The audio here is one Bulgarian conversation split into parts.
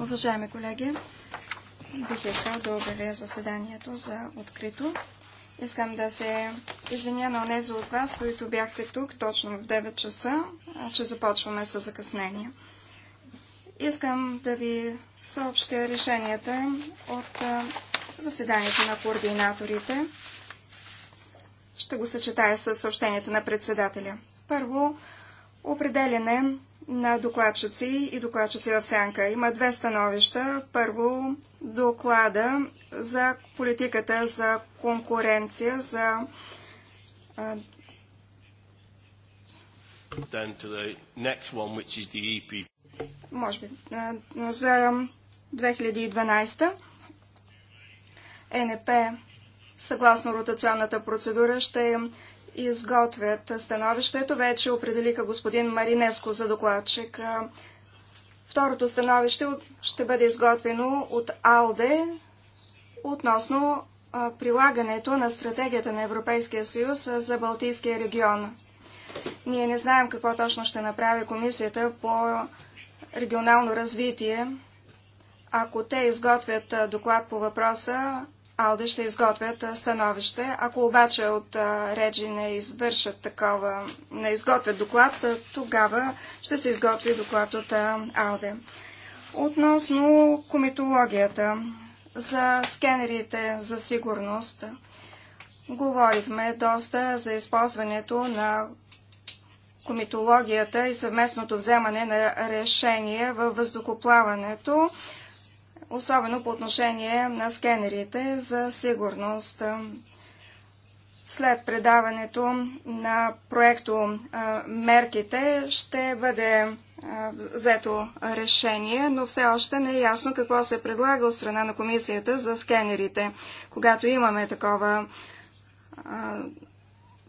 Уважаеми колеги, бих искал да обявя заседанието за открито. Искам да се извиня на онези от вас, които бяхте тук точно в 9 часа, че започваме с закъснение. Искам да ви съобщя решенията от заседанието на координаторите. Ще го съчетая с съобщението на председателя. Първо, определене на докладчици и докладчици в сянка. Има две становища. Първо, доклада за политиката за конкуренция, за one, може би за 2012 е ЕНП съгласно ротационната процедура ще изготвят становището. Вече определиха господин Маринеско за докладчик. Второто становище ще бъде изготвено от АЛДЕ относно прилагането на стратегията на Европейския съюз за Балтийския регион. Ние не знаем какво точно ще направи комисията по регионално развитие. Ако те изготвят доклад по въпроса, Алде ще изготвят становище. Ако обаче от Реджи не извършат такова, не изготвят доклад, тогава ще се изготви доклад от Алде. Относно комитологията за скенерите за сигурност, говорихме доста за използването на комитологията и съвместното вземане на решения във въздухоплаването особено по отношение на скенерите за сигурност. След предаването на проекто мерките ще бъде взето решение, но все още не е ясно какво се предлага от страна на комисията за скенерите. Когато имаме такова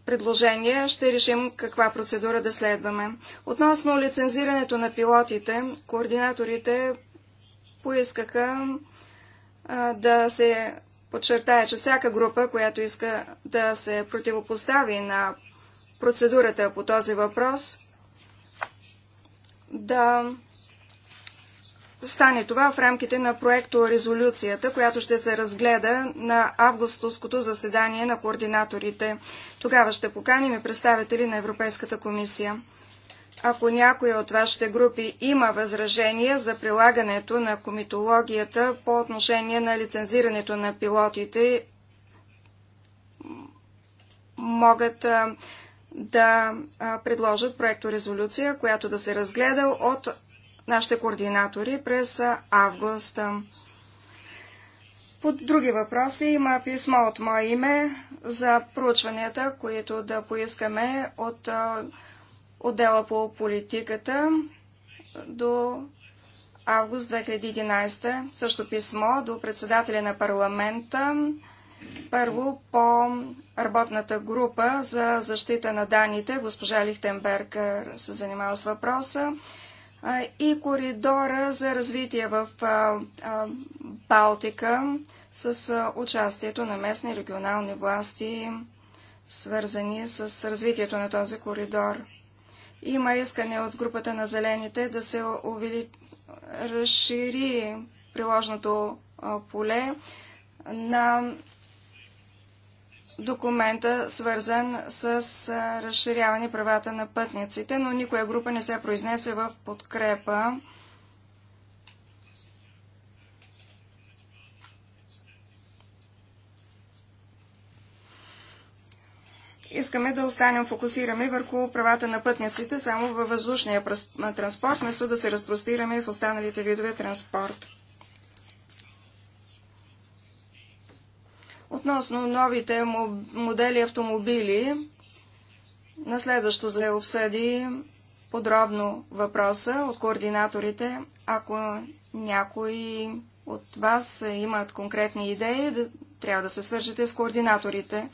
предложение, ще решим каква процедура да следваме. Относно лицензирането на пилотите, координаторите поискаха а, да се подчертая, че всяка група, която иска да се противопостави на процедурата по този въпрос, да стане това в рамките на проекто резолюцията, която ще се разгледа на августовското заседание на координаторите. Тогава ще поканим и представители на Европейската комисия. Ако някоя от вашите групи има възражения за прилагането на комитологията по отношение на лицензирането на пилотите, могат да предложат резолюция, която да се разгледа от нашите координатори през август. По други въпроси има писмо от мое име за проучванията, които да поискаме от отдела по политиката до август 2011. Също писмо до председателя на парламента. Първо по работната група за защита на данните. Госпожа Лихтенберг се занимава с въпроса. И коридора за развитие в Балтика с участието на местни регионални власти, свързани с развитието на този коридор. Има искане от групата на зелените да се увели... разшири приложното поле на документа, свързан с разширяване правата на пътниците, но никоя група не се произнесе в подкрепа искаме да останем фокусирани върху правата на пътниците само във въздушния транспорт, вместо да се разпростираме в останалите видове транспорт. Относно новите модели автомобили, на следващо се обсъди подробно въпроса от координаторите. Ако някой от вас имат конкретни идеи, трябва да се свържете с координаторите.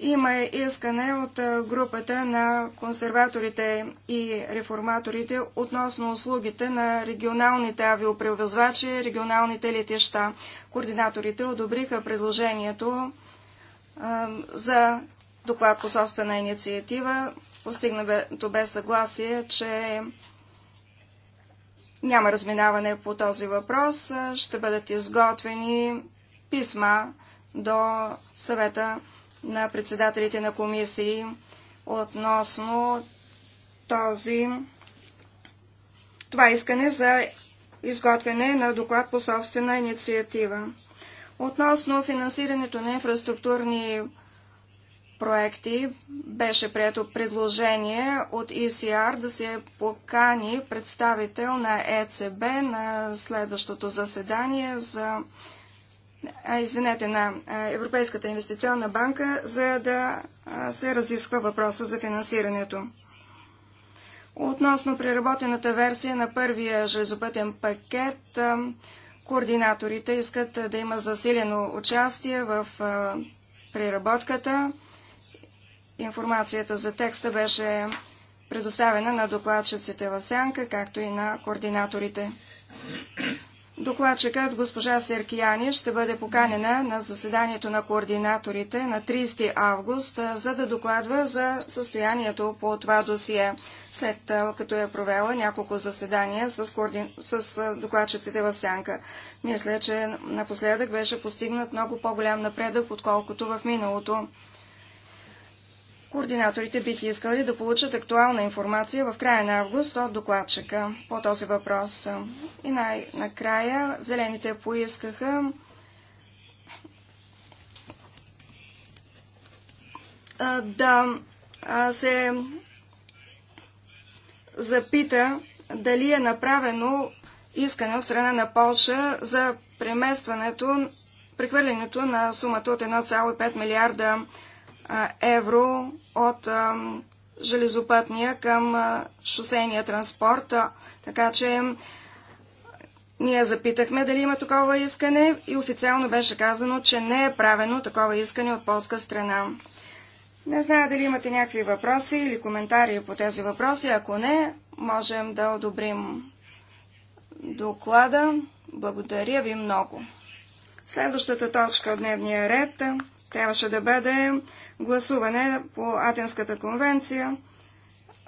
Има искане от групата на консерваторите и реформаторите относно услугите на регионалните авиопревозвачи, регионалните летища. Координаторите одобриха предложението за доклад по собствена инициатива. Постигнато бе съгласие, че няма разминаване по този въпрос. Ще бъдат изготвени писма до съвета на председателите на комисии относно този, това искане за изготвяне на доклад по собствена инициатива. Относно финансирането на инфраструктурни проекти беше прието предложение от ИСИАР да се покани представител на ЕЦБ на следващото заседание за извинете, на Европейската инвестиционна банка, за да се разисква въпроса за финансирането. Относно преработената версия на първия железопътен пакет, координаторите искат да има засилено участие в преработката. Информацията за текста беше предоставена на докладчиците в сянка, както и на координаторите. Докладчикът е госпожа Серкияни ще бъде поканена на заседанието на координаторите на 30 август, за да докладва за състоянието по това досие, след като е провела няколко заседания с, координ... с докладчиците в Сянка. Мисля, че напоследък беше постигнат много по-голям напредък, отколкото в миналото. Координаторите бих искали да получат актуална информация в края на август от докладчика по този въпрос. И най-накрая зелените поискаха да се запита дали е направено искане от страна на Полша за преместването, прехвърлянето на сумата от 1,5 милиарда евро от железопътния към шосейния транспорт. Така че ние запитахме дали има такова искане и официално беше казано, че не е правено такова искане от полска страна. Не зная дали имате някакви въпроси или коментари по тези въпроси. Ако не, можем да одобрим доклада. Благодаря ви много. Следващата точка от дневния ред трябваше да бъде гласуване по Атенската конвенция,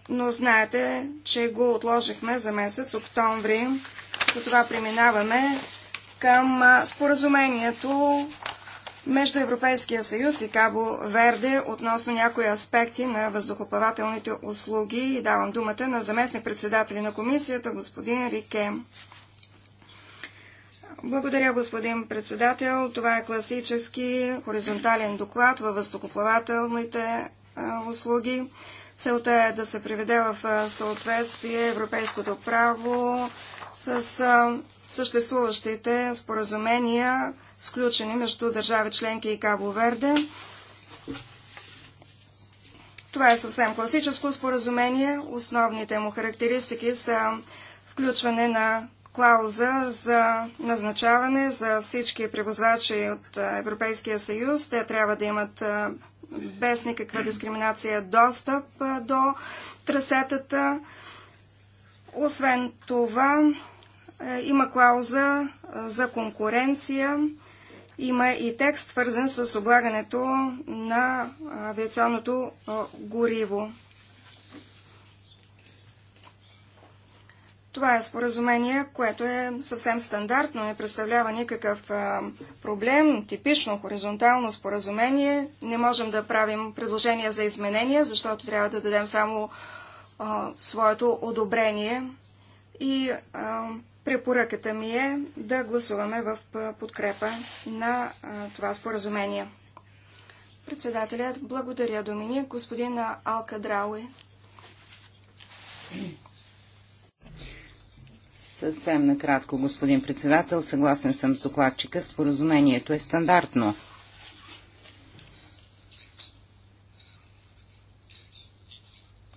но знаете, че го отложихме за месец октомври. Затова преминаваме към споразумението между Европейския съюз и Кабо Верде относно някои аспекти на въздухоплавателните услуги и давам думата на заместник председатели на комисията господин Рике. Благодаря, господин председател. Това е класически хоризонтален доклад във въздухоплавателните услуги. Целта е да се приведе в съответствие европейското право с съществуващите споразумения, сключени между държави членки и Кабо Верде. Това е съвсем класическо споразумение. Основните му характеристики са включване на клауза за назначаване за всички превозвачи от Европейския съюз. Те трябва да имат без никаква дискриминация достъп до трасетата. Освен това, е, има клауза за конкуренция. Има и текст, свързан с облагането на авиационното гориво. Това е споразумение, което е съвсем стандартно, не представлява никакъв а, проблем, типично хоризонтално споразумение. Не можем да правим предложения за изменения, защото трябва да дадем само а, своето одобрение. И а, препоръката ми е да гласуваме в подкрепа на а, това споразумение. Председателят благодаря Доминик, господин Алка Драуи. Съвсем накратко, господин председател, съгласен съм с докладчика. Споразумението е стандартно.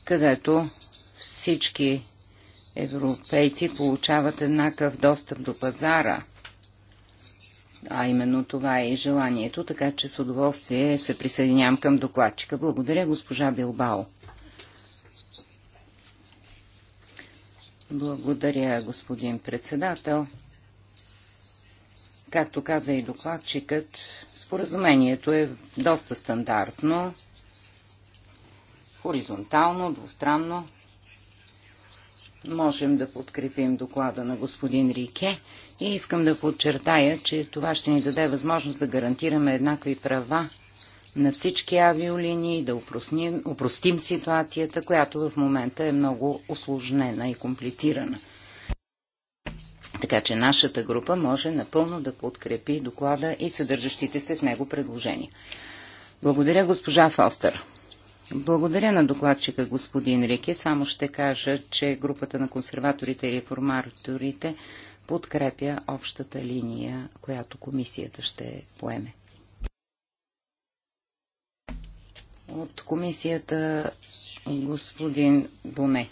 където всички европейци получават еднакъв достъп до пазара. А именно това е и желанието, така че с удоволствие се присъединявам към докладчика. Благодаря, госпожа Билбао. Благодаря, господин председател. Както каза и докладчикът, споразумението е доста стандартно, хоризонтално, двустранно. Можем да подкрепим доклада на господин Рике и искам да подчертая, че това ще ни даде възможност да гарантираме еднакви права на всички авиолинии, да упростим, упростим ситуацията, която в момента е много осложнена и комплицирана. Така че нашата група може напълно да подкрепи доклада и съдържащите се в него предложения. Благодаря госпожа Фостер. Благодаря на докладчика господин Рики. Само ще кажа, че групата на консерваторите и реформаторите подкрепя общата линия, която комисията ще поеме. от комисията господин Боне.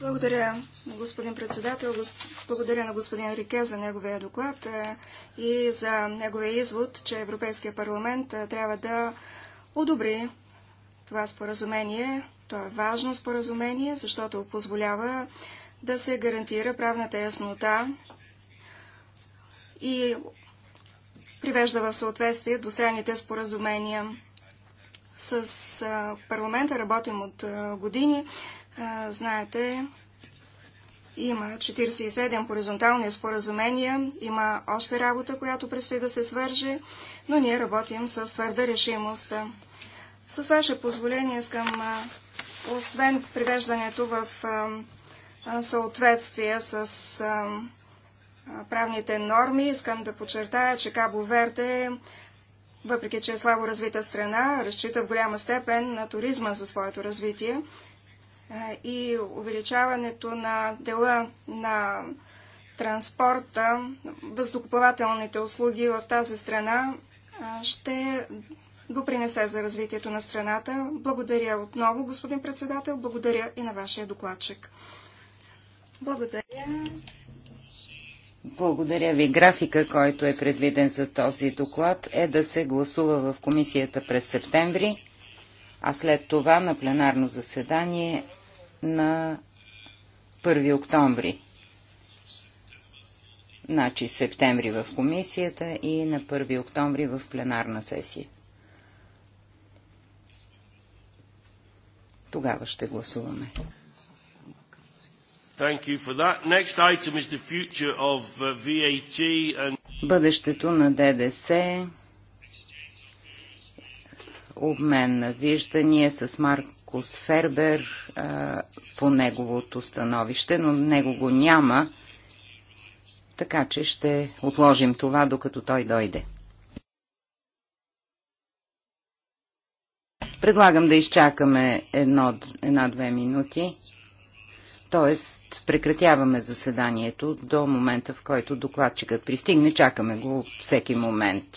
Благодаря, господин председател. Благодаря на господин Рике за неговия доклад е, и за неговия извод, че Европейския парламент е, трябва да одобри това споразумение. То е важно споразумение, защото позволява да се гарантира правната яснота и привежда в съответствие двустранните споразумения. С парламента работим от години. Знаете, има 47 хоризонтални споразумения, има още работа, която предстои да се свърже, но ние работим с твърда решимост. С ваше позволение искам, освен привеждането в съответствие с правните норми, искам да подчертая, че Кабо Верде въпреки че е слабо развита страна, разчита в голяма степен на туризма за своето развитие е, и увеличаването на дела на транспорта, въздухоплавателните услуги в тази страна е, ще допринесе за развитието на страната. Благодаря отново, господин председател. Благодаря и на вашия докладчик. Благодаря. Благодаря ви. Графика, който е предвиден за този доклад, е да се гласува в комисията през септември, а след това на пленарно заседание на 1 октомври. Значи септември в комисията и на 1 октомври в пленарна сесия. Тогава ще гласуваме. Thank you for that. Next item is the future of uh, VAT and... Бъдещето на ДДС, обмен на виждания с Маркус Фербер по неговото становище, но него го няма, така че ще отложим това, докато той дойде. Предлагам да изчакаме едно, една-две минути. Тоест, прекратяваме заседанието до момента, в който докладчикът пристигне. Чакаме го всеки момент.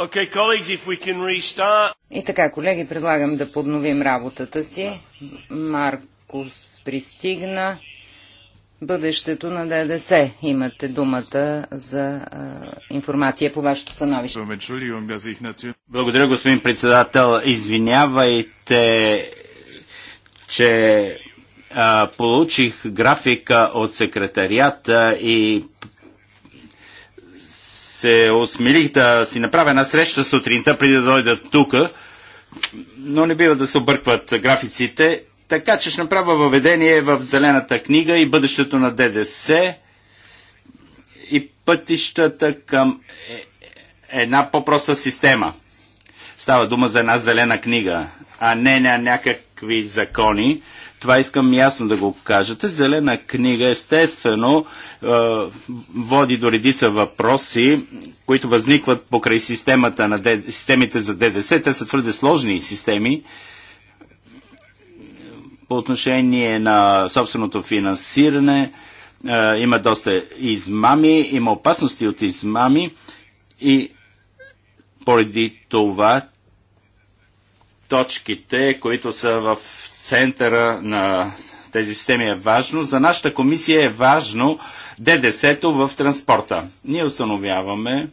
Okay, colleagues, if we can restart... И така, колеги, предлагам да подновим работата си. Маркус пристигна. Бъдещето на ДДС. Имате думата за а, информация по вашето становище. Благодаря, господин председател. Извинявайте, че а, получих графика от секретарията и се осмелих да си направя една среща сутринта, преди да дойда тук, но не бива да се объркват графиците. Така че ще направя въведение в Зелената книга и бъдещето на ДДС и пътищата към е, една по-проста система. Става дума за една зелена книга, а не на някакви закони, това искам ясно да го кажете. Зелена книга, естествено, е, води до редица въпроси, които възникват покрай системата на ДД, системите за ДДС. Те са твърде сложни системи по отношение на собственото финансиране. Е, има доста измами, има опасности от измами и поради това точките, които са в центъра на тези системи е важно. За нашата комисия е важно ДДС-то в транспорта. Ние установяваме,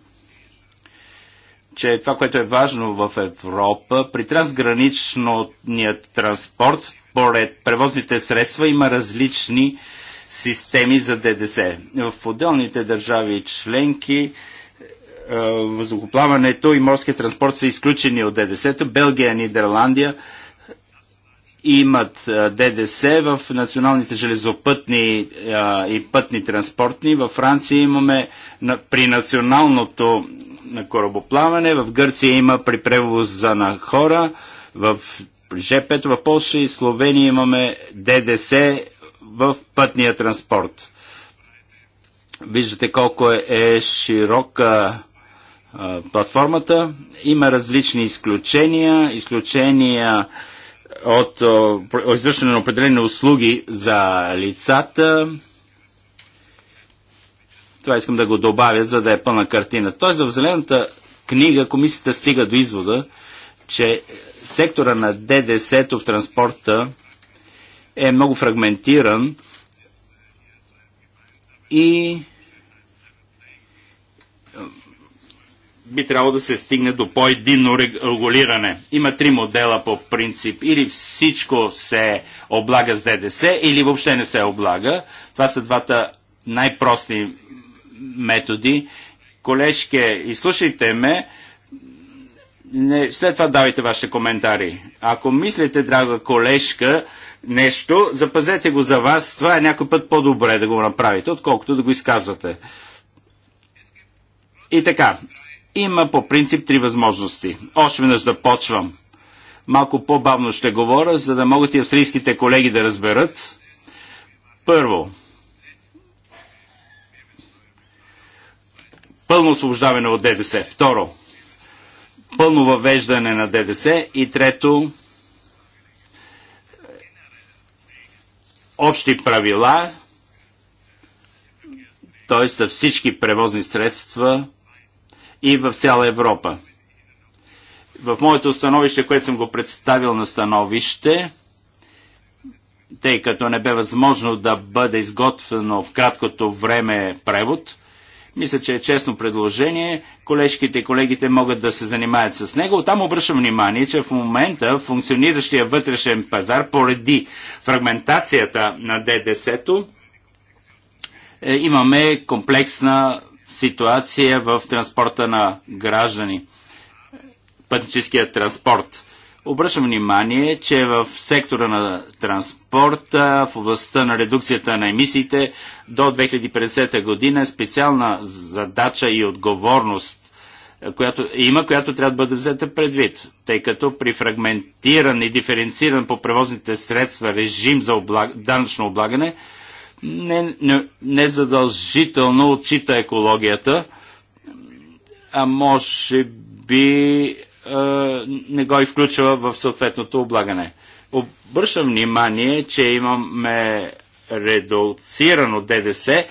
че това, което е важно в Европа, при трансграничния транспорт, според превозните средства, има различни системи за ДДС. В отделните държави членки е, въздухоплаването и морския транспорт са изключени от ДДС. -то. Белгия, Нидерландия имат ДДС в националните железопътни и пътни транспортни. Във Франция имаме при националното на корабоплаване, в Гърция има при за на хора, в жп в Польша и Словения имаме ДДС в пътния транспорт. Виждате колко е, е широка платформата. Има различни изключения. Изключения от извършване на определени услуги за лицата. Това искам да го добавя, за да е пълна картина. Тоест в Зелената книга комисията стига до извода, че сектора на ДДС в транспорта е много фрагментиран и би трябвало да се стигне до по-единно регулиране. Има три модела по принцип. Или всичко се облага с ДДС, или въобще не се облага. Това са двата най-прости методи. Колежке, изслушайте ме. Не, след това давайте вашите коментари. Ако мислите, драга колежка, нещо, запазете го за вас. Това е някой път по-добре да го направите, отколкото да го изказвате. И така, има по принцип три възможности. Още веднъж започвам. Малко по-бавно ще говоря, за да могат и австрийските колеги да разберат. Първо, пълно освобождаване от ДДС. Второ, пълно въвеждане на ДДС. И трето, общи правила, т.е. всички превозни средства и в цяла Европа. В моето становище, което съм го представил на становище, тъй като не бе възможно да бъде изготвено в краткото време превод, мисля, че е честно предложение. Колежките и колегите могат да се занимаят с него. Там обръщам внимание, че в момента функциониращия вътрешен пазар поради фрагментацията на ДДС-то е, имаме комплексна ситуация в транспорта на граждани, пътническия транспорт. Обръщам внимание, че в сектора на транспорта, в областта на редукцията на емисиите до 2050 година е специална задача и отговорност, която има, която трябва да бъде взета предвид, тъй като при фрагментиран и диференциран по превозните средства режим за облаг... данъчно облагане – не, не, не задължително отчита екологията, а може би а, не го и включва в съответното облагане. Обръщам внимание, че имаме редуцирано ДДС,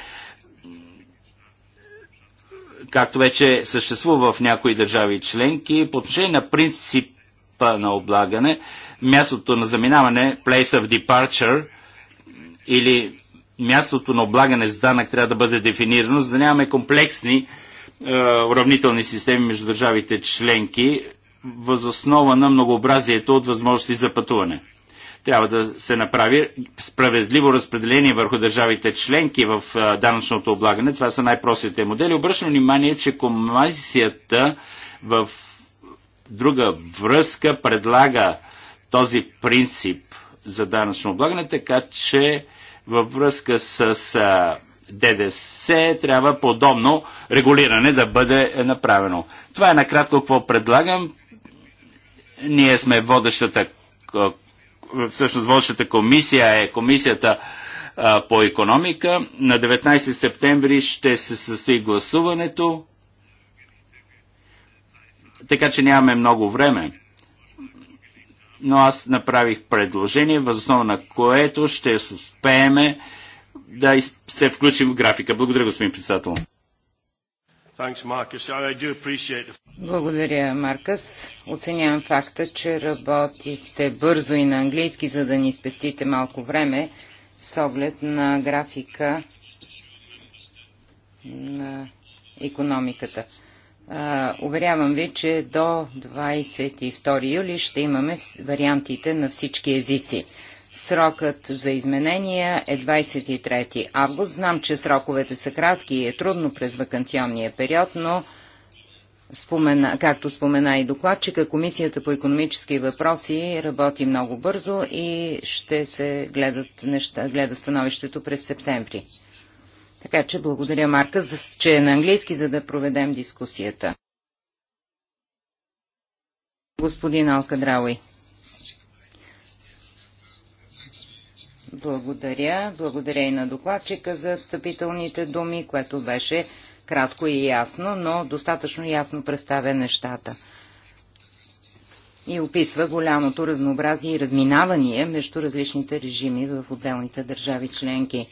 както вече съществува в някои държави членки, по отношение на принципа на облагане, мястото на заминаване, place of departure, или мястото на облагане с данък трябва да бъде дефинирано, за да нямаме комплексни е, уравнителни системи между държавите членки, възоснова на многообразието от възможности за пътуване. Трябва да се направи справедливо разпределение върху държавите членки в е, данъчното облагане. Това са най-простите модели. Обръщам внимание, че комисията в друга връзка предлага този принцип за данъчно облагане, така че във връзка с ДДС трябва подобно регулиране да бъде направено. Това е накратко какво предлагам. Ние сме водещата, всъщност водещата комисия е комисията по економика. На 19 септември ще се състои гласуването, така че нямаме много време но аз направих предложение, възоснова на което ще успееме да се включим в графика. Благодаря, господин председател. Благодаря, Маркъс. Оценявам факта, че работихте бързо и на английски, за да ни спестите малко време с оглед на графика на економиката. Уверявам ви, че до 22 юли ще имаме вариантите на всички езици. Срокът за изменения е 23 август. Знам, че сроковете са кратки и е трудно през вакансионния период, но спомена, както спомена и докладчика, Комисията по економически въпроси работи много бързо и ще се гледат неща, гледа становището през септември. Така че благодаря Марка, за че е на английски, за да проведем дискусията. Господин Алкадрауи. Благодаря. Благодаря и на докладчика за встъпителните думи, което беше кратко и ясно, но достатъчно ясно представя нещата. И описва голямото разнообразие и разминавания между различните режими в отделните държави членки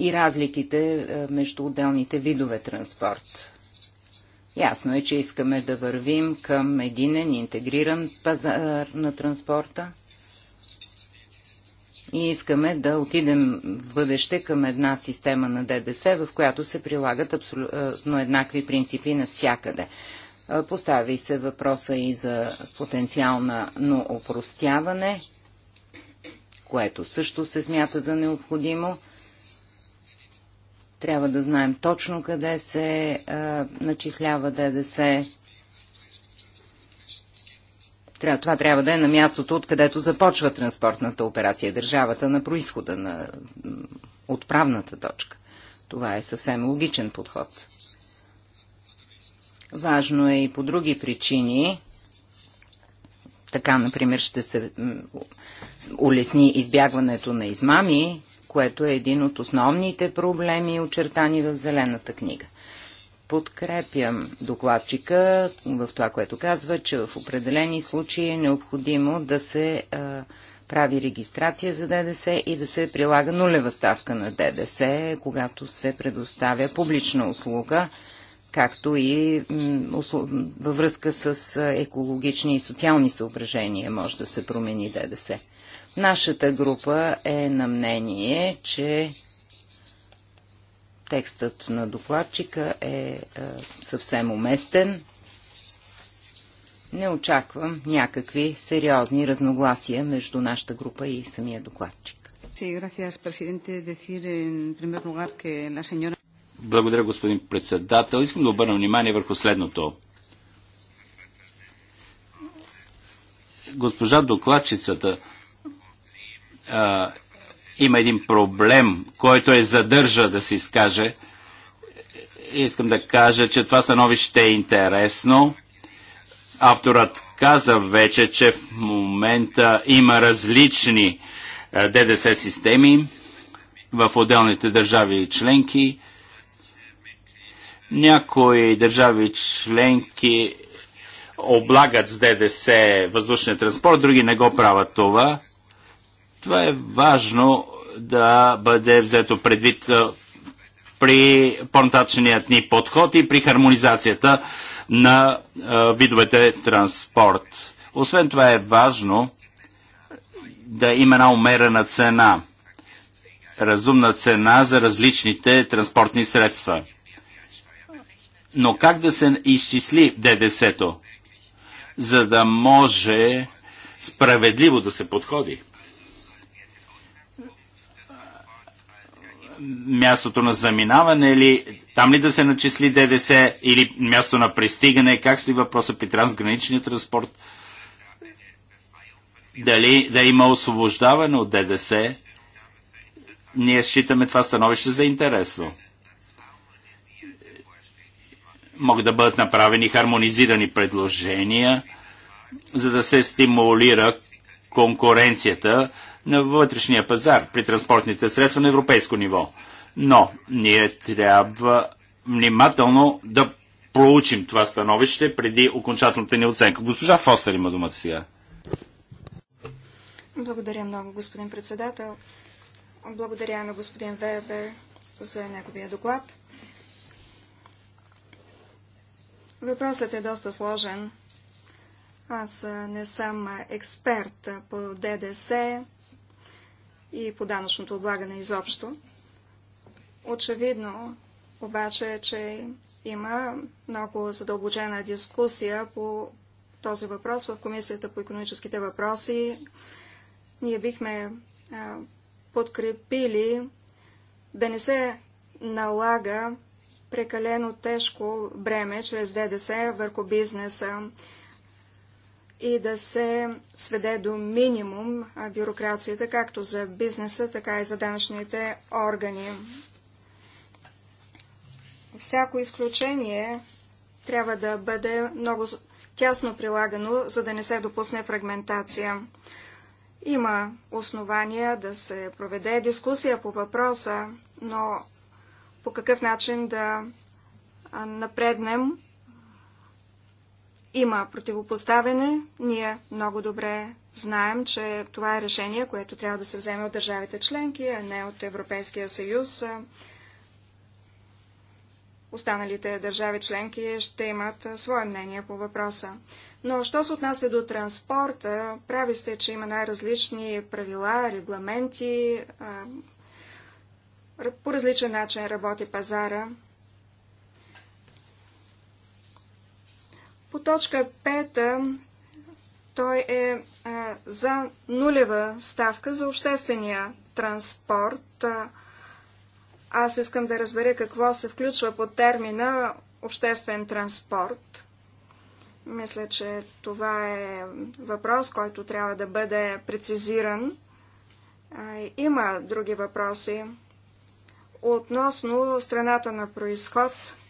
и разликите е, между отделните видове транспорт. Ясно е, че искаме да вървим към единен интегриран пазар на транспорта и искаме да отидем в бъдеще към една система на ДДС, в която се прилагат абсолютно еднакви принципи навсякъде. Е, постави се въпроса и за потенциално опростяване, което също се смята за необходимо – трябва да знаем точно къде се а, начислява ДДС. Трябва, това трябва да е на мястото, откъдето започва транспортната операция, държавата на происхода, на отправната точка. Това е съвсем логичен подход. Важно е и по други причини. Така, например, ще се улесни избягването на измами, което е един от основните проблеми, очертани в Зелената книга. Подкрепям докладчика в това, което казва, че в определени случаи е необходимо да се а, прави регистрация за ДДС и да се прилага нулева ставка на ДДС, когато се предоставя публична услуга, както и във връзка с екологични и социални съображения може да се промени ДДС. Нашата група е на мнение, че текстът на докладчика е, е съвсем уместен. Не очаквам някакви сериозни разногласия между нашата група и самия докладчик. Благодаря, господин председател. Искам да обърна внимание върху следното. Госпожа докладчицата а, има един проблем, който е задържа да се изкаже. Искам да кажа, че това становище е интересно. Авторът каза вече, че в момента има различни ДДС системи в отделните държави и членки. Някои държави членки облагат с ДДС въздушния транспорт, други не го правят това. Това е важно да бъде взето предвид при по-нататъчният ни подход и при хармонизацията на видовете транспорт. Освен това е важно да има една умерена цена, разумна цена за различните транспортни средства. Но как да се изчисли ДДС-то, за да може справедливо да се подходи? мястото на заминаване ли, там ли да се начисли ДДС или място на пристигане, как стои въпроса при трансграничния транспорт, дали да има освобождаване от ДДС, ние считаме това становище за интересно. Могат да бъдат направени хармонизирани предложения, за да се стимулира конкуренцията на вътрешния пазар при транспортните средства на европейско ниво. Но ние трябва внимателно да проучим това становище преди окончателната ни оценка. Госпожа Фостер има думата сега. Благодаря много, господин председател. Благодаря на господин Вебер за неговия доклад. Въпросът е доста сложен. Аз не съм експерт по ДДС, и по данъчното облагане изобщо. Очевидно обаче че има много задълбочена дискусия по този въпрос в Комисията по економическите въпроси. Ние бихме подкрепили да не се налага прекалено тежко бреме чрез ДДС върху бизнеса и да се сведе до минимум бюрокрацията, както за бизнеса, така и за данъчните органи. Всяко изключение трябва да бъде много тясно прилагано, за да не се допусне фрагментация. Има основания да се проведе дискусия по въпроса, но по какъв начин да напреднем има противопоставяне. Ние много добре знаем, че това е решение, което трябва да се вземе от държавите членки, а не от Европейския съюз. Останалите държави членки ще имат свое мнение по въпроса. Но, що се отнася до транспорта, прави сте, че има най-различни правила, регламенти, по различен начин работи пазара. По точка 5 той е а, за нулева ставка за обществения транспорт. Аз искам да разбера какво се включва по термина обществен транспорт. Мисля, че това е въпрос, който трябва да бъде прецизиран. А, има други въпроси относно страната на происход –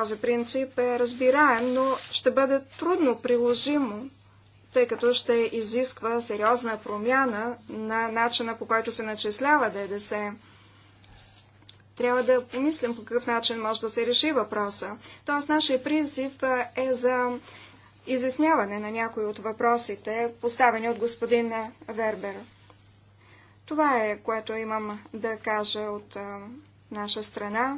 този принцип е разбираем, но ще бъде трудно приложимо, тъй като ще изисква сериозна промяна на начина по който се начислява ДДС. Трябва да помислим по какъв начин може да се реши въпроса. Тоест, нашия призив е за изясняване на някои от въпросите, поставени от господин Вербер. Това е, което имам да кажа от наша страна.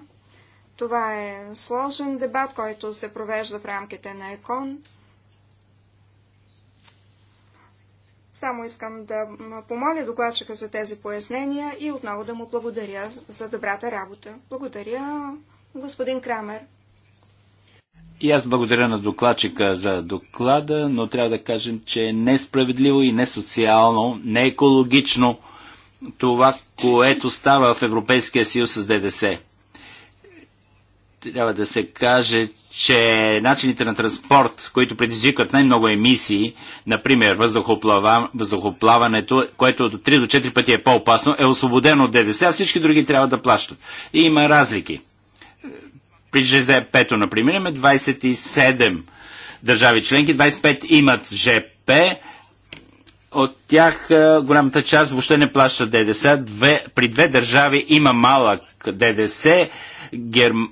Това е сложен дебат, който се провежда в рамките на ЕКОН. Само искам да помоля докладчика за тези пояснения и отново да му благодаря за добрата работа. Благодаря, господин Крамер. И аз благодаря на докладчика за доклада, но трябва да кажем, че е несправедливо и несоциално, не екологично това, което става в Европейския съюз с ДДС трябва да се каже, че начините на транспорт, които предизвикват най-много емисии, например въздухоплава, въздухоплаването, което от 3 до 4 пъти е по-опасно, е освободено от ДДС, а всички други трябва да плащат. И има разлики. При ЖЗП-то, например, имаме 27 държави членки, 25 имат ЖП, от тях е, голямата част въобще не плаща ДДС. Две, при две държави има малък ДДС, Герм...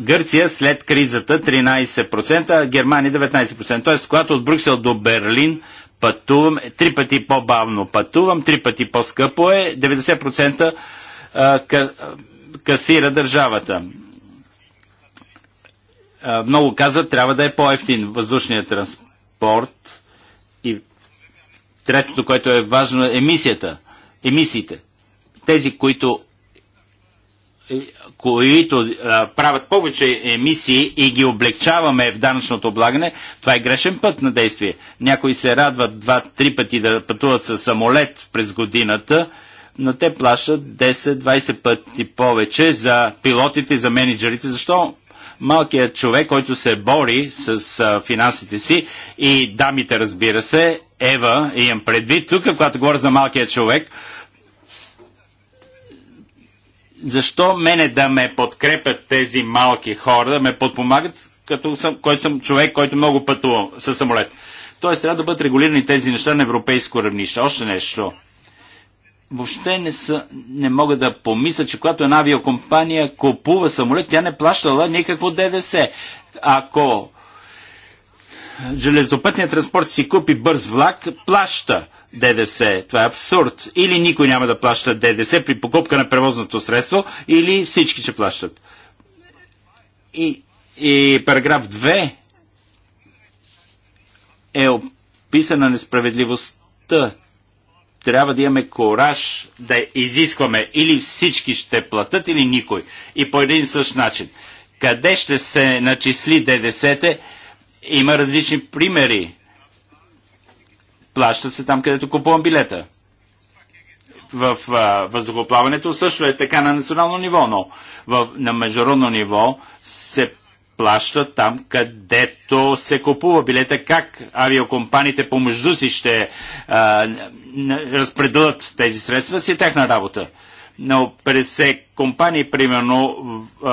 Гърция след кризата 13%, а Германия 19%. Тоест, когато от Брюксел до Берлин пътувам, три пъти по-бавно пътувам, три пъти по-скъпо е, 90% касира държавата. Много казват, трябва да е по-ефтин въздушният транспорт и третото, което е важно, е емисията, емисиите. Тези, които които а, правят повече емисии и ги облегчаваме в данъчното облагане, това е грешен път на действие. Някои се радват два-три пъти да пътуват със самолет през годината, но те плащат 10-20 пъти повече за пилотите, за менеджерите. Защо малкият човек, който се бори с а, финансите си и дамите, разбира се, Ева, имам предвид тук, когато говоря за малкият човек, защо мене да ме подкрепят тези малки хора, да ме подпомагат, като съм, който съм човек, който много пътува със самолет. Тоест трябва да бъдат регулирани тези неща на европейско равнище. Още нещо. Въобще не, са, не мога да помисля, че когато една авиокомпания купува самолет, тя не плащала никакво ДДС. Ако железопътният транспорт си купи бърз влак, плаща. ДДС. Това е абсурд. Или никой няма да плаща ДДС при покупка на превозното средство, или всички ще плащат. И, и параграф 2 е описана несправедливостта. Трябва да имаме кораж да изискваме или всички ще платят, или никой. И по един и същ начин. Къде ще се начисли ДДС-те? Има различни примери Плаща се там, където купувам билета. В а, въздухоплаването също е така на национално ниво, но в, на международно ниво се плаща там, където се купува билета. Как авиокомпаниите помежду си ще а, разпределят тези средства си е тяхна работа. Но 50 компании, примерно, в, а,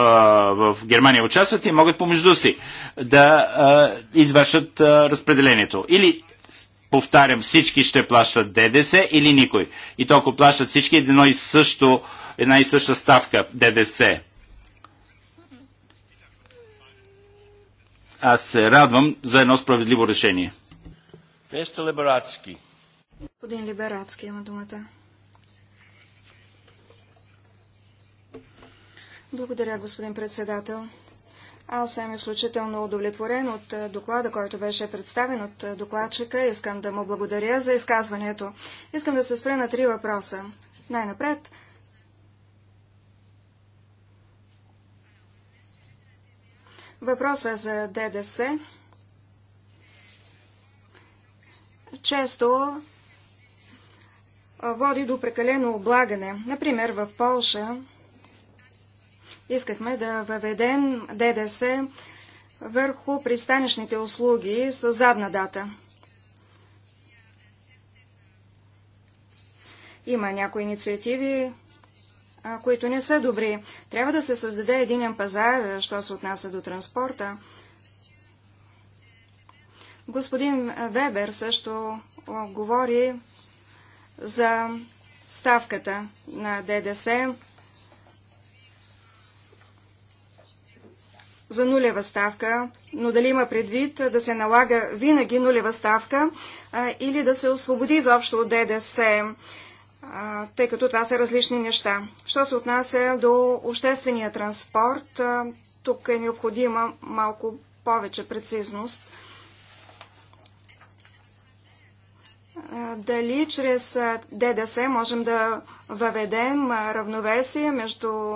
в Германия участват и могат помежду си да а, извършат а, разпределението. Или повтарям, всички ще плащат ДДС или никой. И то ако плащат всички едно и също, една и съща ставка ДДС. Аз се радвам за едно справедливо решение. Либерацки. Господин Либерацки има думата. Благодаря, господин председател. Аз съм изключително удовлетворен от е, доклада, който беше представен от е, докладчика. Искам да му благодаря за изказването. Искам да се спре на три въпроса. Най-напред. Въпроса за ДДС. Често е, води до прекалено облагане. Например, в Полша искахме да въведем ДДС върху пристанищните услуги с задна дата. Има някои инициативи, които не са добри. Трябва да се създаде единен пазар, що се отнася до транспорта. Господин Вебер също говори за ставката на ДДС за нулева ставка, но дали има предвид да се налага винаги нулева ставка а, или да се освободи изобщо от ДДС, а, тъй като това са различни неща. Що се отнася до обществения транспорт, а, тук е необходима малко повече прецизност. дали чрез ДДС можем да въведем равновесие между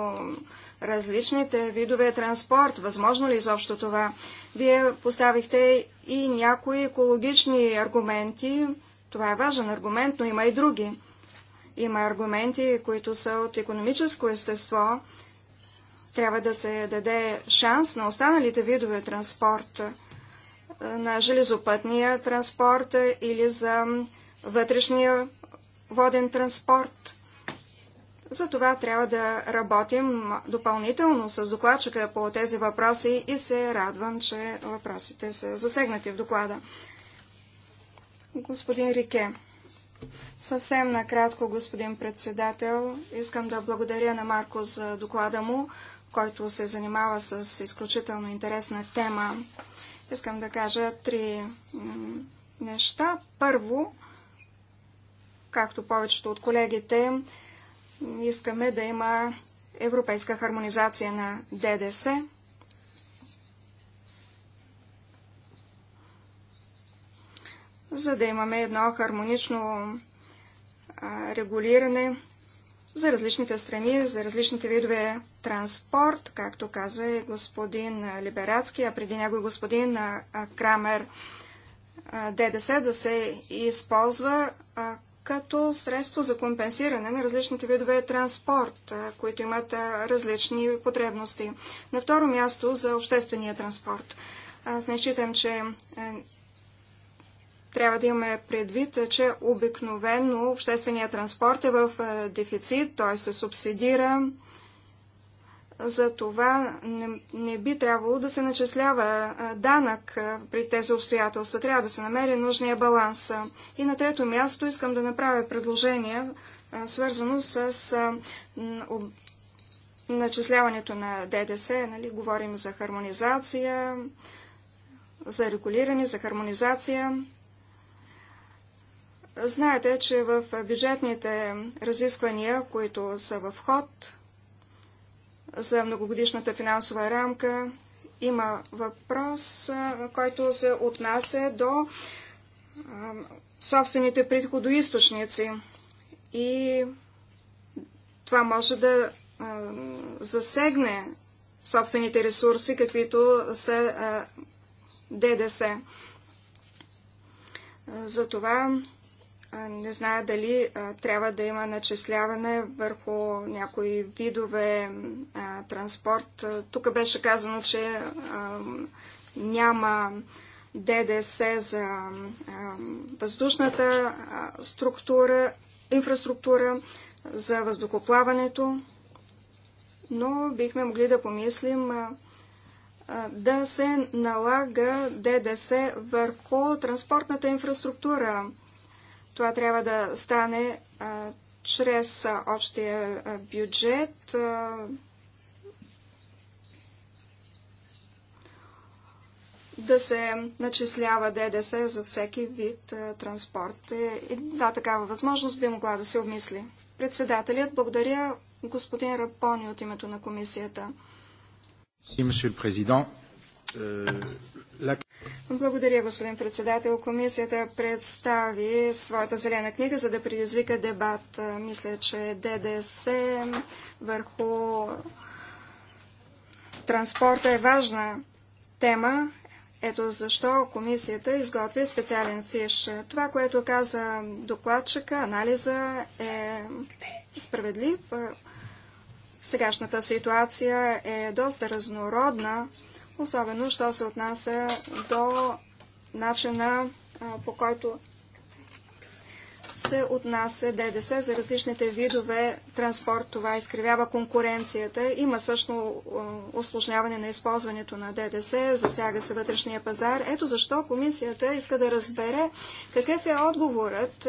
различните видове транспорт. Възможно ли изобщо това? Вие поставихте и някои екологични аргументи. Това е важен аргумент, но има и други. Има аргументи, които са от економическо естество. Трябва да се даде шанс на останалите видове транспорт, е, на железопътния транспорт или за вътрешния воден транспорт. Затова трябва да работим допълнително с докладчика по тези въпроси и се радвам, че въпросите са засегнати в доклада. Господин Рике. Съвсем накратко, господин председател, искам да благодаря на Марко за доклада му, който се занимава с изключително интересна тема. Искам да кажа три неща. Първо, както повечето от колегите, Искаме да има европейска хармонизация на ДДС. за да имаме едно хармонично регулиране за различните страни, за различните видове транспорт, както каза господин Либерацки, а преди него и господин Крамер. ДДС да се използва като средство за компенсиране на различните видове транспорт, които имат различни потребности. На второ място за обществения транспорт. Аз не считам, че е, трябва да имаме предвид, че обикновено обществения транспорт е в дефицит, той се субсидира за това не, не би трябвало да се начислява данък при тези обстоятелства. Трябва да се намери нужния баланс. И на трето място искам да направя предложение, свързано с начисляването на ДДС. Нали? Говорим за хармонизация, за регулиране, за хармонизация. Знаете, че в бюджетните разисквания, които са в ход, за многогодишната финансова рамка. Има въпрос, който се отнася до собствените приходоисточници. И това може да засегне собствените ресурси, каквито са ДДС. Затова не знае дали трябва да има начисляване върху някои видове транспорт. Тук беше казано, че няма ДДС за въздушната структура, инфраструктура, за въздухоплаването, но бихме могли да помислим да се налага ДДС върху транспортната инфраструктура това трябва да стане а, чрез а, общия а, бюджет. А, да се начислява ДДС за всеки вид а, транспорт. Е, и, да, такава възможност би могла да се обмисли. Председателят, благодаря господин Рапони от името на комисията. Си, месье президент. Благодаря, господин председател. Комисията представи своята зелена книга, за да предизвика дебат. Мисля, че ДДС върху транспорта е важна тема. Ето защо комисията изготви специален фиш. Това, което каза докладчика, анализа е справедлив. Сегашната ситуация е доста разнородна особено, що се отнася до начина по който се отнася ДДС за различните видове транспорт. Това изкривява конкуренцията. Има също осложняване на използването на ДДС, засяга се вътрешния пазар. Ето защо комисията иска да разбере какъв е отговорът,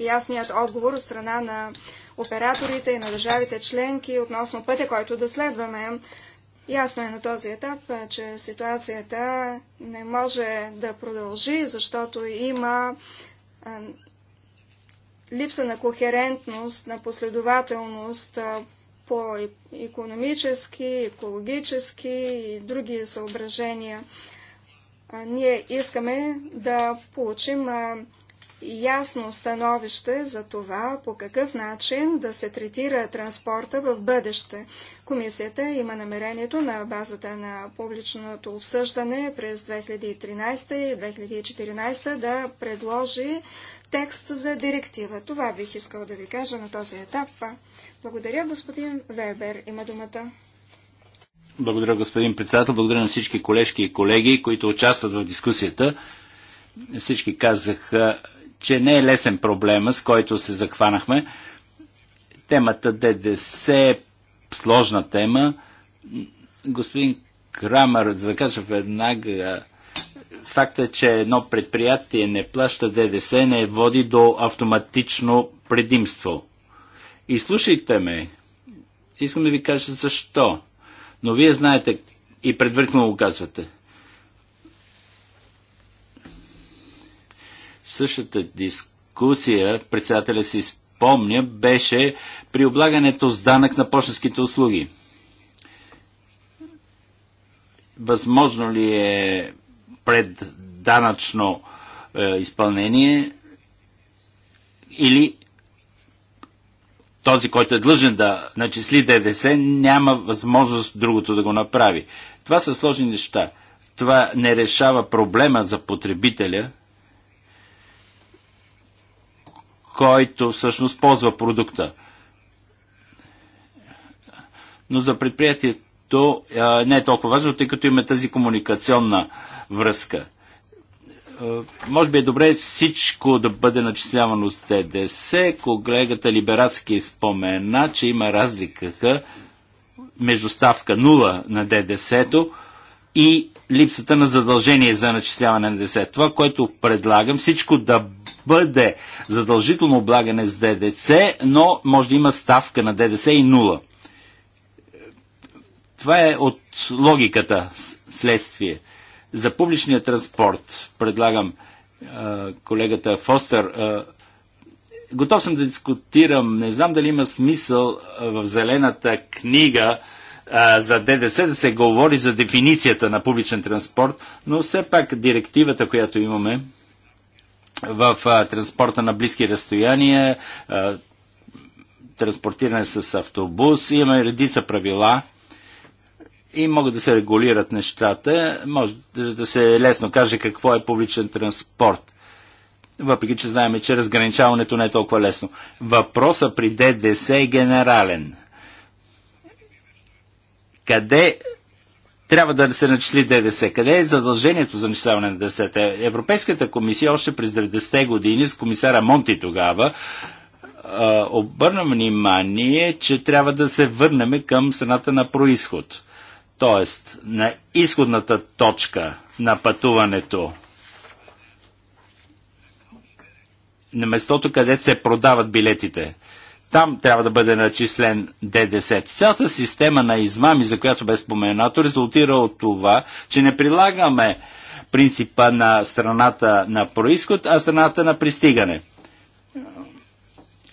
ясният отговор от страна на операторите и на държавите членки относно пътя, който да следваме. Ясно е на този етап, е, че ситуацията не може да продължи, защото има е, липса на кохерентност, на последователност е, по економически, екологически и други съображения. Ние искаме да получим ясно становище за това по какъв начин да се третира транспорта в бъдеще. Комисията има намерението на базата на публичното обсъждане през 2013 и 2014 да предложи текст за директива. Това бих искал да ви кажа на този етап. Благодаря, господин Вебер. Има думата. Благодаря, господин председател. Благодаря на всички колежки и колеги, които участват в дискусията. Всички казаха, че не е лесен проблема, с който се захванахме. Темата ДДС е сложна тема. Господин Крамър, за да кажа веднага, факта, е, че едно предприятие не плаща ДДС, не води до автоматично предимство. И слушайте ме. Искам да ви кажа защо. Но вие знаете и предварително го казвате – Същата дискусия, председателя си спомня, беше при облагането с данък на почтенските услуги. Възможно ли е предданъчно е, изпълнение или този, който е длъжен да начисли ДДС, няма възможност другото да го направи. Това са сложни неща. Това не решава проблема за потребителя, който всъщност ползва продукта. Но за предприятието а, не е толкова важно, тъй като има тази комуникационна връзка. А, може би е добре всичко да бъде начислявано с ДДС. Колегата либератски спомена, че има разлика между ставка 0 на ДДС-то и липсата на задължение за начисляване на ДДС. Това, което предлагам, всичко да бъде задължително облагане с ДДС, но може да има ставка на ДДС и нула. Това е от логиката следствие. За публичния транспорт предлагам колегата Фостер. Готов съм да дискутирам. Не знам дали има смисъл в зелената книга за ДДС да се говори за дефиницията на публичен транспорт, но все пак директивата, която имаме в транспорта на близки разстояния, транспортиране с автобус, имаме редица правила и могат да се регулират нещата. Може да се лесно каже какво е публичен транспорт. Въпреки, че знаем, че разграничаването не е толкова лесно. Въпросът при ДДС е генерален къде трябва да се начисли ДДС. Къде е задължението за начисляване на ДДС? Европейската комисия още през 90-те години с комисара Монти тогава обърна внимание, че трябва да се върнем към страната на происход. Тоест, на изходната точка на пътуването. На местото, където се продават билетите – там трябва да бъде начислен ДДС. Цялата система на измами, за която бе споменато, резултира от това, че не прилагаме принципа на страната на происход, а страната на пристигане.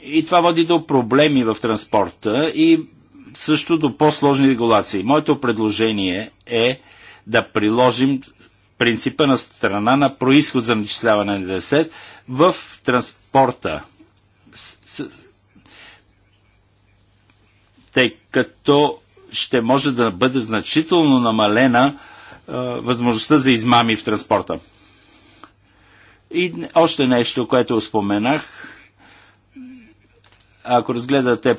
И това води до проблеми в транспорта и също до по-сложни регулации. Моето предложение е да приложим принципа на страна на происход за начисляване на ДДС в транспорта като ще може да бъде значително намалена а, възможността за измами в транспорта. И още нещо, което споменах. Ако разгледате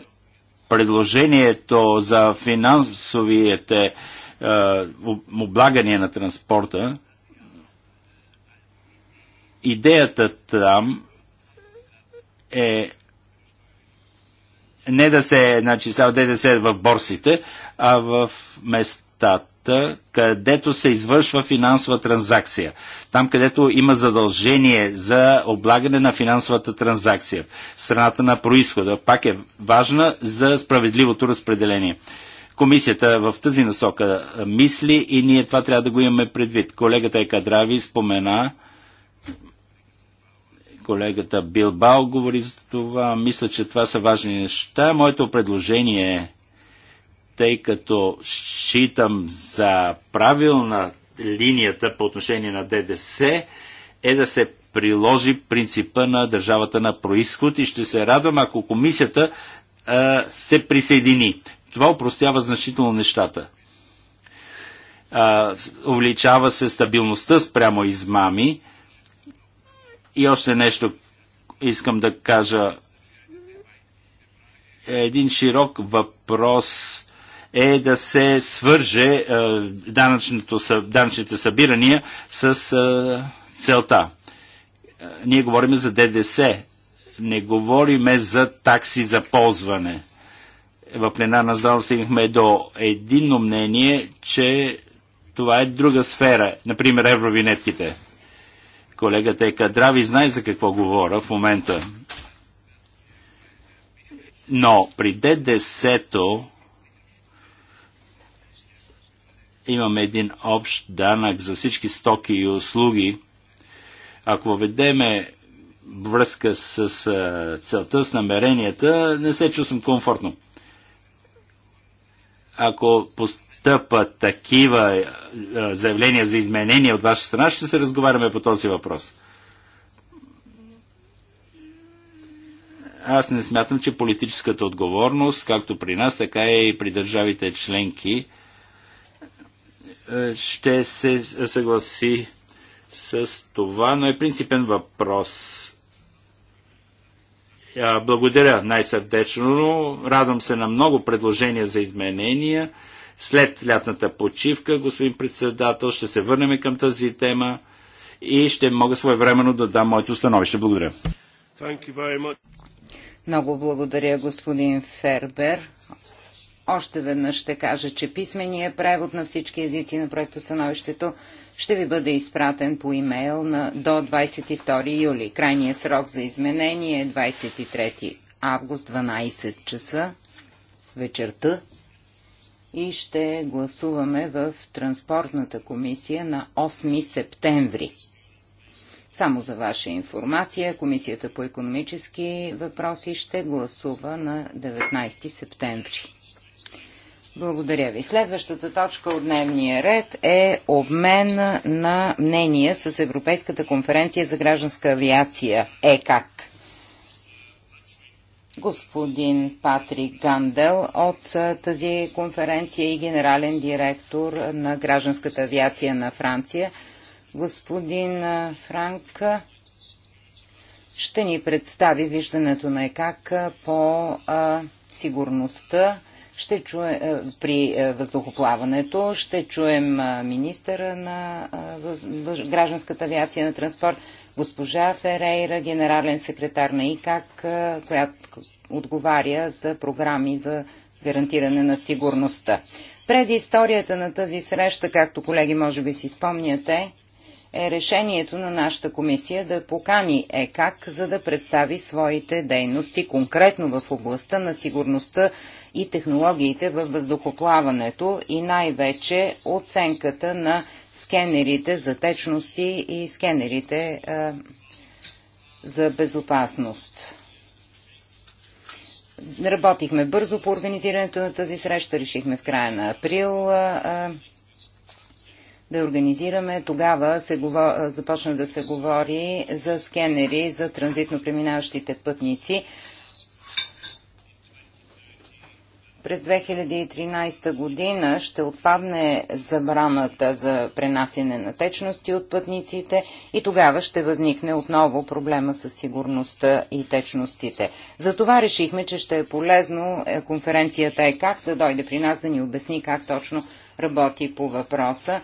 предложението за финансовите а, облагания на транспорта, идеята там е не да се значи, става ДДС в борсите, а в местата, където се извършва финансова транзакция. Там, където има задължение за облагане на финансовата транзакция. Страната на происхода пак е важна за справедливото разпределение. Комисията в тази насока мисли и ние това трябва да го имаме предвид. Колегата Екадрави спомена, Колегата Билбао говори за това. Мисля, че това са важни неща. Моето предложение е, тъй като считам за правилна линията по отношение на ДДС, е да се приложи принципа на държавата на происход и ще се радвам, ако комисията а, се присъедини. Това упростява значително нещата. А, увеличава се стабилността спрямо измами и още нещо искам да кажа. Един широк въпрос е да се свърже е, данъчните събирания с е, целта. Е, ние говорим за ДДС, не говориме за такси за ползване. В пленарна зала стигнахме до единно мнение, че това е друга сфера, например евровинетките. Колегата е и знае за какво говоря в момента. Но при ДДС-то имаме един общ данък за всички стоки и услуги. Ако ведеме връзка с целта, с намеренията, не се чувствам комфортно. Ако пос постъпат такива е, е, заявления за изменения от ваша страна, ще се разговаряме по този въпрос. Аз не смятам, че политическата отговорност, както при нас, така е и при държавите членки, ще се съгласи с това, но е принципен въпрос. Благодаря най-сърдечно, радвам се на много предложения за изменения след лятната почивка, господин председател, ще се върнем към тази тема и ще мога своевременно да дам моето становище. Благодаря. Много благодаря, господин Фербер. Още веднъж ще кажа, че писменият превод на всички езици на проектостановището ще ви бъде изпратен по имейл на, до 22 юли. Крайният срок за изменение е 23 август 12 часа вечерта и ще гласуваме в Транспортната комисия на 8 септември. Само за ваша информация, Комисията по економически въпроси ще гласува на 19 септември. Благодаря ви. Следващата точка от дневния ред е обмен на мнения с Европейската конференция за гражданска авиация ЕКАК господин Патрик Гандел от тази конференция и генерален директор на гражданската авиация на Франция. Господин Франк ще ни представи виждането на ЕКАК по сигурността ще чуе, при въздухоплаването, ще чуем министъра на гражданската авиация на транспорт, госпожа Ферейра, генерален секретар на ИКАК, която отговаря за програми за гарантиране на сигурността. Преди историята на тази среща, както колеги може би си спомняте, е решението на нашата комисия да покани ЕКАК, за да представи своите дейности конкретно в областта на сигурността и технологиите във въздухоплаването и най-вече оценката на скенерите за течности и скенерите а, за безопасност. Работихме бързо по организирането на тази среща. Решихме в края на април а, да организираме. Тогава се говор... започна да се говори за скенери за транзитно преминаващите пътници. През 2013 година ще отпадне забраната за пренасене на течности от пътниците и тогава ще възникне отново проблема с сигурността и течностите. Затова решихме, че ще е полезно е, конференцията е как да дойде при нас да ни обясни как точно работи по въпроса.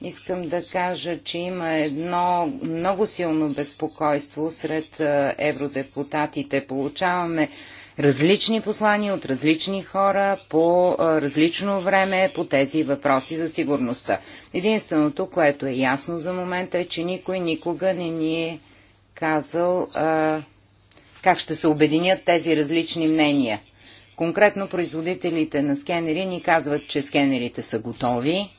Искам да кажа, че има едно много силно безпокойство сред е, евродепутатите. Получаваме различни послания от различни хора по различно време по тези въпроси за сигурността. Единственото, което е ясно за момента е, че никой никога не ни е казал а, как ще се обединят тези различни мнения. Конкретно производителите на скенери ни казват, че скенерите са готови,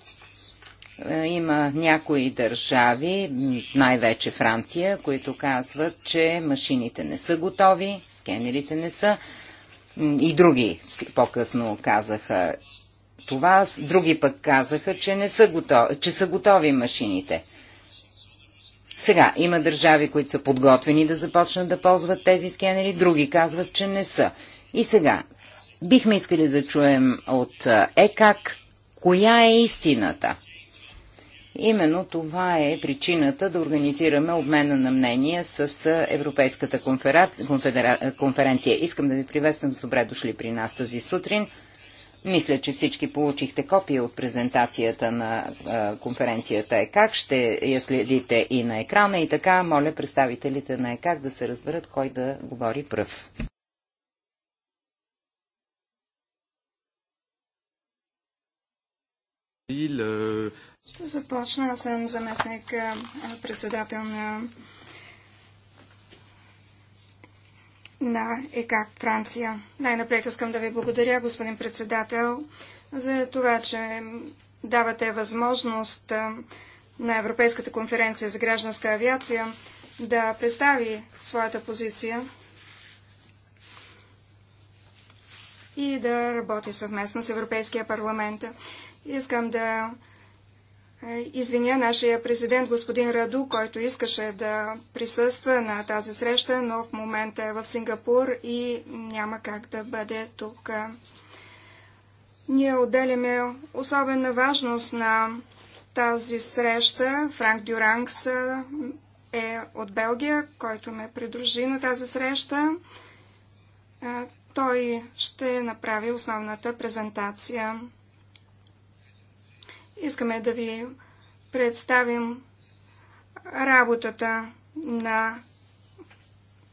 е, има някои държави, най-вече Франция, които казват, че машините не са готови, скенерите не са. И други по-късно казаха това, други пък казаха, че, не са готови, че са готови машините. Сега, има държави, които са подготвени да започнат да ползват тези скенери, други казват, че не са. И сега, бихме искали да чуем от ЕКАК, коя е истината? Именно това е причината да организираме обмена на мнения с Европейската конфера... конфедера... конференция. Искам да ви приветствам с добре дошли при нас тази сутрин. Мисля, че всички получихте копия от презентацията на конференцията ЕКАК. Ще я следите и на екрана и така моля представителите на ЕКАК да се разберат кой да говори пръв. Le, ще започна. Аз съм заместник председател на на ЕКАК Франция. Най-напред искам да ви благодаря, господин председател, за това, че давате възможност на Европейската конференция за гражданска авиация да представи своята позиция и да работи съвместно с Европейския парламент. Искам да е, извиня нашия президент господин Раду, който искаше да присъства на тази среща, но в момента е в Сингапур и няма как да бъде тук. Ние отделяме особена важност на тази среща. Франк Дюранкс е, е от Белгия, който ме придружи на тази среща. Е, той ще направи основната презентация. Искаме да ви представим работата на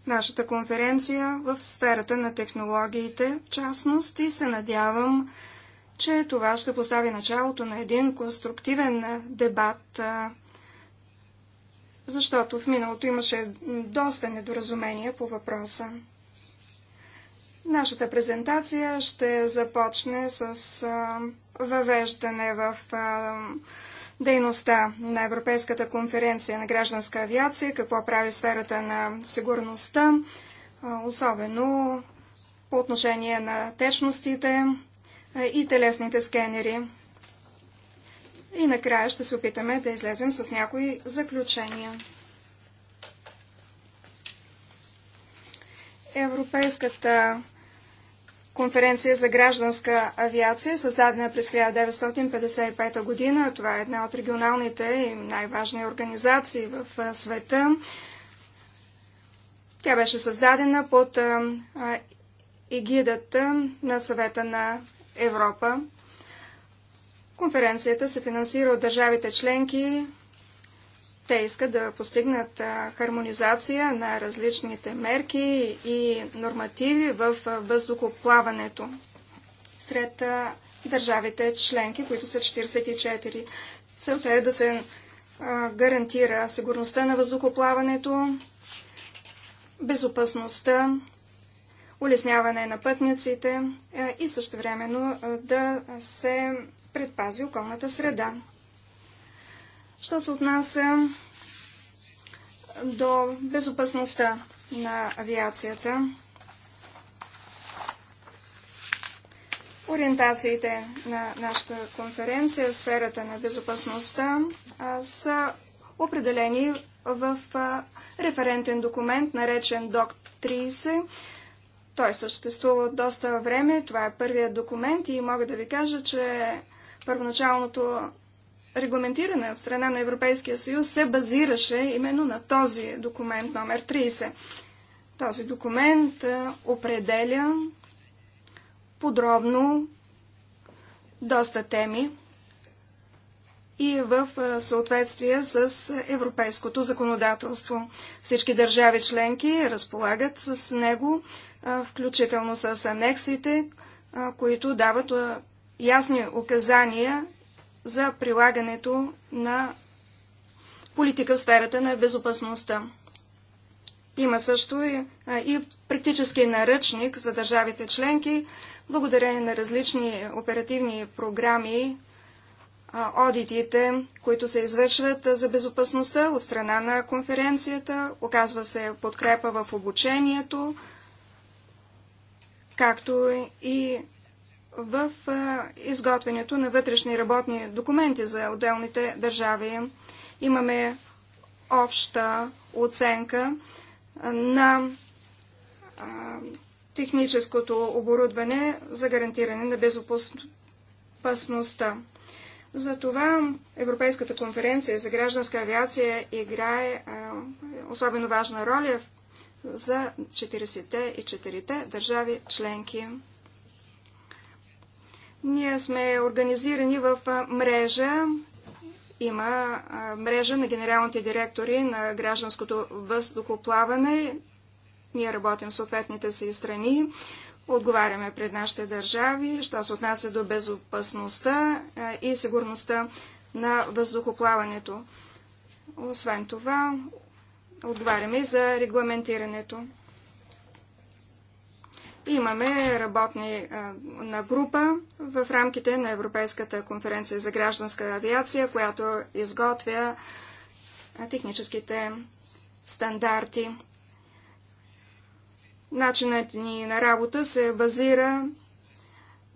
нашата конференция в сферата на технологиите, в частност, и се надявам, че това ще постави началото на един конструктивен дебат, защото в миналото имаше доста недоразумения по въпроса. Нашата презентация ще започне с въвеждане в дейността на Европейската конференция на гражданска авиация, какво прави сферата на сигурността, особено по отношение на течностите и телесните скенери. И накрая ще се опитаме да излезем с някои заключения. Европейската конференция за гражданска авиация, създадена през 1955 година. Това е една от регионалните и най-важни организации в света. Тя беше създадена под егидата на съвета на Европа. Конференцията се финансира от държавите членки те искат да постигнат хармонизация на различните мерки и нормативи в въздухоплаването сред държавите членки, които са 44. Целта е да се гарантира сигурността на въздухоплаването, безопасността, улесняване на пътниците и също времено да се предпази околната среда. Що се отнася до безопасността на авиацията, ориентациите на нашата конференция в сферата на безопасността са определени в референтен документ, наречен ДОК 30. Той съществува от доста време. Това е първият документ и мога да ви кажа, че първоначалното регламентирана страна на Европейския съюз се базираше именно на този документ номер 30. Този документ определя подробно доста теми и е в съответствие с европейското законодателство. Всички държави членки разполагат с него, включително с анексите, които дават ясни указания за прилагането на политика в сферата на безопасността. Има също и, а, и практически наръчник за държавите членки, благодарение на различни оперативни програми, а, одитите, които се извършват за безопасността от страна на конференцията, оказва се подкрепа в обучението, както и в изготвянето на вътрешни работни документи за отделните държави. Имаме обща оценка на техническото оборудване за гарантиране на безопасността. Затова Европейската конференция за гражданска авиация играе особено важна роля за 44-те и 4-те държави членки. Ние сме организирани в мрежа. Има мрежа на генералните директори на гражданското въздухоплаване. Ние работим в съответните си страни. Отговаряме пред нашите държави, що се отнася до безопасността и сигурността на въздухоплаването. Освен това, отговаряме и за регламентирането. Имаме работни на група в рамките на Европейската конференция за гражданска авиация, която изготвя техническите стандарти. Начинът ни на работа се базира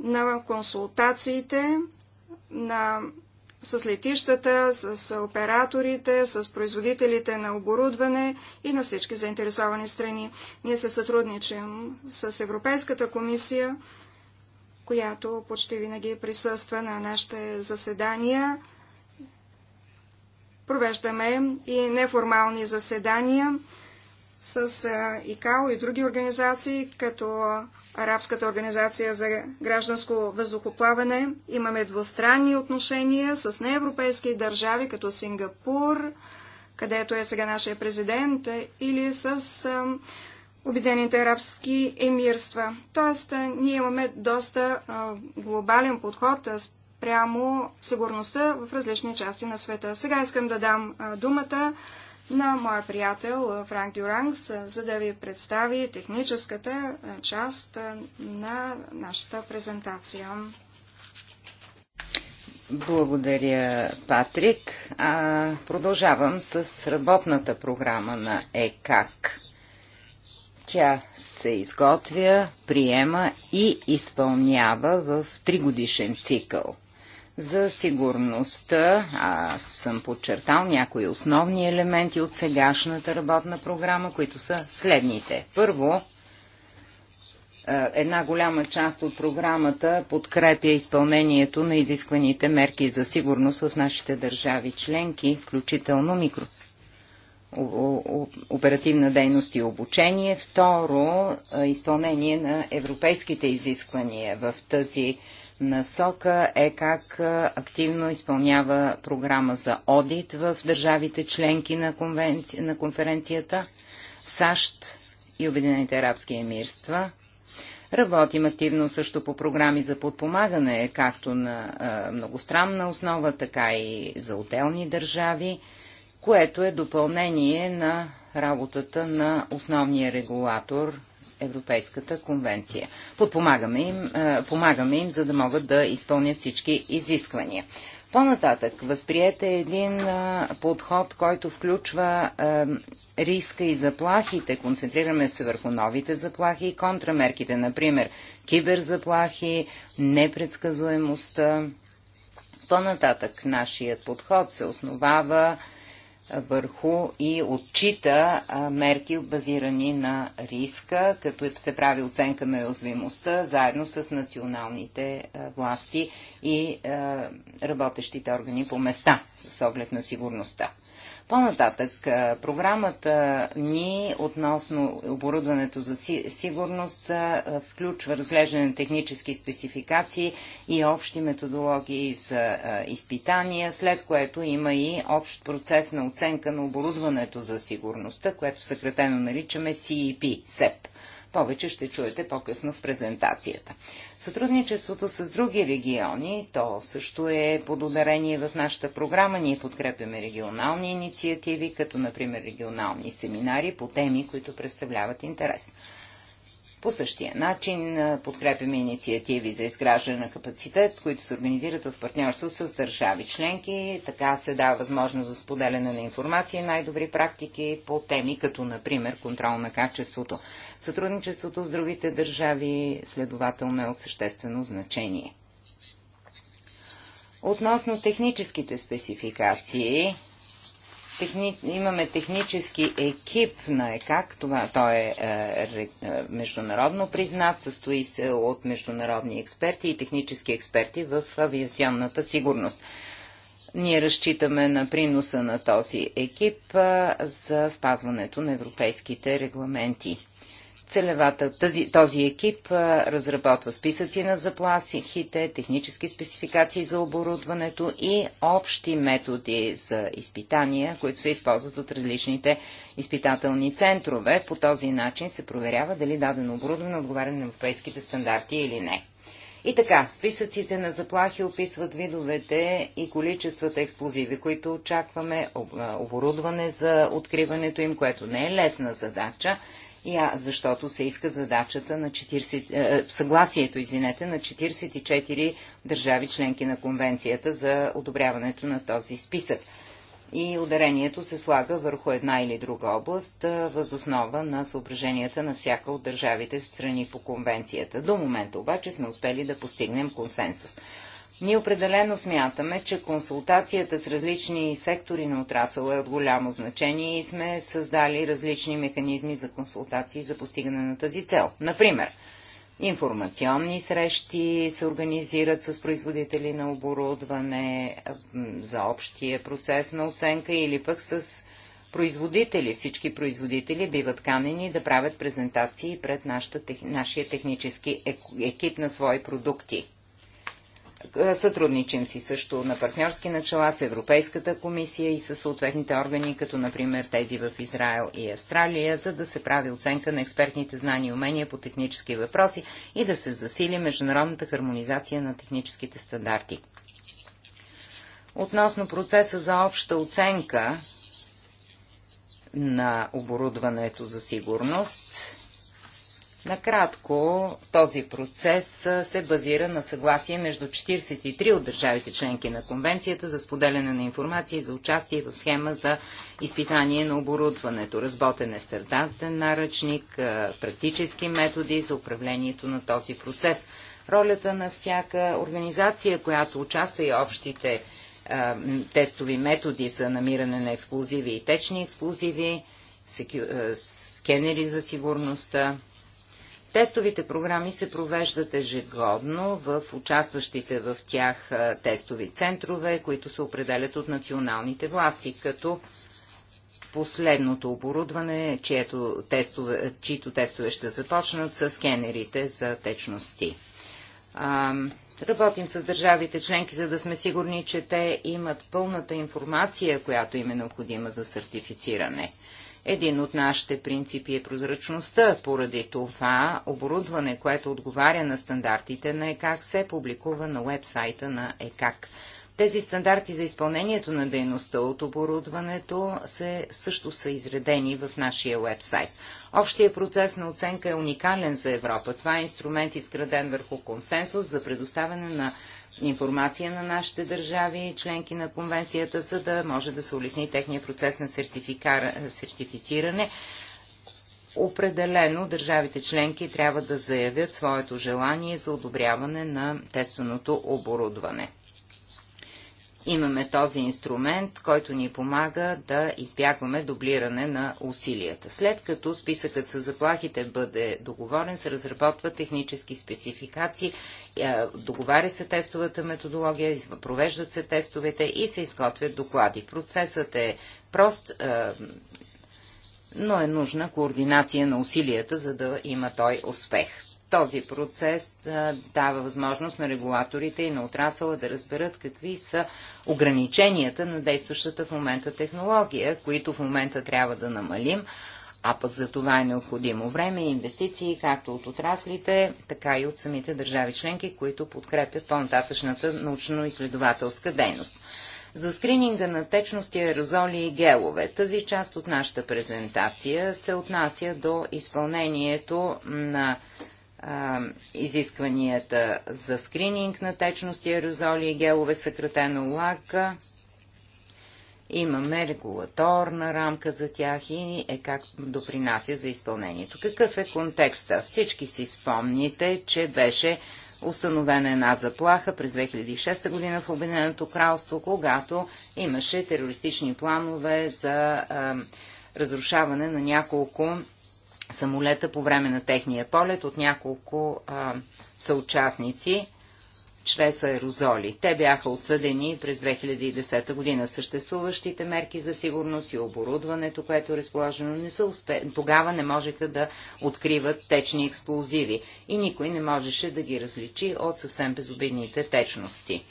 на консултациите, на с летищата, с операторите, с производителите на оборудване и на всички заинтересовани страни. Ние се сътрудничим с Европейската комисия, която почти винаги присъства на нашите заседания. Провеждаме и неформални заседания с ИКАО и други организации, като Арабската организация за гражданско въздухоплаване. Имаме двустранни отношения с неевропейски държави, като Сингапур, където е сега нашия президент, или с Обединените арабски емирства. Тоест, ние имаме доста глобален подход спрямо сигурността в различни части на света. Сега искам да дам думата на моя приятел Франк Дюранкс, за да ви представи техническата част на нашата презентация. Благодаря, Патрик. А, продължавам с работната програма на ЕКАК. Тя се изготвя, приема и изпълнява в тригодишен цикъл – за сигурността аз съм подчертал някои основни елементи от сегашната работна програма, които са следните. Първо, е, една голяма част от програмата подкрепя изпълнението на изискваните мерки за сигурност в нашите държави членки, включително микро оперативна дейност и обучение. Второ, е, изпълнение на европейските изисквания в тази насока е как активно изпълнява програма за одит в държавите членки на, конвенци... на конференцията САЩ и Обединените арабски емирства. Работим активно също по програми за подпомагане, както на а, многостранна основа, така и за отделни държави, което е допълнение на работата на основния регулатор Европейската конвенция. Подпомагаме им, е, помагаме им, за да могат да изпълнят всички изисквания. По-нататък възприете един а, е, подход, който включва а, е, риска и заплахите. Концентрираме се върху новите заплахи и контрамерките, например киберзаплахи, непредсказуемостта. По-нататък нашият подход се основава върху и отчита мерки, базирани на риска, като е- се прави оценка на уязвимостта, заедно с националните власти и работещите органи по места, с оглед на сигурността. По-нататък, програмата ни относно оборудването за сигурност включва разглеждане на технически спецификации и общи методологии за изпитания, след което има и общ процес на оценка на оборудването за сигурността, което съкратено наричаме CEP, СЕП. Повече ще чуете по-късно в презентацията. Сътрудничеството с други региони, то също е под ударение в нашата програма. Ние подкрепяме регионални инициативи, като например регионални семинари по теми, които представляват интерес. По същия начин подкрепяме инициативи за изграждане на капацитет, които се организират в партньорство с държави членки. Така се дава възможност за споделяне на информация и най-добри практики по теми, като например контрол на качеството. Сътрудничеството с другите държави следователно е от съществено значение. Относно техническите спецификации, техни... имаме технически екип на ЕКАК, това, той е, е, е международно признат, състои се от международни експерти и технически експерти в авиационната сигурност. Ние разчитаме на приноса на този екип за спазването на европейските регламенти. Целевата, тази, този екип а, разработва списъци на заплахите, технически спецификации за оборудването и общи методи за изпитания, които се използват от различните изпитателни центрове. По този начин се проверява дали дадено оборудване отговаря на европейските стандарти или не. И така, списъците на заплахи описват видовете и количествата експлозиви, които очакваме, оборудване за откриването им, което не е лесна задача, я, защото се иска задачата на 40, е, е, съгласието извинете, на 44 държави членки на конвенцията за одобряването на този списък. И ударението се слага върху една или друга област, е, възоснова на съображенията на всяка от държавите страни по конвенцията. До момента обаче сме успели да постигнем консенсус. Ние определено смятаме, че консултацията с различни сектори на отрасъла е от голямо значение и сме създали различни механизми за консултации за постигане на тази цел. Например, информационни срещи се организират с производители на оборудване за общия процес на оценка или пък с производители, всички производители биват канени да правят презентации пред нашата, нашия технически екип на свои продукти. Е, сътрудничим си също на партньорски начала с Европейската комисия и с съответните органи, като например тези в Израел и Австралия, за да се прави оценка на експертните знания и умения по технически въпроси и да се засили международната хармонизация на техническите стандарти. Относно процеса за обща оценка на оборудването за сигурност, Накратко, този процес се базира на съгласие между 43 от държавите членки на Конвенцията за споделяне на информация и за участие в схема за изпитание на оборудването. Разботен е стандартен наръчник, практически методи за управлението на този процес. Ролята на всяка организация, която участва и общите тестови методи за намиране на експлозиви и течни експлозиви, скенери за сигурността, Тестовите програми се провеждат ежегодно в участващите в тях тестови центрове, които се определят от националните власти, като последното оборудване, чието тестове, чието тестове ще започнат с скенерите за течности. работим с държавите членки, за да сме сигурни, че те имат пълната информация, която им е необходима за сертифициране. Един от нашите принципи е прозрачността. Поради това оборудване, което отговаря на стандартите на ЕКАК, се публикува на вебсайта на ЕКАК. Тези стандарти за изпълнението на дейността от оборудването се, също са изредени в нашия вебсайт. Общия процес на оценка е уникален за Европа. Това е инструмент изграден върху консенсус за предоставяне на информация на нашите държави, членки на конвенцията, за да може да се улесни техния процес на сертифициране. Определено държавите членки трябва да заявят своето желание за одобряване на тестеното оборудване имаме този инструмент, който ни помага да избягваме дублиране на усилията. След като списъкът с заплахите бъде договорен, се разработват технически спецификации, е, договаря се тестовата методология, провеждат се тестовете и се изготвят доклади. Процесът е прост, е, но е нужна координация на усилията, за да има той успех. Този процес дава възможност на регулаторите и на отрасъла да разберат какви са ограниченията на действащата в момента технология, които в момента трябва да намалим, а пък за това е необходимо време и инвестиции, както от отраслите, така и от самите държави членки, които подкрепят по-нататъчната научно-изследователска дейност. За скрининга на течности, аерозоли и гелове. Тази част от нашата презентация се отнася до изпълнението на а, изискванията за скрининг на течности, аерозоли и гелове, съкратено лака. Имаме регулаторна рамка за тях и е как допринася за изпълнението. Какъв е контекста? Всички си спомните, че беше установена една заплаха през 2006 година в Обединеното кралство, когато имаше терористични планове за а, разрушаване на няколко самолета по време на техния полет от няколко а, съучастници чрез аерозоли. Те бяха осъдени през 2010 година. Съществуващите мерки за сигурност и оборудването, което е разположено, не са успе... тогава не можеха да откриват течни експлозиви и никой не можеше да ги различи от съвсем безобидните течности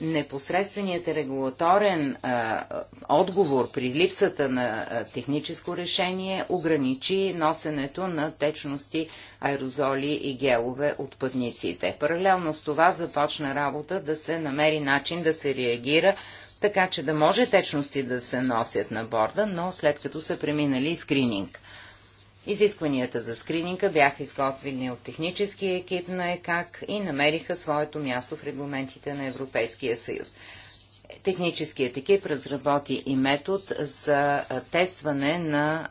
непосредственият регулаторен а, отговор при липсата на а, техническо решение ограничи носенето на течности, аерозоли и гелове от пътниците. Паралелно с това започна работа да се намери начин да се реагира така че да може течности да се носят на борда, но след като са преминали скрининг. Изискванията за скрининга бяха изготвени от технически екип на ЕКАК и намериха своето място в регламентите на Европейския съюз. Техническият екип разработи и метод за тестване на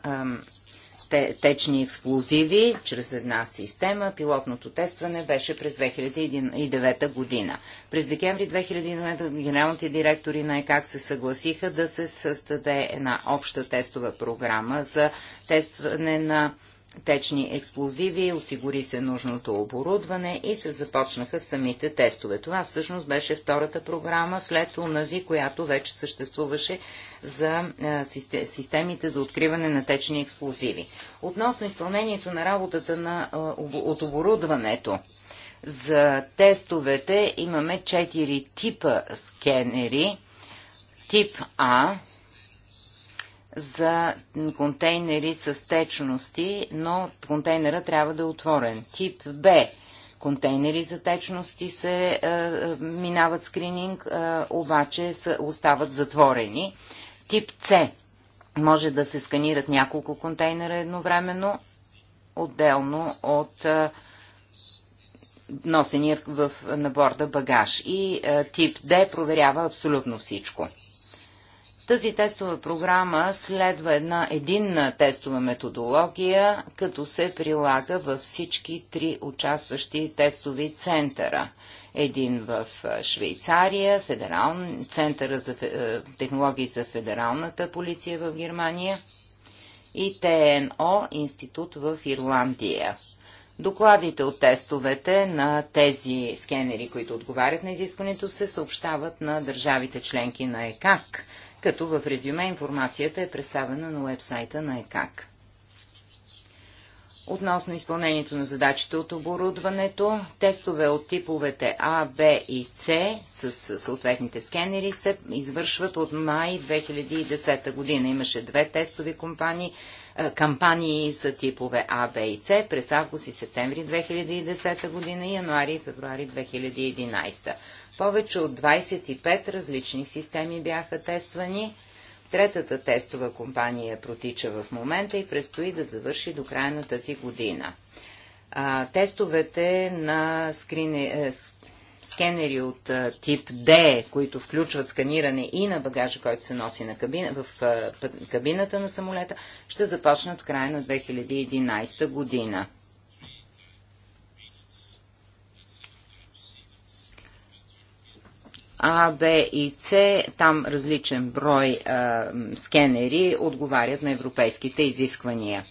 течни експлозиви чрез една система. Пилотното тестване беше през 2009 година. През декември 2009 генералните директори на ЕКАК се съгласиха да се създаде една обща тестова програма за тестване на течни експлозиви, осигури се нужното оборудване и се започнаха самите тестове. Това всъщност беше втората програма след унази, която вече съществуваше за системите за откриване на течни експлозиви. Относно изпълнението на работата на, от оборудването, за тестовете имаме 4 типа скенери. Тип А за контейнери с течности, но контейнера трябва да е отворен. Тип Б. Контейнери за течности се а, е, е, минават скрининг, а, е, обаче са, остават затворени. Тип С. Може да се сканират няколко контейнера едновременно, отделно от а, носения в, в, на борда багаж. И а, тип Д проверява абсолютно всичко. Тази тестова програма следва една единна тестова методология, като се прилага във всички три участващи тестови центъра. Един в е, Швейцария, федерал... Центъра за е, технологии за федералната полиция в Германия и ТНО институт в Ирландия. Докладите от тестовете на тези скенери, които отговарят на изискването, се съобщават на държавите членки на ЕКАК – като в резюме информацията е представена на уебсайта на ЕКАК. Относно изпълнението на задачите от оборудването, тестове от типовете А, Б и С с съответните скенери се извършват от май 2010 година. Имаше две тестови компании, е, кампании за типове А, Б и С през август и септември 2010 година и януари и февруари 2011. Повече от 25 различни системи бяха тествани. Третата тестова компания протича в момента и предстои да завърши до края на тази година. А, тестовете на скрине, скенери от тип D, които включват сканиране и на багажа, който се носи на кабина, в кабината на самолета, ще започнат края на 2011 година. А, Б и С, там различен брой а, скенери отговарят на европейските изисквания.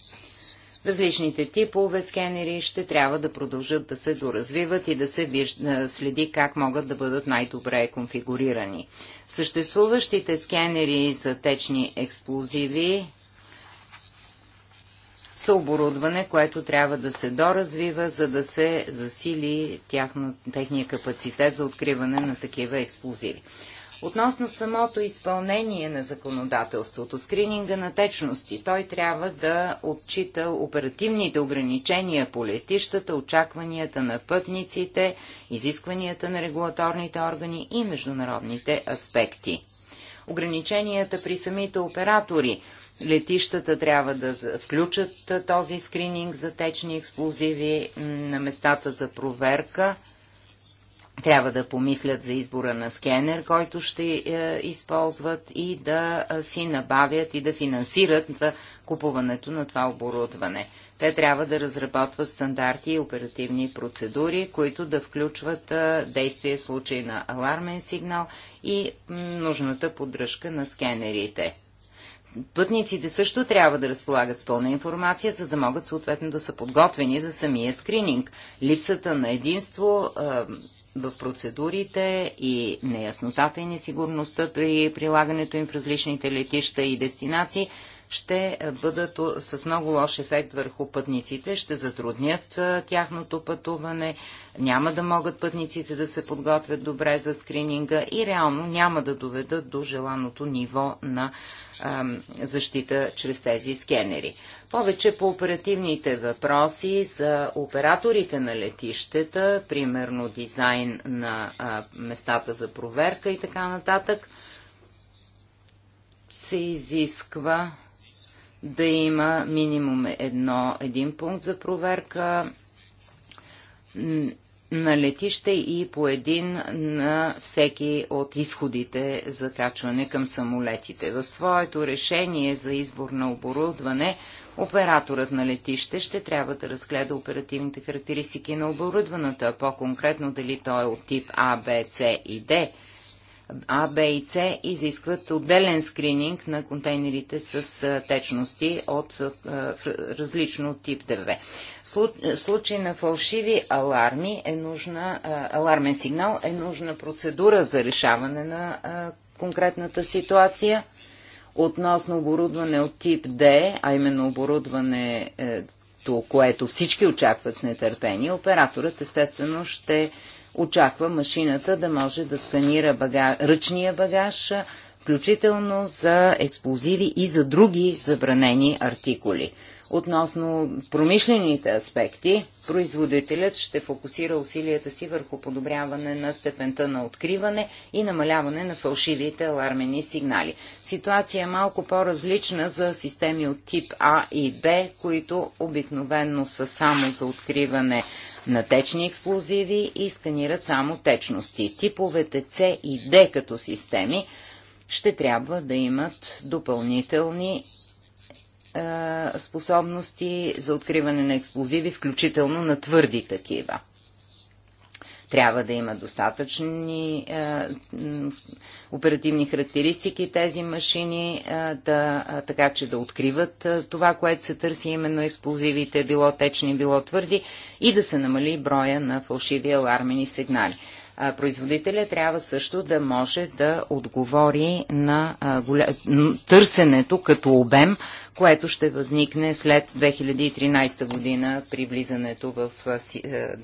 Различните типове скенери ще трябва да продължат да се доразвиват и да се вижда, следи как могат да бъдат най-добре конфигурирани. Съществуващите скенери за течни експлозиви Съоборудване, което трябва да се доразвива, за да се засили тяхна, техния капацитет за откриване на такива експлозиви. Относно самото изпълнение на законодателството, скрининга на течности, той трябва да отчита оперативните ограничения по летищата, очакванията на пътниците, изискванията на регулаторните органи и международните аспекти ограниченията при самите оператори. Летищата трябва да включат този скрининг за течни експлозиви на местата за проверка. Трябва да помислят за избора на скенер, който ще е, използват и да си набавят и да финансират купуването на това оборудване. Те трябва да разработват стандарти и оперативни процедури, които да включват действие в случай на алармен сигнал и нужната поддръжка на скенерите. Пътниците също трябва да разполагат с пълна информация, за да могат съответно да са подготвени за самия скрининг. Липсата на единство в процедурите и неяснотата и несигурността при прилагането им в различните летища и дестинации – ще бъдат с много лош ефект върху пътниците, ще затруднят тяхното пътуване, няма да могат пътниците да се подготвят добре за скрининга и реално няма да доведат до желаното ниво на защита чрез тези скенери. Повече по оперативните въпроси за операторите на летищета, примерно дизайн на местата за проверка и така нататък, се изисква да има минимум едно, един пункт за проверка на летище и по един на всеки от изходите за качване към самолетите. В своето решение за избор на оборудване, операторът на летище ще трябва да разгледа оперативните характеристики на оборудването, а по-конкретно дали то е от тип А, Б, С и Д – а, Б и С изискват отделен скрининг на контейнерите с течности от различно тип ДВ. В случай на фалшиви аларми е нужна, алармен сигнал е нужна процедура за решаване на конкретната ситуация относно оборудване от тип Д, а именно оборудване е, което всички очакват с нетърпение, операторът естествено ще очаква машината да може да сканира бага... ръчния багаж, включително за експлозиви и за други забранени артикули. Относно промишлените аспекти, производителят ще фокусира усилията си върху подобряване на степента на откриване и намаляване на фалшивите алармени сигнали. Ситуация е малко по-различна за системи от тип А и Б, които обикновенно са само за откриване на течни експлозиви и сканират само течности. Типовете С и Д като системи ще трябва да имат допълнителни е, способности за откриване на експлозиви, включително на твърди такива. Трябва да има достатъчни е, оперативни характеристики тези машини, е, да, е, така че да откриват е, това, което се търси, именно експлозивите, било течни, било твърди, и да се намали броя на фалшиви алармени сигнали производителя трябва също да може да отговори на търсенето като обем, което ще възникне след 2013 година при влизането в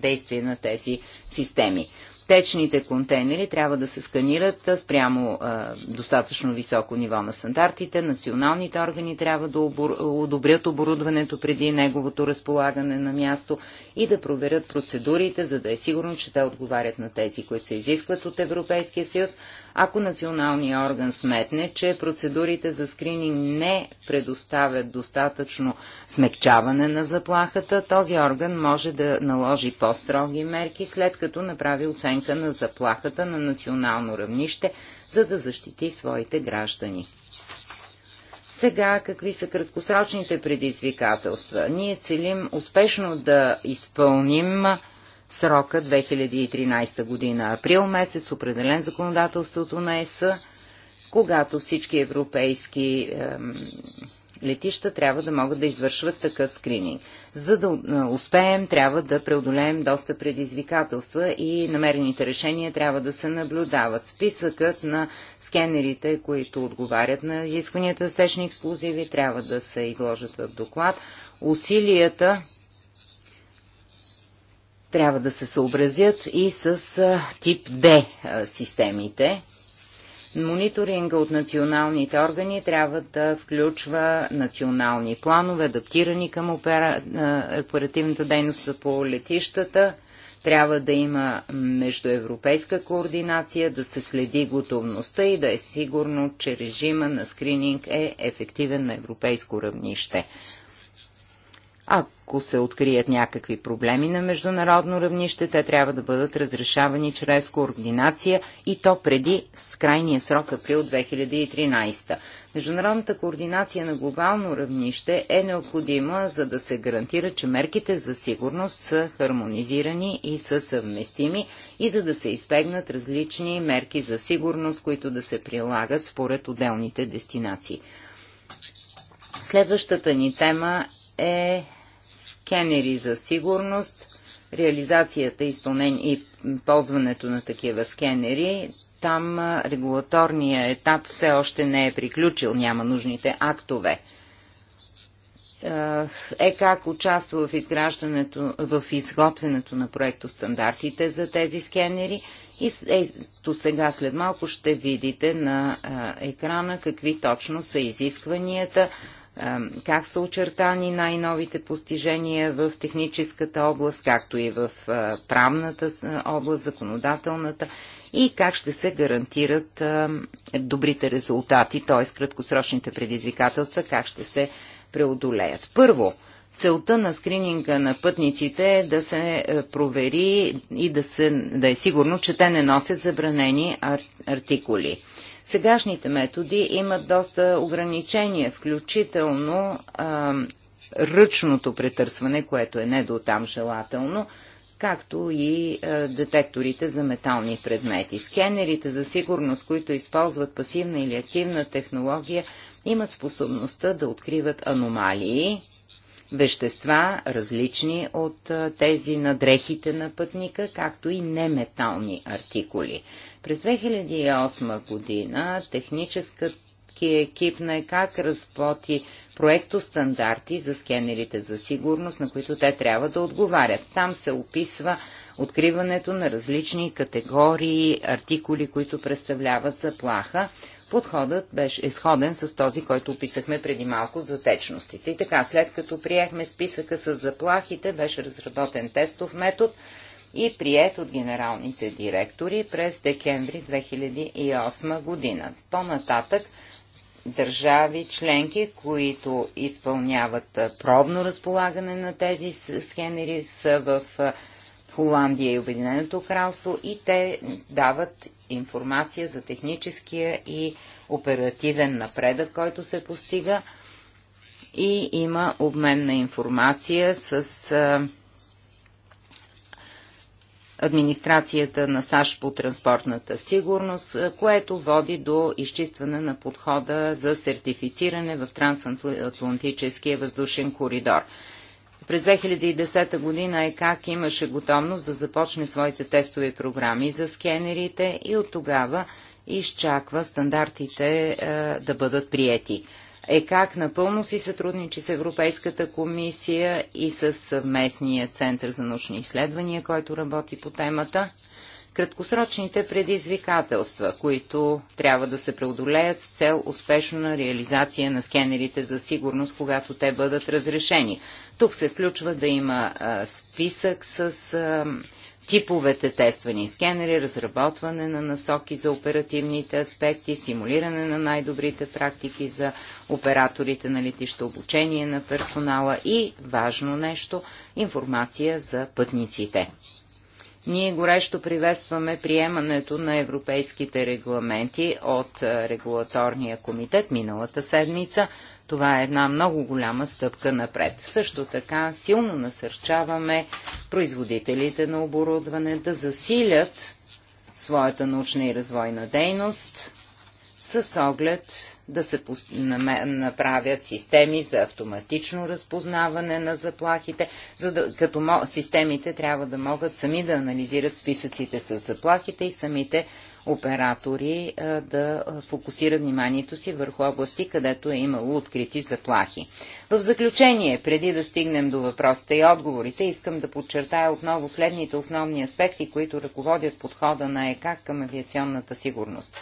действие на тези системи течните контейнери трябва да се сканират спрямо а, достатъчно високо ниво на стандартите. Националните органи трябва да обор... одобрят оборудването преди неговото разполагане на място и да проверят процедурите, за да е сигурно, че те отговарят на тези, които се изискват от Европейския съюз, ако националният орган сметне, че процедурите за скрининг не предоставят достатъчно смекчаване на заплахата, този орган може да наложи по-строги мерки, след като направи оценка на заплахата на национално равнище, за да защити своите граждани. Сега какви са краткосрочните предизвикателства? Ние целим успешно да изпълним срока 2013 година, април месец, определен законодателството на ЕС, когато всички европейски летища трябва да могат да извършват такъв скрининг. За да е, успеем, трябва да преодолеем доста предизвикателства и намерените решения трябва да се наблюдават. Списъкът на скенерите, които отговарят на изискванията с течни експлозиви, трябва да се изложат в доклад. Усилията трябва да се съобразят и с тип D системите. Мониторинга от националните органи трябва да включва национални планове, адаптирани към оперативната дейност по летищата. Трябва да има междуевропейска координация, да се следи готовността и да е сигурно, че режима на скрининг е ефективен на европейско равнище. Ако се открият някакви проблеми на международно равнище, те трябва да бъдат разрешавани чрез координация и то преди с крайния срок април 2013. Международната координация на глобално равнище е необходима, за да се гарантира, че мерките за сигурност са хармонизирани и са съвместими и за да се избегнат различни мерки за сигурност, които да се прилагат според отделните дестинации. Следващата ни тема е скенери за сигурност, реализацията и ползването на такива скенери. Там регулаторният етап все още не е приключил, няма нужните актове. Е как участва в изграждането, в изготвянето на проекто стандартите за тези скенери и ето сега след малко ще видите на екрана какви точно са изискванията, как са очертани най-новите постижения в техническата област, както и в правната област, законодателната и как ще се гарантират добрите резултати, т.е. краткосрочните предизвикателства, как ще се преодолеят. Първо, целта на скрининга на пътниците е да се е, провери и да, се, да е сигурно, че те не носят забранени артикули. Сегашните методи имат доста ограничения, включително а, ръчното претърсване, което е не до там желателно, както и а, детекторите за метални предмети. Скенерите за сигурност, които използват пасивна или активна технология, имат способността да откриват аномалии, вещества, различни от тези на дрехите на пътника, както и неметални артикули. През 2008 година технически екип на ЕКАК разплоти стандарти за скенерите за сигурност, на които те трябва да отговарят. Там се описва откриването на различни категории артикули, които представляват заплаха. Подходът беше изходен с този, който описахме преди малко за течностите. И така, след като приехме списъка с заплахите, беше разработен тестов метод, и прият от генералните директори през декември 2008 година. По-нататък държави членки, които изпълняват пробно разполагане на тези скенери са в Холандия и Обединеното кралство и те дават информация за техническия и оперативен напредък, който се постига и има обмен на информация с администрацията на САЩ по транспортната сигурност, което води до изчистване на подхода за сертифициране в трансатлантическия въздушен коридор. През 2010 година ЕКАК имаше готовност да започне своите тестови програми за скенерите и от тогава изчаква стандартите е, да бъдат приети е как напълно си сътрудничи с Европейската комисия и с съвместния Център за научни изследвания, който работи по темата. Краткосрочните предизвикателства, които трябва да се преодолеят с цел успешна реализация на скенерите за сигурност, когато те бъдат разрешени. Тук се включва да има а, списък с а, типовете тествани скенери, разработване на насоки за оперативните аспекти, стимулиране на най-добрите практики за операторите на летища, обучение на персонала и, важно нещо, информация за пътниците. Ние горещо приветстваме приемането на европейските регламенти от е, регулаторния комитет миналата седмица – това е една много голяма стъпка напред. Също така силно насърчаваме производителите на оборудване да засилят своята научна и развойна дейност с оглед да се направят системи за автоматично разпознаване на заплахите, за да, като системите трябва да могат сами да анализират списъците с заплахите и самите оператори да фокусират вниманието си върху области, където е имало открити заплахи. В заключение, преди да стигнем до въпросите и отговорите, искам да подчертая отново следните основни аспекти, които ръководят подхода на ЕК към авиационната сигурност.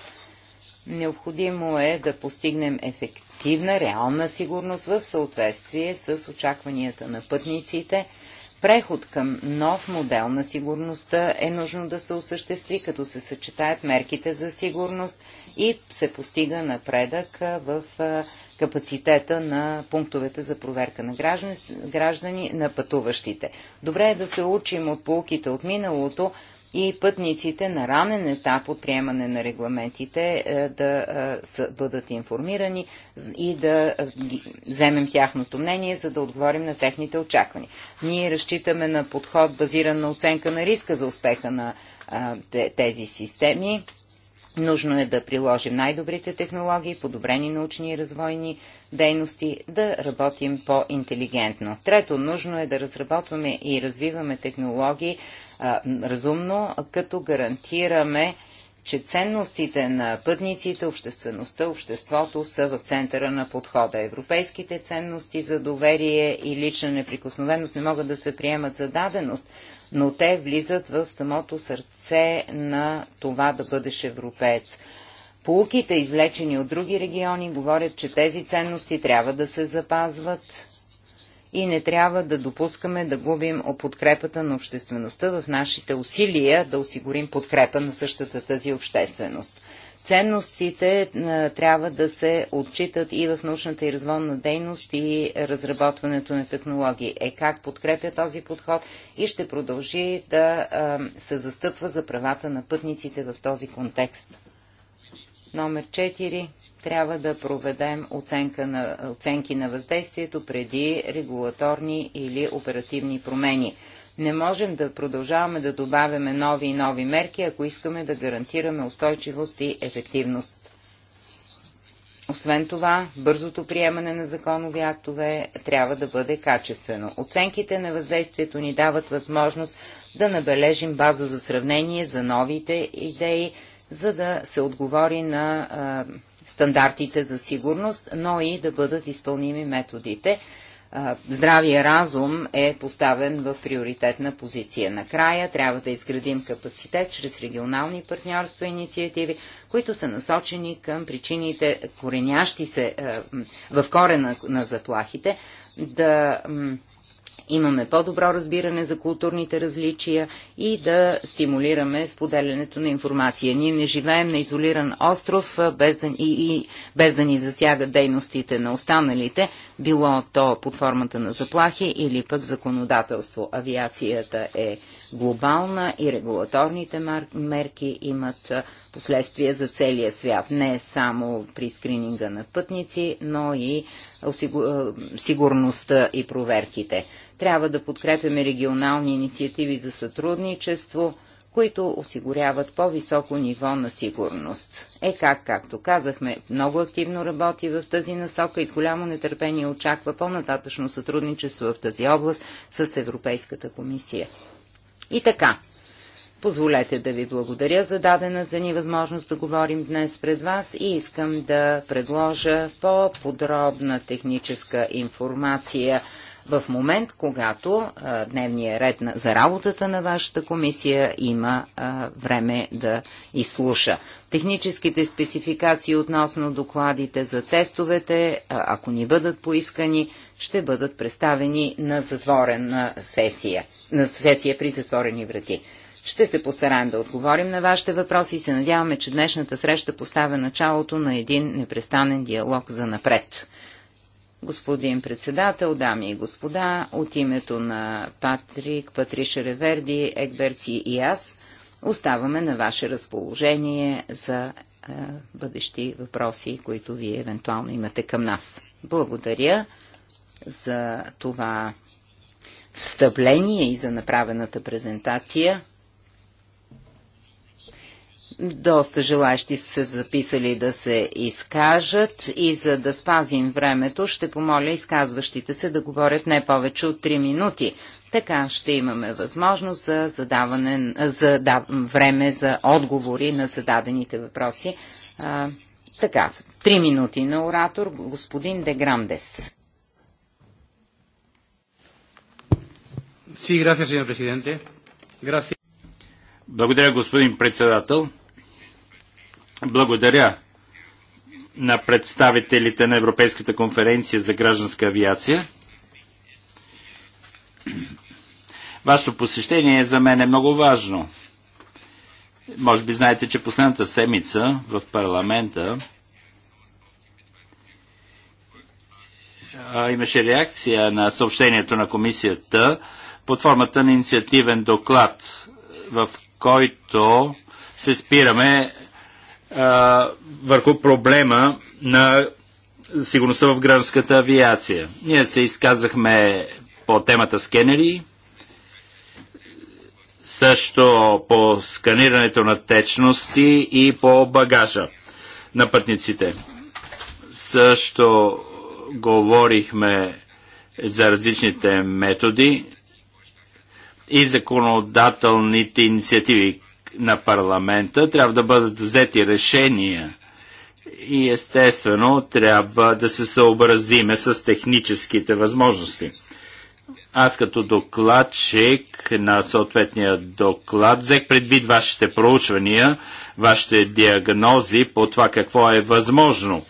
Необходимо е да постигнем ефективна, реална сигурност в съответствие с очакванията на пътниците – преход към нов модел на сигурността е нужно да се осъществи, като се съчетаят мерките за сигурност и се постига напредък в капацитета на пунктовете за проверка на граждани, граждани на пътуващите. Добре е да се учим от полуките от миналото, и пътниците на ранен етап от приемане на регламентите е, да е, бъдат информирани и да е, вземем тяхното мнение, за да отговорим на техните очаквания. Ние разчитаме на подход базиран на оценка на риска за успеха на тези системи. Нужно е да приложим най-добрите технологии, подобрени научни и развойни дейности, да работим по-интелигентно. Трето, нужно е да разработваме и развиваме технологии а, разумно, като гарантираме, че ценностите на пътниците, обществеността, обществото са в центъра на подхода. Европейските ценности за доверие и лична неприкосновеност не могат да се приемат за даденост, но те влизат в самото сърце на това да бъдеш европеец. Полуките, извлечени от други региони, говорят, че тези ценности трябва да се запазват и не трябва да допускаме да губим подкрепата на обществеността в нашите усилия да осигурим подкрепа на същата тази общественост. Ценностите а, е, трябва да се отчитат и в научната и развонна дейност и разработването на технологии. Е как подкрепя този подход и ще продължи да а, е, се застъпва за правата на пътниците в този контекст. Номер 4 трябва да проведем оценка на, оценки на въздействието преди регулаторни или оперативни промени. Не можем да продължаваме да добавяме нови и нови мерки, ако искаме да гарантираме устойчивост и ефективност. Освен това, бързото приемане на законови актове трябва да бъде качествено. Оценките на въздействието ни дават възможност да набележим база за сравнение за новите идеи, за да се отговори на а, стандартите за сигурност, но и да бъдат изпълними методите. Здравия разум е поставен в приоритетна позиция. Накрая трябва да изградим капацитет чрез регионални партньорства и инициативи, които са насочени към причините, коренящи се в корена на заплахите, да имаме по-добро разбиране за културните различия и да стимулираме споделянето на информация. Ние не живеем на изолиран остров без да, и, и без да ни засягат дейностите на останалите, било то под формата на заплахи или пък законодателство. Авиацията е глобална и регулаторните мерки имат последствия за целия свят. Не само при скрининга на пътници, но и сигурността и проверките. Трябва да подкрепяме регионални инициативи за сътрудничество, които осигуряват по-високо ниво на сигурност. Е как, както казахме, много активно работи в тази насока и с голямо нетърпение очаква по-нататъчно сътрудничество в тази област с Европейската комисия. И така, Позволете да ви благодаря за дадената ни възможност да говорим днес пред вас и искам да предложа по-подробна техническа информация в момент, когато а, дневния ред на, за работата на вашата комисия има а, време да изслуша. Техническите спецификации относно докладите за тестовете, а, ако ни бъдат поискани, ще бъдат представени на затворена сесия, на сесия при затворени врати. Ще се постараем да отговорим на вашите въпроси и се надяваме, че днешната среща поставя началото на един непрестанен диалог за напред. Господин председател, дами и господа, от името на Патрик, Патриша Реверди, Екберци и аз оставаме на ваше разположение за е, бъдещи въпроси, които вие евентуално имате към нас. Благодаря за това встъпление и за направената презентация. Доста желащи са записали да се изкажат и за да спазим времето, ще помоля изказващите се да говорят не повече от 3 минути. Така ще имаме възможност за задаване, за да, време за отговори на зададените въпроси. А, така, 3 минути на оратор, господин Деграндес. Sí, gracias, señor presidente. Gracias. Благодаря, господин председател. Благодаря на представителите на Европейската конференция за гражданска авиация. Вашето посещение е за мен е много важно. Може би знаете, че последната седмица в парламента имаше реакция на съобщението на комисията под формата на инициативен доклад, в който се спираме а, върху проблема на сигурността в гражданската авиация. Ние се изказахме по темата скенери, също по сканирането на течности и по багажа на пътниците. Също говорихме за различните методи и законодателните инициативи, на парламента трябва да бъдат взети решения и естествено трябва да се съобразиме с техническите възможности. Аз като докладчик на съответния доклад взех предвид вашите проучвания, вашите диагнози по това какво е възможно.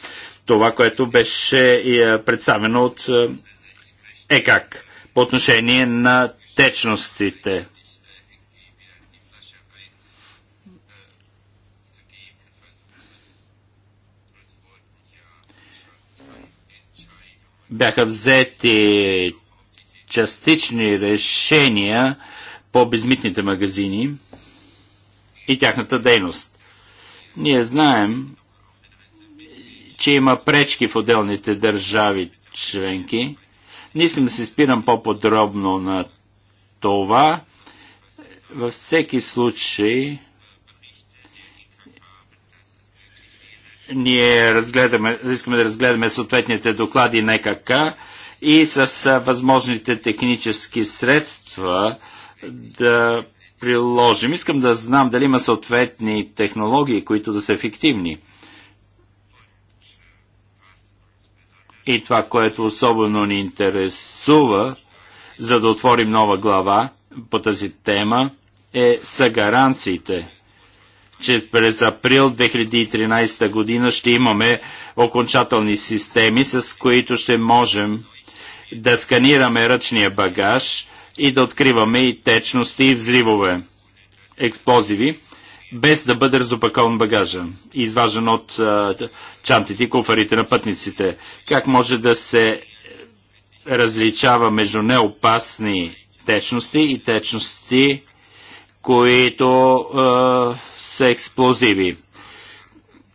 Това, което беше е, представено от ЕКАК е по отношение на течностите. бяха взети частични решения по безмитните магазини и тяхната дейност. Ние знаем, че има пречки в отделните държави членки. Не искам да се спирам по-подробно на това. Във всеки случай ние разгледаме, искаме да разгледаме съответните доклади на ЕКК и с възможните технически средства да приложим. Искам да знам дали има съответни технологии, които да са ефективни. И това, което особено ни интересува, за да отворим нова глава по тази тема, е са гаранциите че през април 2013 година ще имаме окончателни системи, с които ще можем да сканираме ръчния багаж и да откриваме и течности и взривове, експлозиви, без да бъде разопакован багажа изважен от а, чантите и куфарите на пътниците. Как може да се различава между неопасни течности и течности, които е, са експлозиви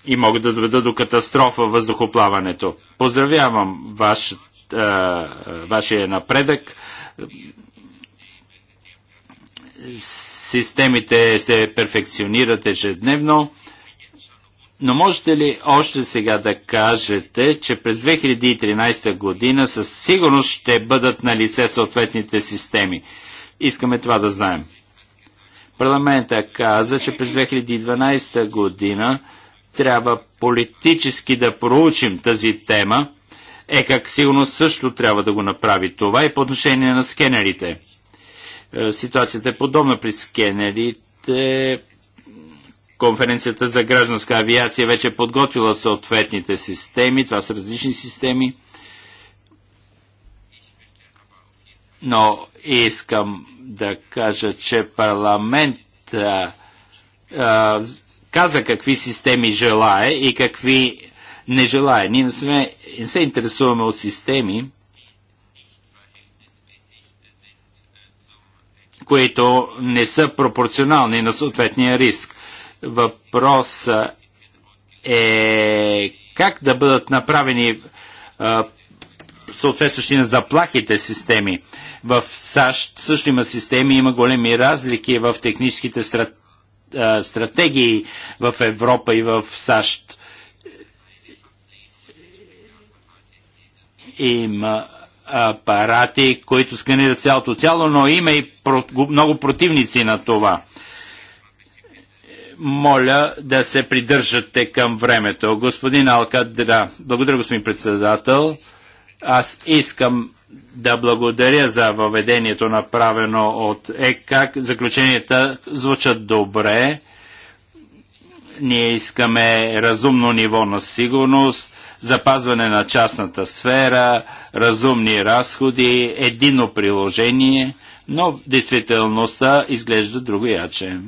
и могат да доведат до катастрофа въздухоплаването. Поздравявам ваш, е, вашия напредък. Системите се перфекционират ежедневно. Но можете ли още сега да кажете, че през 2013 година със сигурност ще бъдат на лице съответните системи? Искаме това да знаем. Парламента каза, че през 2012 година трябва политически да проучим тази тема. Е, как сигурно също трябва да го направи това и по отношение на скенерите. Е, ситуацията е подобна при скенерите. Конференцията за гражданска авиация вече е подготвила съответните системи. Това са различни системи. но искам да кажа, че парламент а, а, каза какви системи желае и какви не желае. Ние не, сме, не се интересуваме от системи, които не са пропорционални на съответния риск. Въпрос е как да бъдат направени а, съответстващи на заплахите системи. В САЩ също има системи, има големи разлики в техническите стратегии в Европа и в САЩ. Има апарати, които сканират цялото тяло, но има и много противници на това моля да се придържате към времето. Господин Алкадра, благодаря господин председател. Аз искам да благодаря за въведението направено от ЕКАК. Заключенията звучат добре. Ние искаме разумно ниво на сигурност, запазване на частната сфера, разумни разходи, едино приложение, но в действителността изглежда другояче.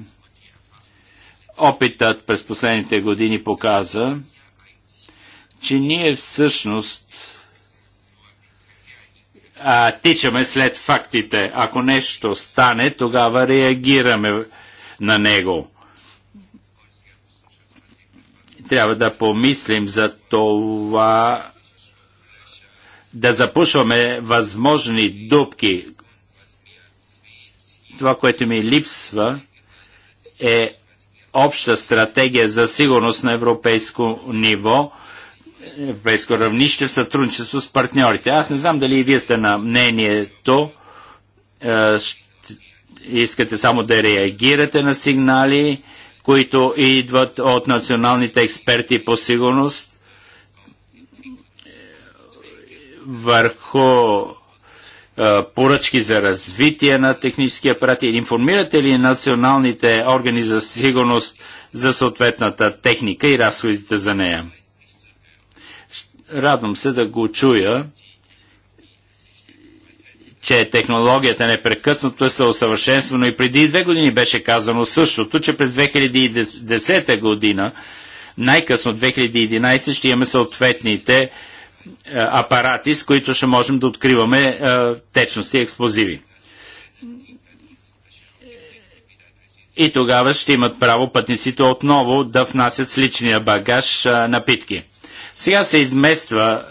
Опитът през последните години показа, че ние всъщност а, тичаме след фактите. Ако нещо стане, тогава реагираме на него. Трябва да помислим за това да запушваме възможни дупки. Това, което ми липсва е обща стратегия за сигурност на европейско ниво – европейско равнище в сътрудничество с партньорите. Аз не знам дали и вие сте на мнението, е, искате само да реагирате на сигнали, които идват от националните експерти по сигурност върху е, поръчки за развитие на технически апарати. Информирате ли националните органи за сигурност за съответната техника и разходите за нея? Радвам се да го чуя, че технологията непрекъснато е съусъвършенствана и преди две години беше казано същото, че през 2010 година, най-късно 2011, ще имаме съответните е, апарати, с които ще можем да откриваме е, течности и експлозиви. И тогава ще имат право пътниците отново да внасят с личния багаж е, напитки. Сега се измества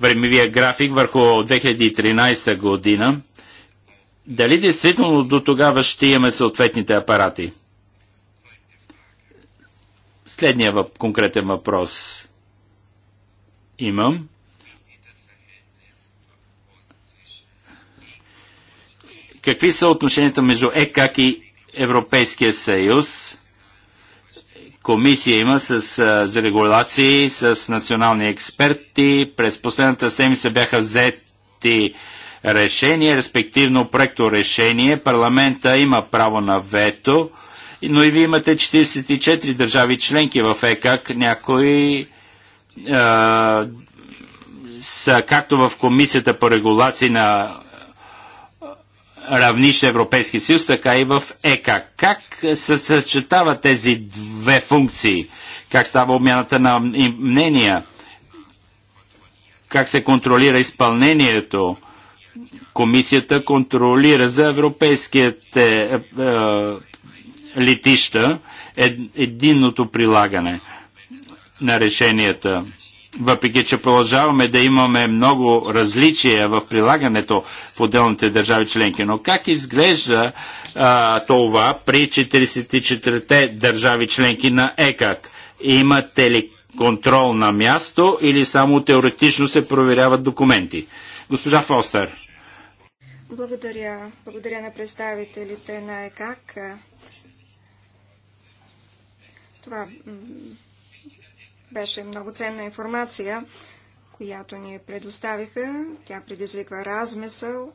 времевия график върху 2013 година. Дали действително до тогава ще имаме съответните апарати? Следния въп, конкретен въпрос имам. Какви са отношенията между ЕКАК и Европейския съюз? комисия има с, а, за регулации с национални експерти. През последната седмица бяха взети решение, респективно проекто решение. Парламента има право на вето, но и вие имате 44 държави членки в ЕКАК. Някои а, са както в Комисията по регулации на равнище Европейски съюз, така и в ЕКА. Как се съчетава тези две функции? Как става обмяната на мнения? Как се контролира изпълнението? Комисията контролира за европейските е, е летища единното прилагане на решенията въпреки че продължаваме да имаме много различия в прилагането в отделните държави членки. Но как изглежда а, това при 44-те държави членки на ЕКАК? Имате ли контрол на място или само теоретично се проверяват документи? Госпожа Фостер. Благодаря. Благодаря на представителите на ЕКАК. Това беше много ценна информация, която ни предоставиха. Тя предизвиква размисъл.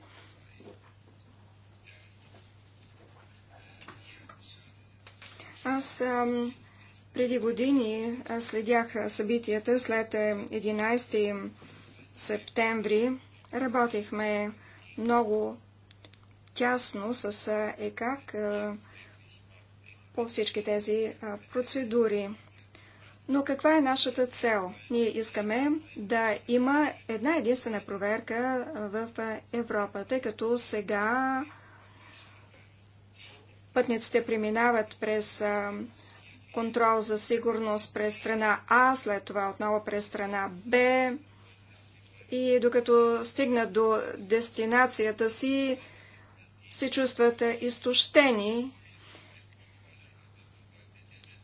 Аз ам, преди години следях събитията след 11 септември. Работихме много тясно с ЕКАК по всички тези процедури. Но каква е нашата цел? Ние искаме да има една единствена проверка в Европа, тъй като сега пътниците преминават през контрол за сигурност през страна А, след това отново през страна Б. И докато стигнат до дестинацията си, се чувстват изтощени.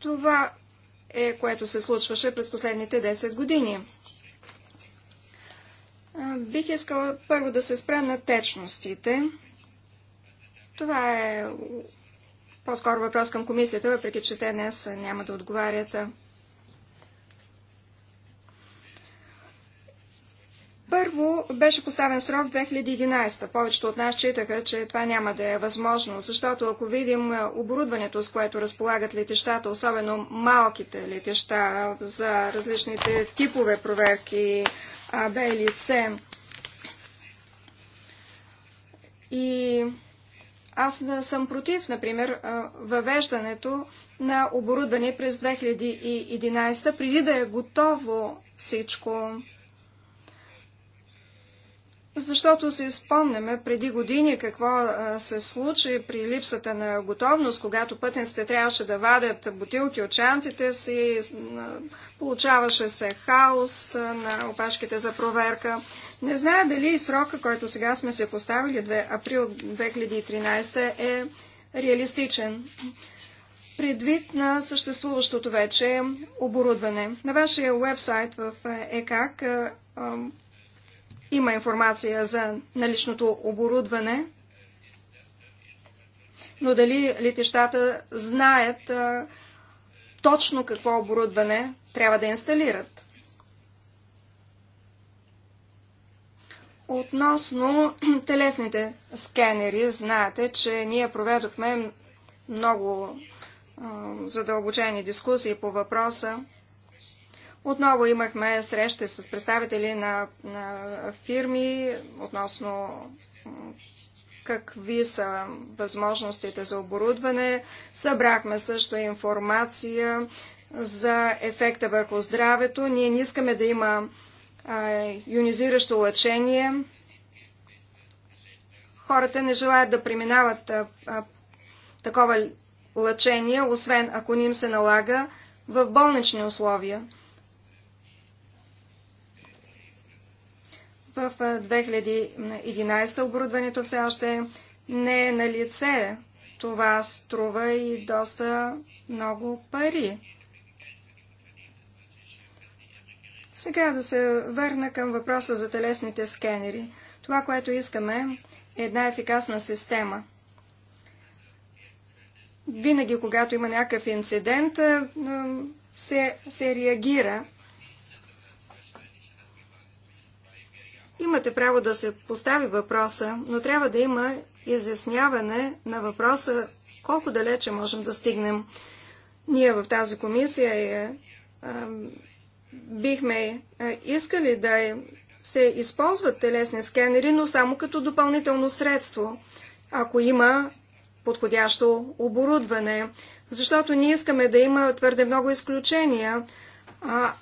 Това е, което се случваше през последните 10 години. Бих искала първо да се спра на течностите. Това е по-скоро въпрос към комисията, въпреки че те днес няма да отговарят. Първо беше поставен срок 2011. Повечето от нас считаха, че това няма да е възможно, защото ако видим е, оборудването, с което разполагат летищата, особено малките летища за различните типове проверки А, Б или С, и аз съм против, например, е, въвеждането на оборудване през 2011, преди да е готово всичко. Защото си спомняме преди години какво се случи при липсата на готовност, когато пътниците трябваше да вадят бутилки от чантите си, получаваше се хаос на опашките за проверка. Не зная дали и срока, който сега сме се поставили, 2 април 2013, е реалистичен. Предвид на съществуващото вече оборудване. На вашия вебсайт в ЕКАК има информация за наличното оборудване, но дали летищата знаят а, точно какво оборудване трябва да инсталират? Относно телесните скенери, знаете, че ние проведохме много задълбочени дискусии по въпроса. Отново имахме срещи с представители на, на фирми относно какви са възможностите за оборудване. Събрахме също информация за ефекта върху здравето. Ние не искаме да има а, юнизиращо лъчение. Хората не желаят да преминават а, а, такова лъчение, освен ако ни им се налага в болнични условия. В 2011 оборудването все още не е на лице. Това струва и доста много пари. Сега да се върна към въпроса за телесните скенери. Това, което искаме, е една ефикасна система. Винаги, когато има някакъв инцидент, се, се реагира Имате право да се постави въпроса, но трябва да има изясняване на въпроса колко далече можем да стигнем. Ние в тази комисия е, е, бихме е, искали да се използват телесни скенери, но само като допълнително средство, ако има подходящо оборудване, защото ние искаме да има твърде много изключения. А,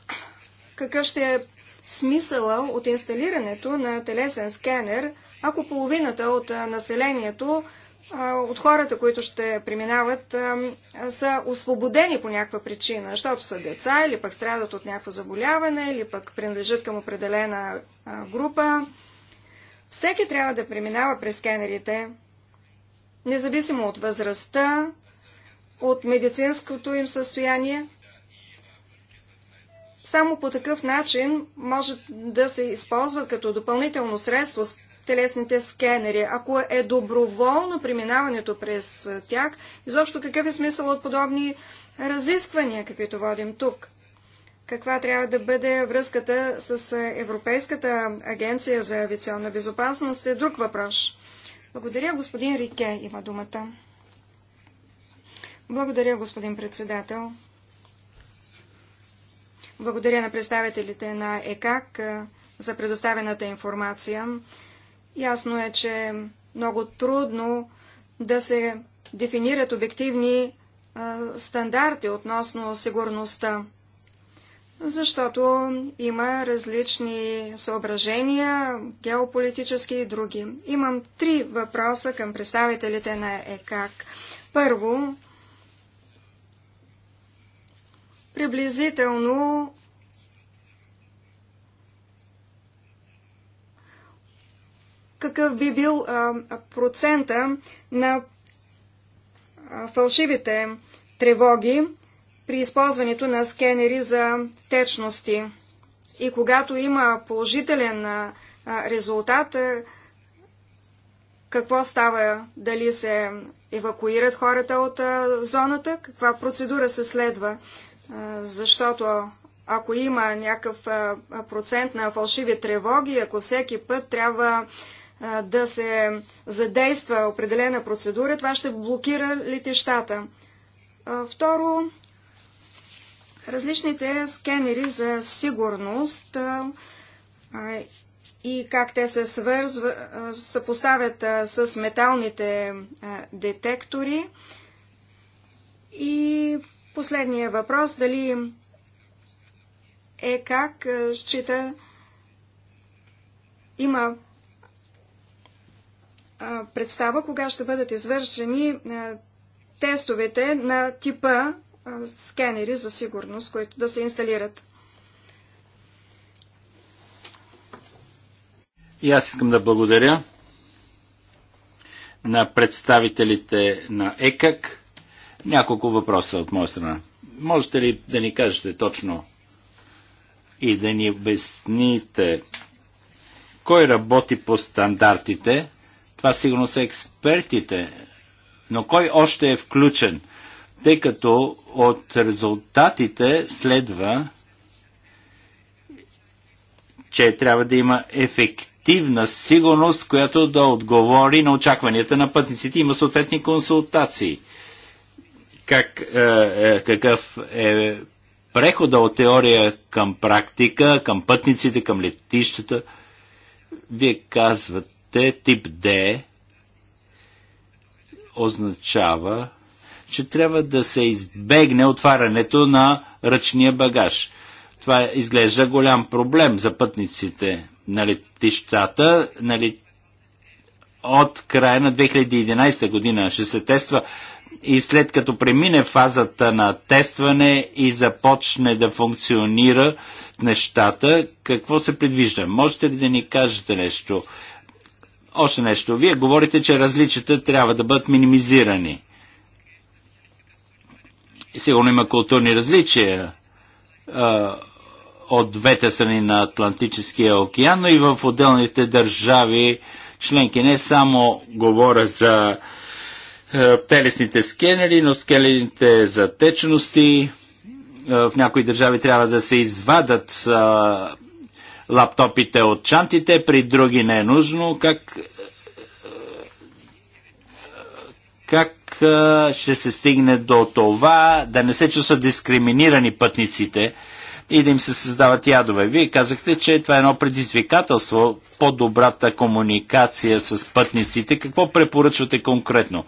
какъв ще е смисъла от инсталирането на телесен скенер, ако половината от населението, от хората, които ще преминават, са освободени по някаква причина, защото са деца или пък страдат от някакво заболяване, или пък принадлежат към определена група. Всеки трябва да преминава през скенерите, независимо от възрастта, от медицинското им състояние. Само по такъв начин може да се използват като допълнително средство с телесните скенери. Ако е доброволно преминаването през тях, изобщо какъв е смисъл от подобни разисквания, каквито водим тук? Каква трябва да бъде връзката с Европейската агенция за авиационна безопасност е друг въпрос. Благодаря, господин Рике има думата. Благодаря, господин председател. Благодаря на представителите на ЕКАК за предоставената информация. Ясно е, че е много трудно да се дефинират обективни стандарти относно сигурността, защото има различни съображения, геополитически и други. Имам три въпроса към представителите на ЕКАК. Първо, приблизително какъв би бил а, процента на а, фалшивите тревоги при използването на скенери за течности. И когато има положителен а, резултат, какво става, дали се евакуират хората от зоната, каква процедура се следва защото ако има някакъв процент на фалшиви тревоги, ако всеки път трябва да се задейства определена процедура, това ще блокира летищата. Второ, различните скенери за сигурност и как те се свързва, съпоставят с металните детектори и Последният въпрос дали е как счита има представа кога ще бъдат извършени тестовете на типа скенери за сигурност, които да се инсталират. И аз искам да благодаря на представителите на ЕКАК няколко въпроса от моя страна. Можете ли да ни кажете точно и да ни обясните кой работи по стандартите? Това сигурно са експертите, но кой още е включен? Тъй като от резултатите следва, че трябва да има ефективна сигурност, която да отговори на очакванията на пътниците. Има съответни консултации – как, е, е, какъв е прехода от теория към практика, към пътниците, към летищата. Вие казвате тип Д означава, че трябва да се избегне отварянето на ръчния багаж. Това изглежда голям проблем за пътниците на летищата. Нали, от края на 2011 година ще се тества и след като премине фазата на тестване и започне да функционира нещата, какво се предвижда? Можете ли да ни кажете нещо? Още нещо. Вие говорите, че различията трябва да бъдат минимизирани. Сигурно има културни различия а, от двете страни на Атлантическия океан, но и в отделните държави членки. Не само говоря за е, телесните скенери, но скенерите за течности. Е, в някои държави трябва да се извадат е, лаптопите от чантите, при други не е нужно. Как, как ще се стигне до това да не се чувстват дискриминирани пътниците и да им се създават ядове? Вие казахте, че това е едно предизвикателство по-добрата комуникация с пътниците. Какво препоръчвате конкретно?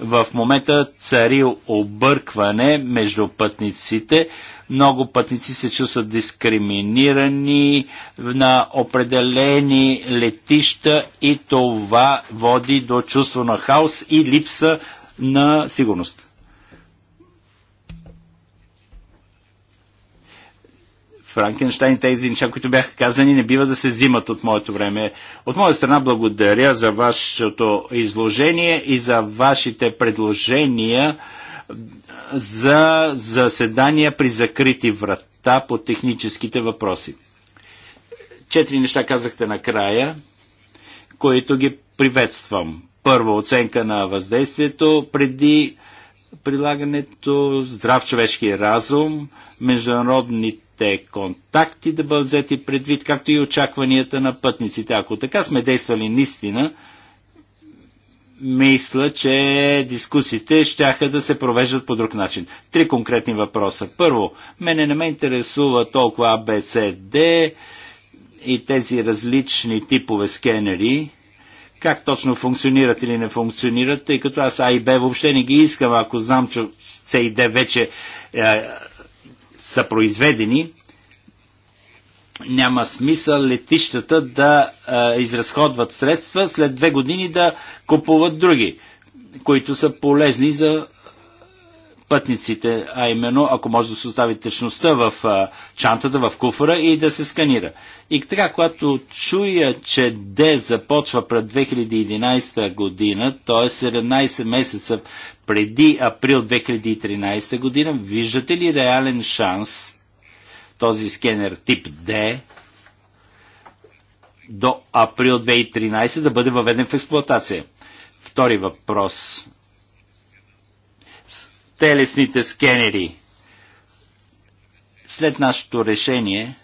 В момента цари объркване между пътниците. Много пътници се чувстват дискриминирани на определени летища и това води до чувство на хаос и липса на сигурност. Франкенштайн, тези неща, които бяха казани, не бива да се взимат от моето време. От моя страна благодаря за вашето изложение и за вашите предложения за заседания при закрити врата по техническите въпроси. Четири неща казахте накрая, които ги приветствам. Първо, оценка на въздействието преди прилагането, здрав човешки разум, международните социалните контакти да бъдат взети предвид, както и очакванията на пътниците. Ако така сме действали наистина, мисля, че дискусиите щяха да се провеждат по друг начин. Три конкретни въпроса. Първо, мене не ме интересува толкова ABCD и тези различни типове скенери, как точно функционират или не функционират, тъй като аз А и Б въобще не ги искам, ако знам, че С и Д вече е, са произведени, няма смисъл летищата да а, изразходват средства, след две години да купуват други, които са полезни за пътниците, а именно ако може да се остави течността в а, чантата, в куфара и да се сканира. И така, когато чуя, че Д започва пред 2011 година, т.е. 17 месеца преди април 2013 година, виждате ли реален шанс този скенер тип D до април 2013 да бъде въведен в експлуатация? Втори въпрос. С телесните скенери. След нашето решение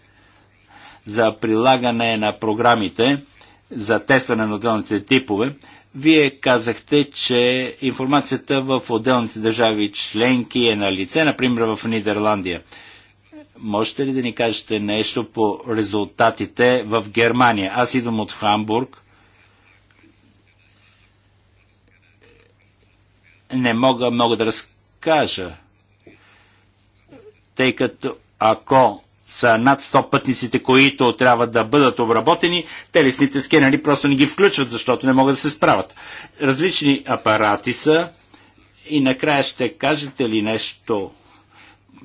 за прилагане на програмите за тестване на отделните типове, вие казахте, че информацията в отделните държави членки е на лице, например в Нидерландия. Можете ли да ни кажете нещо по резултатите в Германия? Аз идвам от Хамбург. Не мога много да разкажа, тъй като ако са над 100 пътниците, които трябва да бъдат обработени, те лесните скенери просто не ги включват, защото не могат да се справят. Различни апарати са и накрая ще кажете ли нещо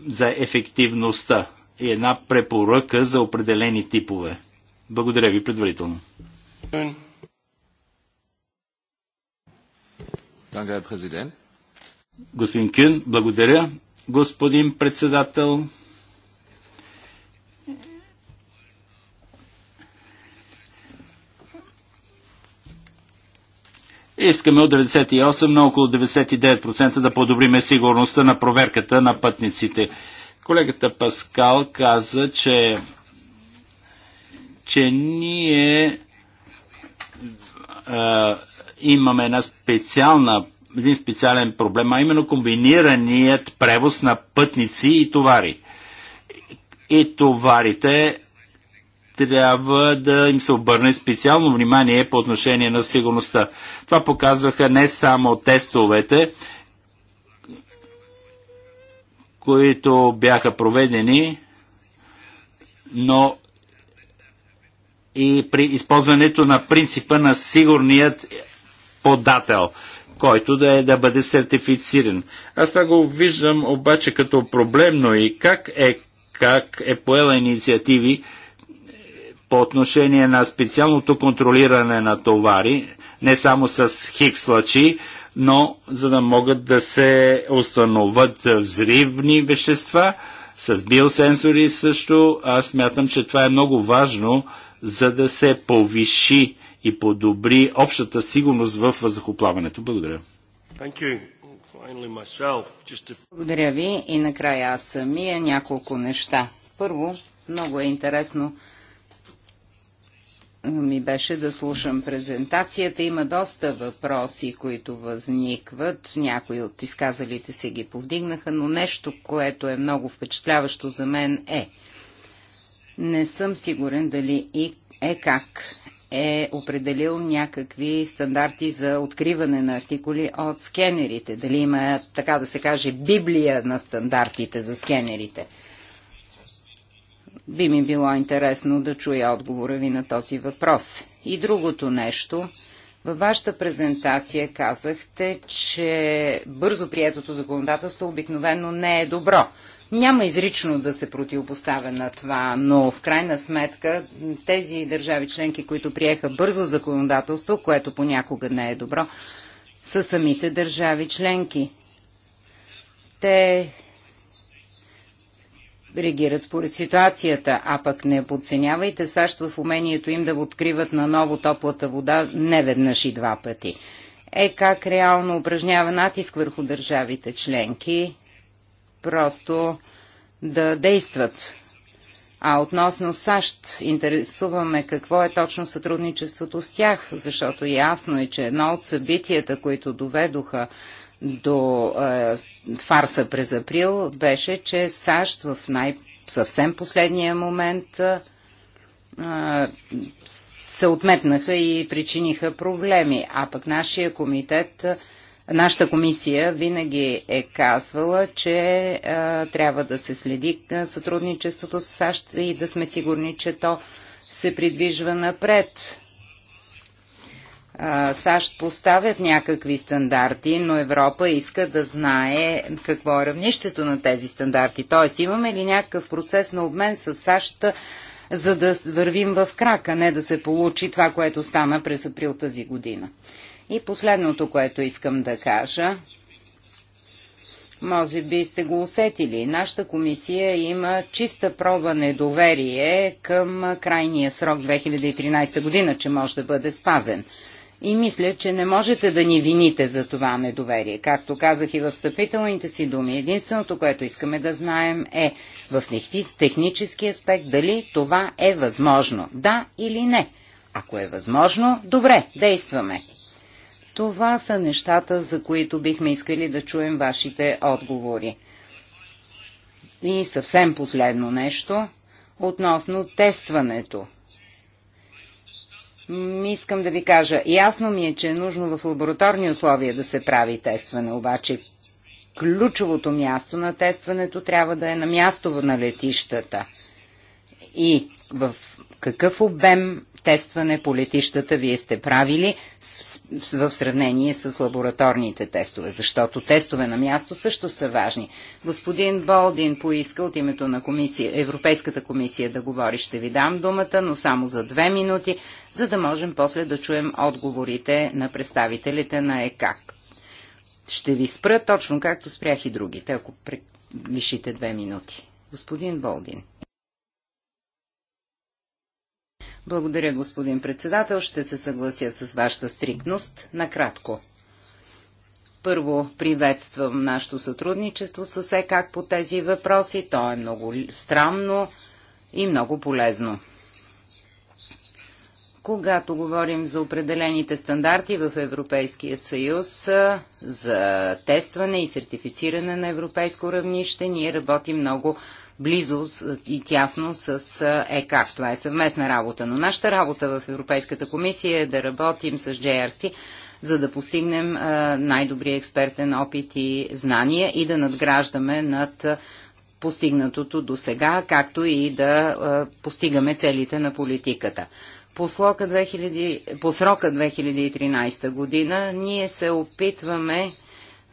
за ефективността и една препоръка за определени типове. Благодаря ви предварително. Господин Кюн, благодаря. Господин председател, Искаме от 98 на около 99% да подобриме сигурността на проверката на пътниците. Колегата Паскал каза, че, че ние а, имаме една специална, един специален проблем, а именно комбинираният превоз на пътници и товари. И товарите трябва да им се обърне специално внимание по отношение на сигурността. Това показваха не само тестовете, които бяха проведени, но и при използването на принципа на сигурният подател, който да, е, да бъде сертифициран. Аз това го виждам обаче като проблемно и как е, как е поела инициативи по отношение на специалното контролиране на товари, не само с хикс лъчи, но за да могат да се установят взривни вещества, с биосенсори също. Аз смятам, че това е много важно, за да се повиши и подобри общата сигурност в въздухоплаването. Благодаря. Благодаря ви и накрая аз самия няколко неща. Първо, много е интересно ми беше да слушам презентацията. Има доста въпроси, които възникват. Някои от изказалите се ги повдигнаха, но нещо, което е много впечатляващо за мен е. Не съм сигурен дали и е как е определил някакви стандарти за откриване на артикули от скенерите. Дали има, така да се каже, библия на стандартите за скенерите. Би ми било интересно да чуя отговора ви на този въпрос. И другото нещо. Във вашата презентация казахте, че бързо приетото законодателство обикновено не е добро. Няма изрично да се противопоставя на това, но в крайна сметка тези държави членки, които приеха бързо законодателство, което понякога не е добро, са самите държави членки. Те реагират според ситуацията, а пък не подценявайте САЩ в умението им да откриват на ново топлата вода не веднъж и два пъти. Е как реално упражнява натиск върху държавите членки просто да действат. А относно САЩ, интересуваме какво е точно сътрудничеството с тях, защото ясно е, че едно от събитията, които доведоха до е, фарса през април беше, че САЩ в най- съвсем последния момент е, се отметнаха и причиниха проблеми. А пък нашия комитет, е, нашата комисия винаги е казвала, че е, трябва да се следи е, сътрудничеството с САЩ и да сме сигурни, че то се придвижва напред САЩ поставят някакви стандарти, но Европа иска да знае какво е равнището на тези стандарти. Тоест, имаме ли някакъв процес на обмен с САЩ, за да вървим в крака, не да се получи това, което стана през април тази година. И последното, което искам да кажа, може би сте го усетили. Нашата комисия има чиста проба недоверие към крайния срок 2013 година, че може да бъде спазен и мисля, че не можете да ни вините за това недоверие. Както казах и в встъпителните си думи, единственото, което искаме да знаем е в технически аспект дали това е възможно. Да или не. Ако е възможно, добре, действаме. Това са нещата, за които бихме искали да чуем вашите отговори. И съвсем последно нещо относно тестването Искам да ви кажа, ясно ми е, че е нужно в лабораторни условия да се прави тестване, обаче ключовото място на тестването трябва да е на място на летищата. И в какъв обем тестване по летищата вие сте правили, в сравнение с лабораторните тестове, защото тестове на място също са важни. Господин Болдин поиска от името на комисия, Европейската комисия да говори. Ще ви дам думата, но само за две минути, за да можем после да чуем отговорите на представителите на ЕКАК. Ще ви спра точно както спрях и другите, ако лишите две минути. Господин Болдин. Благодаря, господин председател. Ще се съглася с вашата стриктност. Накратко. Първо приветствам нашето сътрудничество с ЕКАК по тези въпроси. То е много странно и много полезно. Когато говорим за определените стандарти в Европейския съюз за тестване и сертифициране на европейско равнище, ние работим много близо и тясно с ЕКАК. Това е съвместна работа. Но нашата работа в Европейската комисия е да работим с JRC, за да постигнем най-добрия експертен опит и знания и да надграждаме над постигнатото до сега, както и да постигаме целите на политиката. По 2000, по срока 2013 година ние се опитваме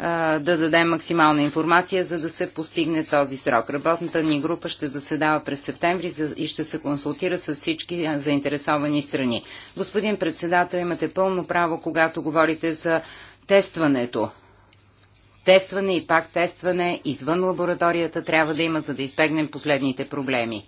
да дадем максимална информация, за да се постигне този срок. Работната ни група ще заседава през септември и ще се консултира с всички заинтересовани страни. Господин председател, имате пълно право, когато говорите за тестването. Тестване и пак тестване извън лабораторията трябва да има, за да избегнем последните проблеми.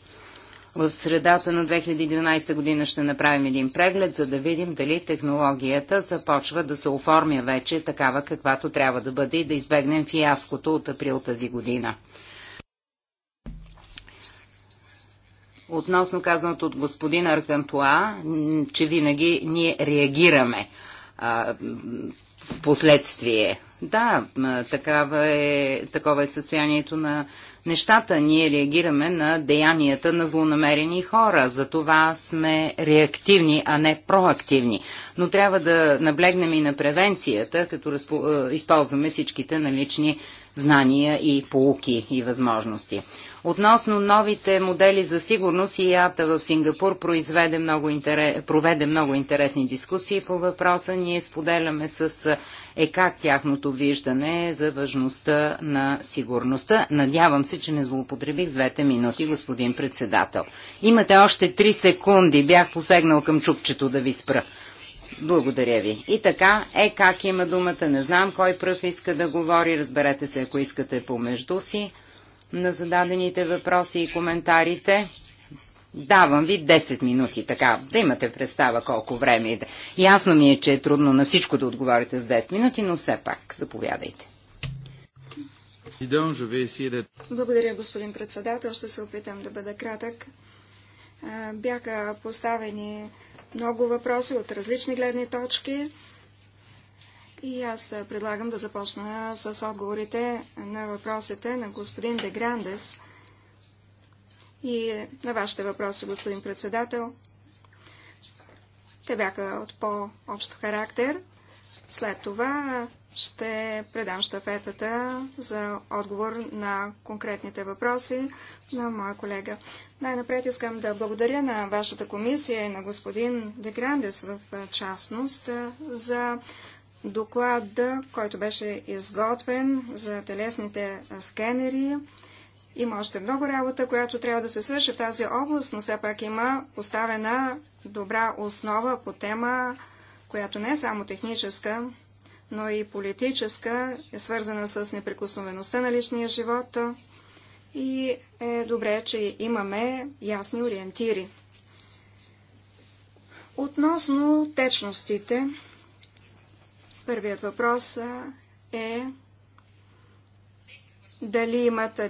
В средата на 2011 година ще направим един преглед, за да видим дали технологията започва да се оформя вече такава каквато трябва да бъде и да избегнем фиаското от април тази година. Относно казаното от господин Аркантуа, че винаги ние реагираме а, в последствие. Да, такава е, такова е състоянието на нещата. Ние реагираме на деянията на злонамерени хора. Затова сме реактивни, а не проактивни. Но трябва да наблегнем и на превенцията, като разпо... Е, използваме всичките налични знания и полуки и възможности. Относно новите модели за сигурност, ИАТА в Сингапур произведе много интерес, проведе много интересни дискусии по въпроса. Ние споделяме с е, ЕКАК тяхното виждане за важността на сигурността. Надявам се, че не злоупотребих с двете минути, господин председател. Имате още три секунди. Бях посегнал към чупчето да ви спра. Благодаря ви. И така, е как има думата, не знам кой пръв иска да говори, разберете се, ако искате помежду си на зададените въпроси и коментарите. Давам ви 10 минути, така, да имате представа колко време е. Ясно ми е, че е трудно на всичко да отговорите с 10 минути, но все пак, заповядайте. Благодаря, господин председател. Ще се опитам да бъда кратък. Бяха поставени много въпроси от различни гледни точки. И аз е, предлагам да започна с отговорите на въпросите на господин Деграндес и на вашите въпроси, господин председател. Те бяха от по-общо характер. След това ще предам штафетата за отговор на конкретните въпроси на моя колега. Най-напред искам да благодаря на вашата комисия и на господин Деграндес в е, частност е, за доклада, който беше изготвен за телесните скенери. Има още много работа, която трябва да се свърши в тази област, но все пак има поставена добра основа по тема, която не е само техническа, но и политическа, е свързана с неприкосновеността на личния живот и е добре, че имаме ясни ориентири. Относно течностите, Първият въпрос е дали имат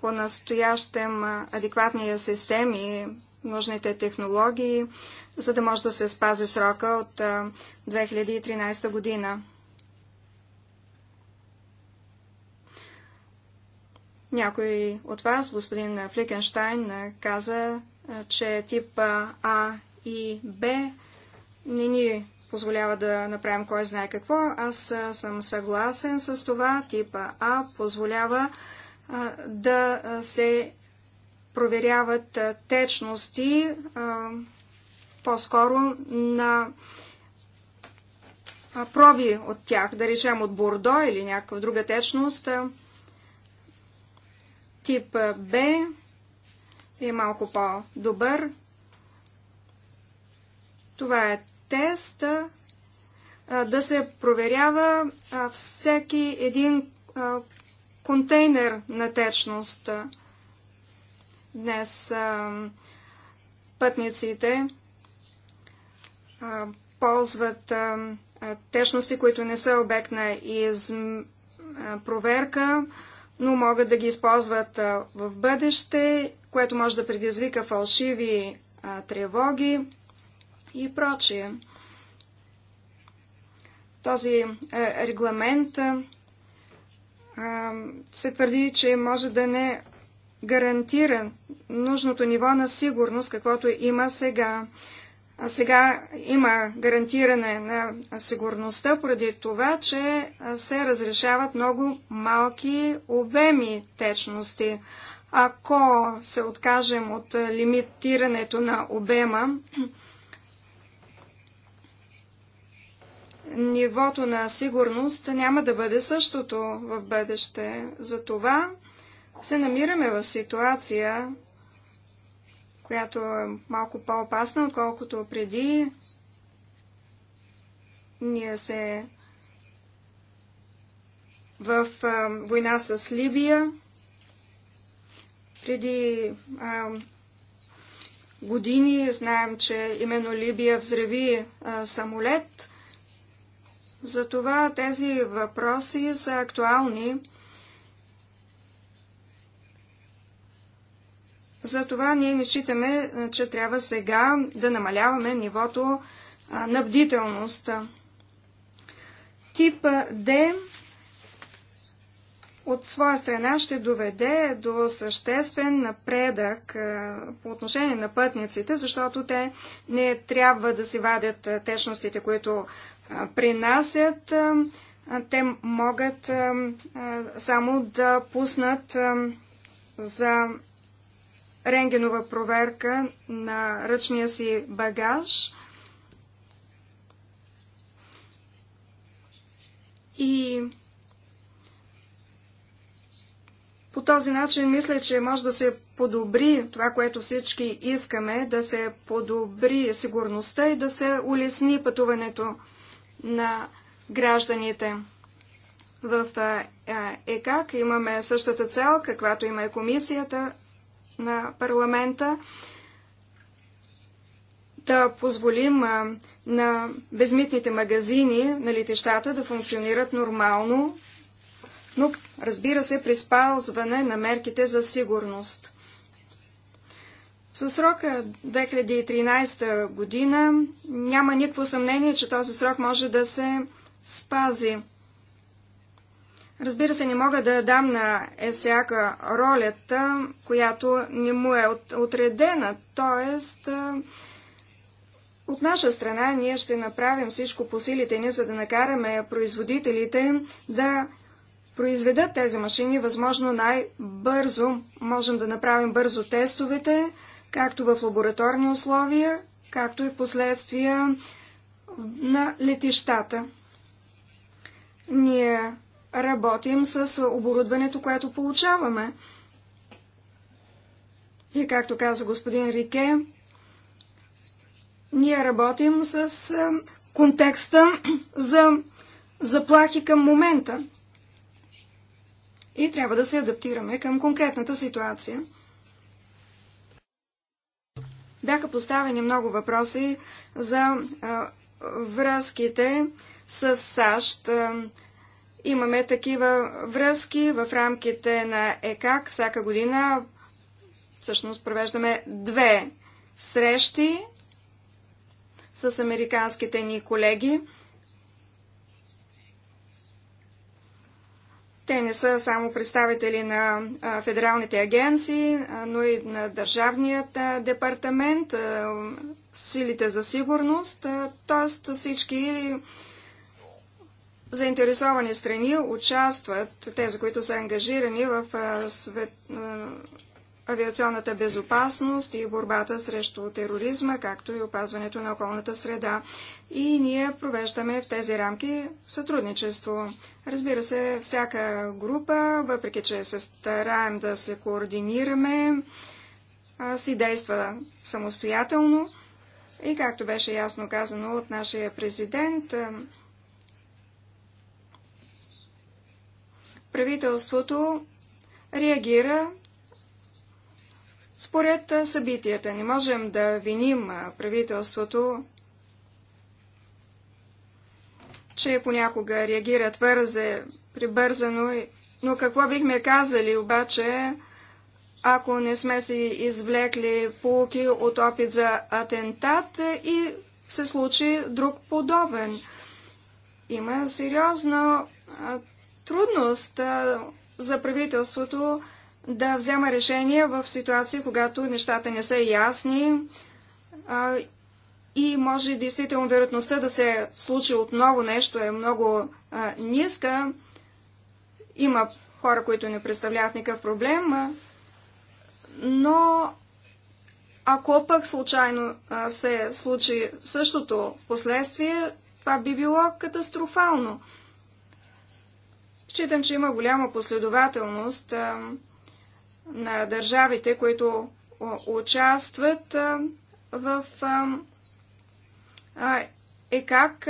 по-настоящем адекватни системи, нужните технологии, за да може да се спази срока от 2013 година. Някой от вас, господин Фликенштайн, каза, че тип А и Б не ни позволява да направим кой знае какво. Аз съм съгласен с това. Типа А позволява да се проверяват течности по-скоро на проби от тях, да речем от бордо или някаква друга течност. Тип Б е малко по-добър. Това е тест да се проверява всеки един контейнер на течност. Днес пътниците ползват течности, които не са обект на из... проверка, но могат да ги използват в бъдеще, което може да предизвика фалшиви тревоги и прочие. Този е, регламент е, е, се твърди, че може да не гарантира нужното ниво на сигурност, каквото има сега. А сега има гарантиране на сигурността поради това, че се разрешават много малки обеми течности. Ако се откажем от лимитирането на обема, нивото на сигурност няма да бъде същото в бъдеще. Затова се намираме в ситуация, която е малко по-опасна, отколкото преди. Ние се в а, война с Ливия. Преди а, години знаем, че именно Либия взреви а, самолет – затова тези въпроси са актуални. Затова ние не считаме, че трябва сега да намаляваме нивото на бдителност. Тип Д от своя страна ще доведе до съществен напредък по отношение на пътниците, защото те не трябва да си вадят течностите, които принасят, те могат само да пуснат за рентгенова проверка на ръчния си багаж. И по този начин мисля, че може да се подобри това, което всички искаме, да се подобри сигурността и да се улесни пътуването на гражданите. В ЕКАК имаме същата цел, каквато има и комисията на парламента, да позволим на безмитните магазини на летищата да функционират нормално, но разбира се при спазване на мерките за сигурност. Със срока 2013 година няма никакво съмнение, че този срок може да се спази. Разбира се, не мога да дам на ЕСЕАКа ролята, която не му е отредена. Тоест, от наша страна ние ще направим всичко по силите ни, за да накараме производителите да произведат тези машини възможно най-бързо. Можем да направим бързо тестовете, както в лабораторни условия, както и в последствия на летищата. Ние работим с оборудването, което получаваме. И както каза господин Рике, ние работим с контекста за заплахи към момента. И трябва да се адаптираме към конкретната ситуация. Бяха поставени много въпроси за връзките с САЩ. Имаме такива връзки в рамките на ЕКАК всяка година. Всъщност провеждаме две срещи с американските ни колеги. Те не са само представители на федералните агенции, но и на Държавният департамент, силите за сигурност, т.е. всички заинтересовани страни участват, тези, които са ангажирани в свет авиационната безопасност и борбата срещу тероризма, както и опазването на околната среда. И ние провеждаме в тези рамки сътрудничество. Разбира се, всяка група, въпреки че се стараем да се координираме, си действа самостоятелно. И както беше ясно казано от нашия президент, правителството реагира според събитията не можем да виним правителството, че понякога реагира твърде прибързано, но какво бихме казали обаче, ако не сме си извлекли полуки от опит за атентат и се случи друг подобен. Има сериозна трудност за правителството да взема решения в ситуация, когато нещата не са ясни а, и може действително вероятността да се случи отново нещо е много а, ниска. Има хора, които не представляват никакъв проблем, а, но ако пък случайно а, се случи същото последствие, това би било катастрофално. Считам, че има голяма последователност. А, на държавите, които участват в ЕКАК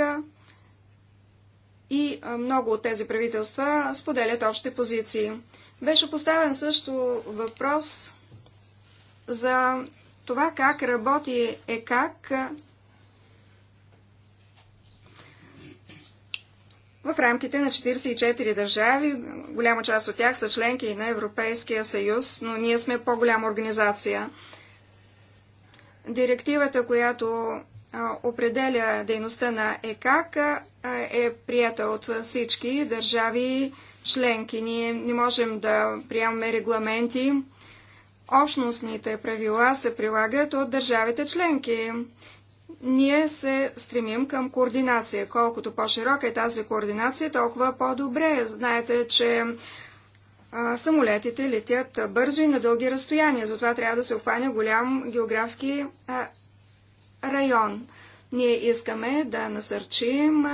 и много от тези правителства споделят общи позиции. Беше поставен също въпрос за това как работи ЕКАК в рамките на 44 държави. Голяма част от тях са членки на Европейския съюз, но ние сме по-голяма организация. Директивата, която определя дейността на ЕКАК, е прията от всички държави членки. Ние не можем да приемаме регламенти. Общностните правила се прилагат от държавите членки ние се стремим към координация. Колкото по-широка е тази координация, толкова по-добре. Знаете, че самолетите летят бързо и на дълги разстояния, затова трябва да се обхване голям географски район. Ние искаме да насърчим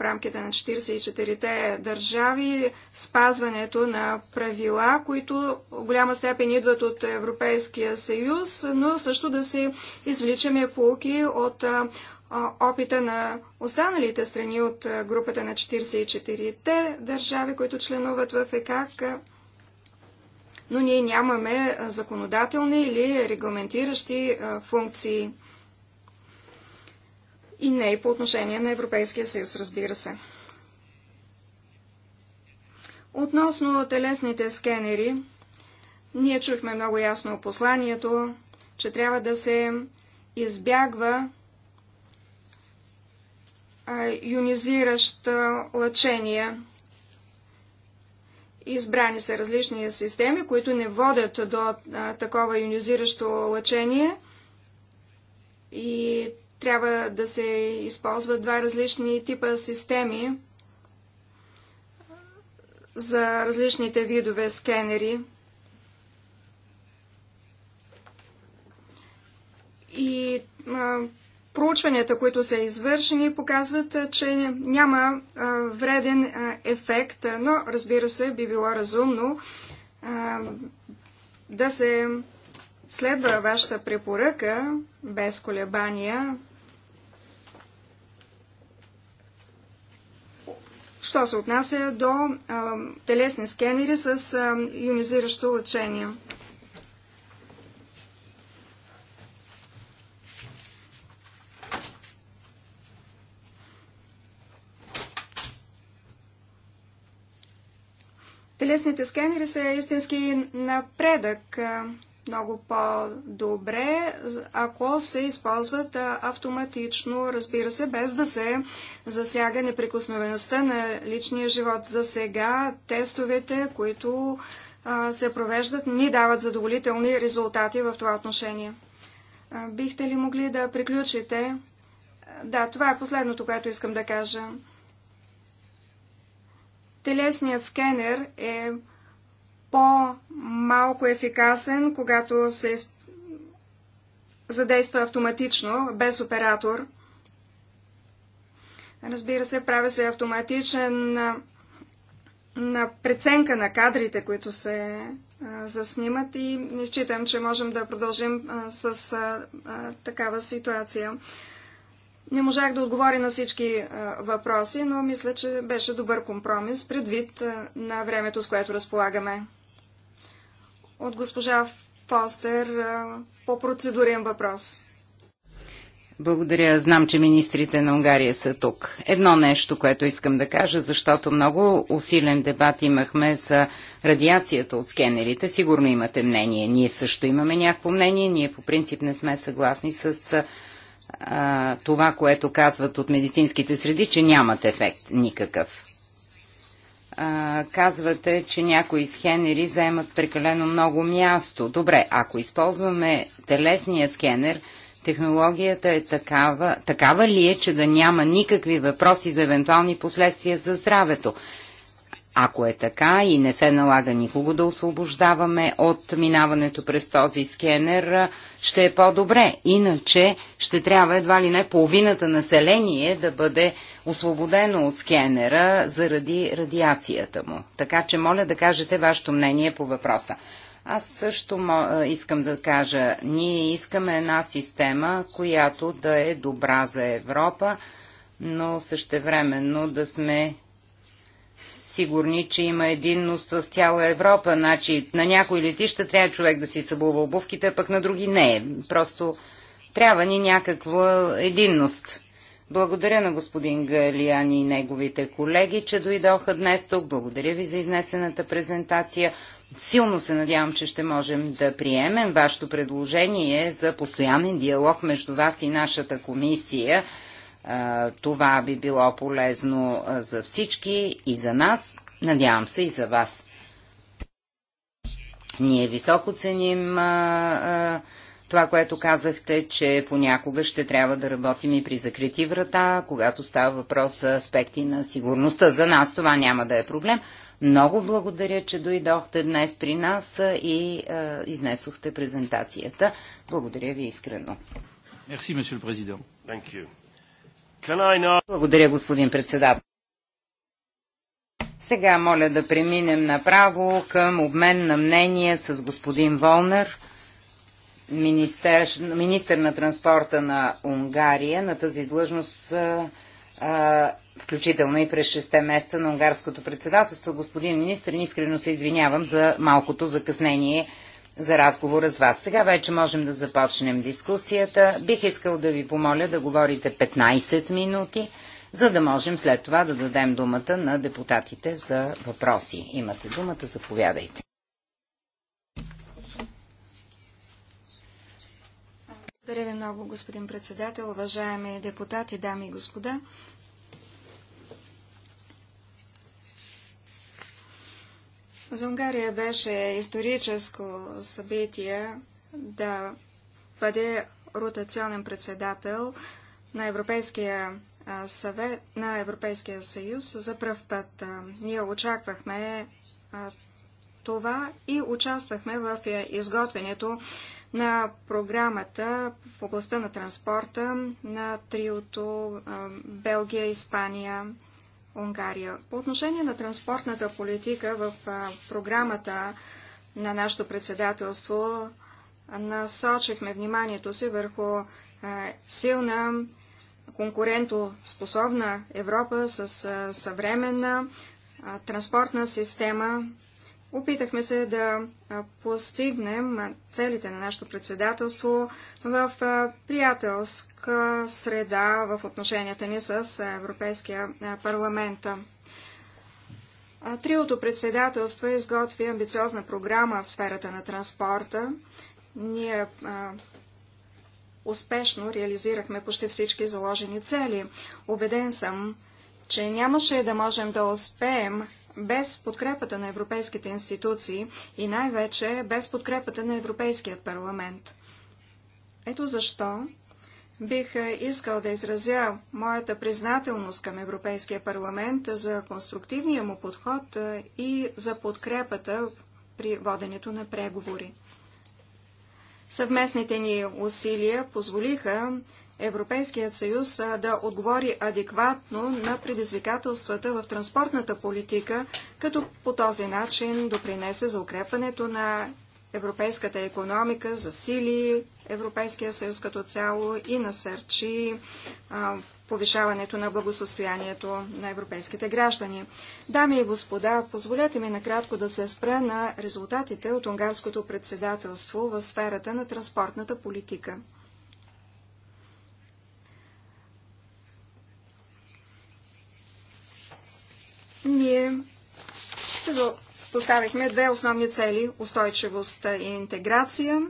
в рамките на 44-те държави спазването на правила, които в голяма степен идват от Европейския съюз, но също да се извличаме полки от опита на останалите страни от групата на 44-те държави, които членуват в ЕКАК, но ние нямаме законодателни или регламентиращи функции и не и по отношение на Европейския съюз, разбира се. Относно телесните скенери, ние чухме много ясно посланието, че трябва да се избягва юнизиращо лъчение. Избрани са различни системи, които не водят до такова юнизиращо лъчение. И трябва да се използват два различни типа системи за различните видове скенери. И проучванията, които са извършени, показват, че няма вреден ефект, но разбира се, би било разумно да се следва вашата препоръка без колебания що се отнася до а, телесни скенери с а, ионизиращо лъчение. Телесните скенери са истински напредък много по-добре, ако се използват автоматично, разбира се, без да се засяга неприкосновеността на личния живот. За сега тестовете, които се провеждат, ни дават задоволителни резултати в това отношение. бихте ли могли да приключите? Да, това е последното, което искам да кажа. Телесният скенер е по-малко ефикасен, когато се задейства автоматично, без оператор. Разбира се, прави се автоматичен на, на преценка на кадрите, които се а, заснимат и не считам, че можем да продължим а, с а, а, такава ситуация. Не можах да отговоря на всички а, въпроси, но мисля, че беше добър компромис предвид а, на времето, с което разполагаме от госпожа Фостер по процедурен въпрос. Благодаря. Знам, че министрите на Унгария са тук. Едно нещо, което искам да кажа, защото много усилен дебат имахме за радиацията от скенерите. Сигурно имате мнение. Ние също имаме някакво мнение. Ние по принцип не сме съгласни с а, това, което казват от медицинските среди, че нямат ефект никакъв казвате, че някои скенери заемат прекалено много място. Добре, ако използваме телесния скенер, технологията е такава, такава ли е, че да няма никакви въпроси за евентуални последствия за здравето? Ако е така и не се налага никого да освобождаваме от минаването през този скенер, ще е по-добре. Иначе ще трябва едва ли не половината население да бъде освободено от скенера заради радиацията му. Така че моля да кажете вашето мнение по въпроса. Аз също искам да кажа, ние искаме една система, която да е добра за Европа, но същевременно да сме сигурни, че има единност в цяла Европа. Значи на някои летища трябва човек да си събува обувките, а пък на други не. Просто трябва ни някаква единност. Благодаря на господин Галияни и неговите колеги, че дойдоха днес тук. Благодаря ви за изнесената презентация. Силно се надявам, че ще можем да приемем вашето предложение за постоянен диалог между вас и нашата комисия. Това би било полезно за всички и за нас, надявам се и за вас. Ние високо ценим а, а, това, което казахте, че понякога ще трябва да работим и при закрити врата, когато става въпрос за аспекти на сигурността. За нас това няма да е проблем. Много благодаря, че дойдохте днес при нас и а, изнесохте презентацията. Благодаря ви искрено. Merci, monsieur le président. Thank you. Благодаря, господин председател. Сега моля да преминем направо към обмен на мнение с господин Волнер, министър, министър на транспорта на Унгария. На тази длъжност а, включително и през 6 месеца на унгарското председателство. Господин министр, искрено се извинявам за малкото закъснение за разговора с вас. Сега вече можем да започнем дискусията. Бих искал да ви помоля да говорите 15 минути, за да можем след това да дадем думата на депутатите за въпроси. Имате думата, заповядайте. Благодаря ви много, господин председател, уважаеми депутати, дами и господа. За Унгария беше историческо събитие да бъде ротационен председател на Европейския съвет, на Европейския съюз за пръв път. Ние очаквахме това и участвахме в е, изготвянето на програмата в областта на транспорта на триото Белгия, Испания Унгария. По отношение на транспортната политика в програмата на нашето председателство насочихме вниманието си върху силна, конкурентоспособна Европа с съвременна транспортна система, Опитахме се да постигнем целите на нашето председателство в приятелска среда в отношенията ни с Европейския парламент. Триото председателство изготви амбициозна програма в сферата на транспорта. Ние успешно реализирахме почти всички заложени цели. Обеден съм, че нямаше да можем да успеем без подкрепата на европейските институции и най-вече без подкрепата на Европейският парламент. Ето защо бих е, искал да изразя моята признателност към Европейския парламент за конструктивния му подход е, и за подкрепата при воденето на преговори. Съвместните ни усилия позволиха Европейският съюз да отговори адекватно на предизвикателствата в транспортната политика, като по този начин допринесе за укрепването на европейската економика, засили Европейския съюз като цяло и насърчи повишаването на благосостоянието на европейските граждани. Дами и господа, позволете ми накратко да се спра на резултатите от унгарското председателство в сферата на транспортната политика. ние се поставихме две основни цели – устойчивост и интеграция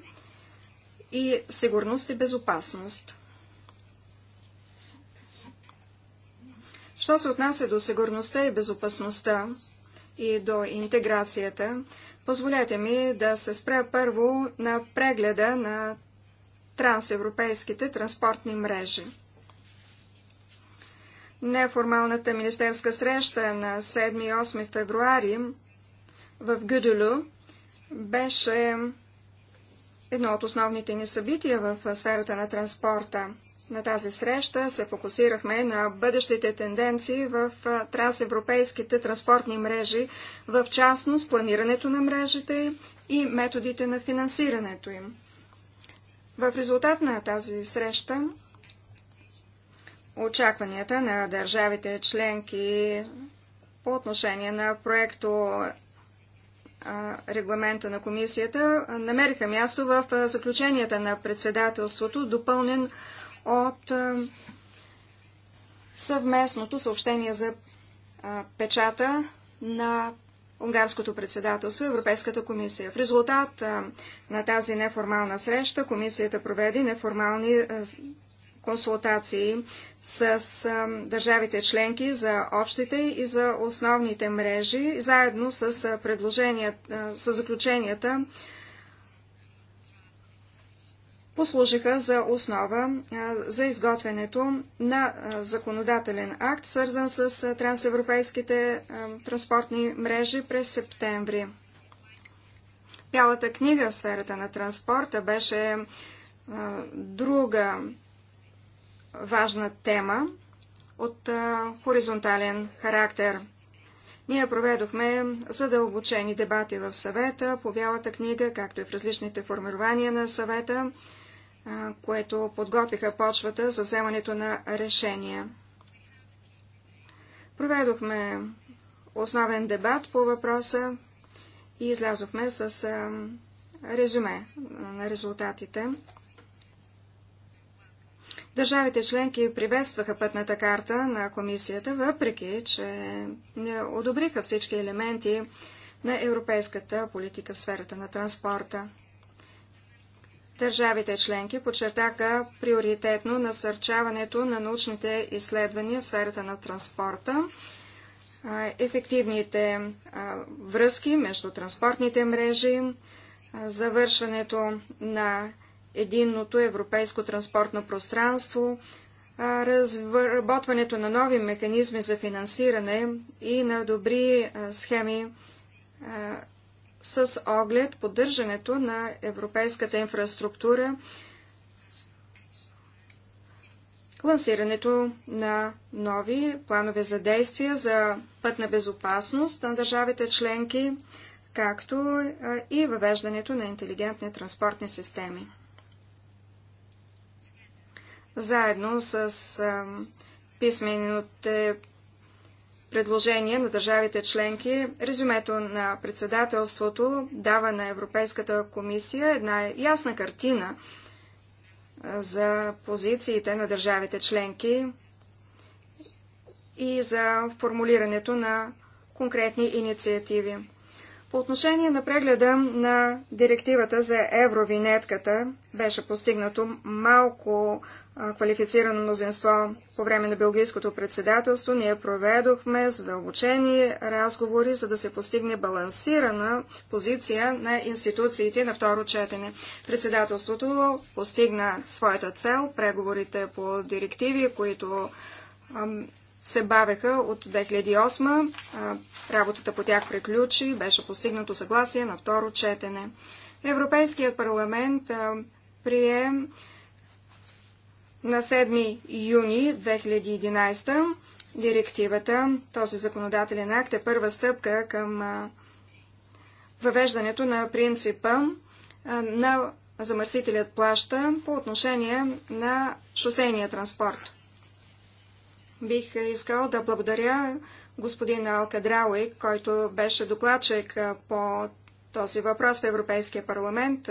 и сигурност и безопасност. Що се отнася до сигурността и безопасността и до интеграцията, позволете ми да се спра първо на прегледа на трансевропейските транспортни мрежи – неформалната министерска среща на 7 и 8 февруари в Гюделю беше едно от основните ни събития в сферата на транспорта. На тази среща се фокусирахме на бъдещите тенденции в трансевропейските транспортни мрежи, в частност планирането на мрежите и методите на финансирането им. В резултат на тази среща очакванията на държавите членки по отношение на проекто регламента на комисията, намериха място в заключенията на председателството, допълнен от съвместното съобщение за печата на Унгарското председателство и Европейската комисия. В резултат на тази неформална среща комисията проведе неформални консултации с държавите членки за общите и за основните мрежи, заедно с, предложения, с заключенията послужиха за основа за изготвянето на законодателен акт, свързан с трансевропейските транспортни мрежи през септември. Бялата книга в сферата на транспорта беше друга важна тема от а, хоризонтален характер. Ние проведохме задълбочени дебати в съвета, по бялата книга, както и в различните формирования на съвета, а, което подготвиха почвата за вземането на решения. Проведохме основен дебат по въпроса и излязохме с а, резюме на резултатите. Държавите членки приветстваха пътната карта на комисията, въпреки че не одобриха всички елементи на европейската политика в сферата на транспорта. Държавите членки подчертаха приоритетно насърчаването на научните изследвания в сферата на транспорта, ефективните връзки между транспортните мрежи, завършването на единното европейско транспортно пространство, разработването на нови механизми за финансиране и на добри схеми с оглед поддържането на европейската инфраструктура, лансирането на нови планове за действия за пътна безопасност на държавите членки, както и въвеждането на интелигентни транспортни системи заедно с писмените предложения на държавите членки. Резюмето на председателството дава на Европейската комисия една ясна картина за позициите на държавите членки и за формулирането на конкретни инициативи. По отношение на прегледа на директивата за евровинетката беше постигнато малко квалифицирано мнозинство по време на Белгийското председателство, ние проведохме задълбочени разговори, за да се постигне балансирана позиция на институциите на второ четене. Председателството постигна своята цел, преговорите по директиви, които се бавеха от 2008, работата по тях приключи, беше постигнато съгласие на второ четене. Европейският парламент прием на 7 юни 2011 директивата, този законодателен акт е първа стъпка към въвеждането на принципа на замърсителят плаща по отношение на шосейния транспорт. Бих искал да благодаря господин Алкадрауи, който беше докладчик по този въпрос в Европейския парламент,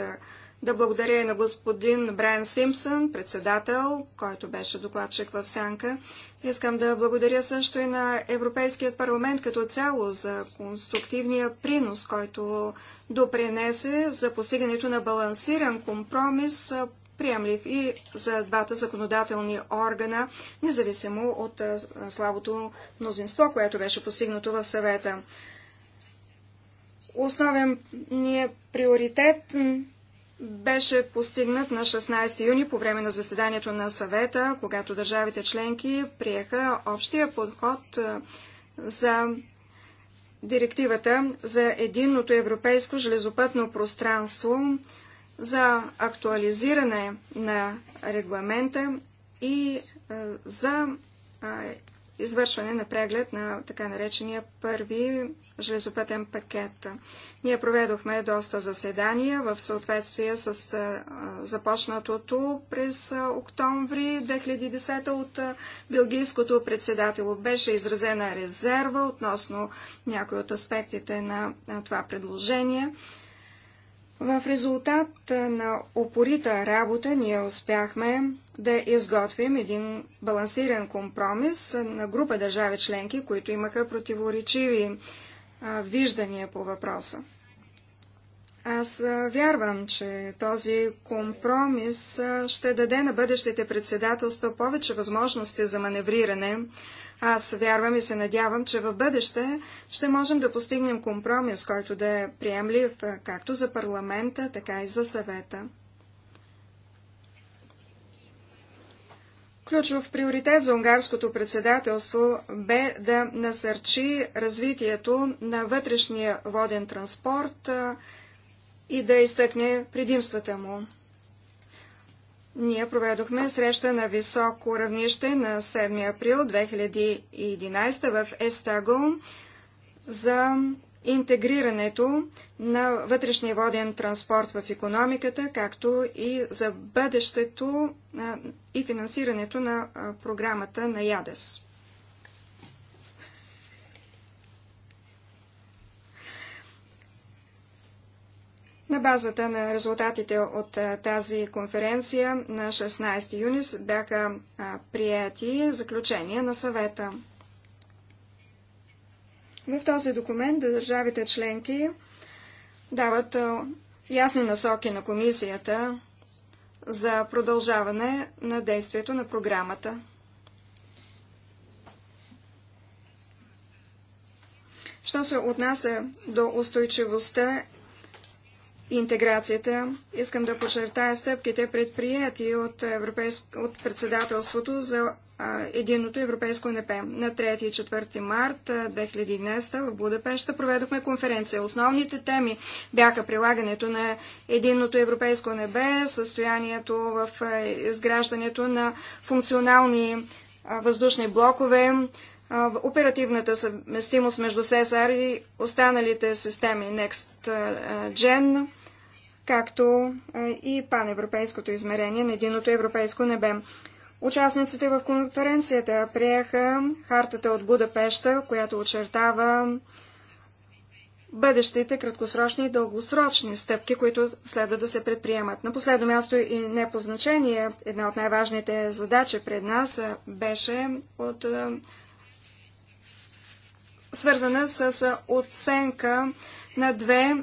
да благодаря и на господин Брайан Симпсън, председател, който беше докладчик в Сянка. Искам да благодаря също и на Европейският парламент като цяло за конструктивния принос, който допринесе за постигането на балансиран компромис, приемлив и за двата законодателни органа, независимо от слабото мнозинство, което беше постигнато в съвета. Основен ни е приоритет беше постигнат на 16 юни по време на заседанието на съвета, когато държавите членки приеха общия подход за директивата за единното европейско железопътно пространство за актуализиране на регламента и за извършване на преглед на така наречения първи железопътен пакет. Ние проведохме доста заседания в съответствие с започнатото през октомври 2010 от Белгийското председателство. Беше изразена резерва относно някои от аспектите на това предложение. В резултат на упорита работа ние успяхме да изготвим един балансиран компромис на група държави членки, които имаха противоречиви виждания по въпроса. Аз вярвам, че този компромис ще даде на бъдещите председателства повече възможности за маневриране, аз вярвам и се надявам, че в бъдеще ще можем да постигнем компромис, който да е приемлив както за парламента, така и за съвета. Ключов приоритет за унгарското председателство бе да насърчи развитието на вътрешния воден транспорт и да изтъкне предимствата му. Ние проведохме среща на високо равнище на 7 април 2011 в Естаго за интегрирането на вътрешния воден транспорт в економиката, както и за бъдещето и финансирането на програмата на ЯДЕС. На базата на резултатите от тази конференция на 16 юни бяха прияти заключения на съвета. В този документ държавите членки дават ясни насоки на комисията за продължаване на действието на програмата. Що се отнася до устойчивостта интеграцията. Искам да подчертая стъпките предприяти от, европейск... от председателството за единното европейско НП. На 3 и 4 март 2011 в Будапешта проведохме конференция. Основните теми бяха прилагането на единното европейско небе, състоянието в изграждането на функционални въздушни блокове, оперативната съвместимост между СЕСАР и останалите системи Next Gen, както и паневропейското измерение на единото европейско небе. Участниците в конференцията приеха хартата от Будапешта, която очертава бъдещите краткосрочни и дългосрочни стъпки, които следва да се предприемат. На последно място и не по значение, една от най-важните задачи пред нас беше от, свързана с оценка на две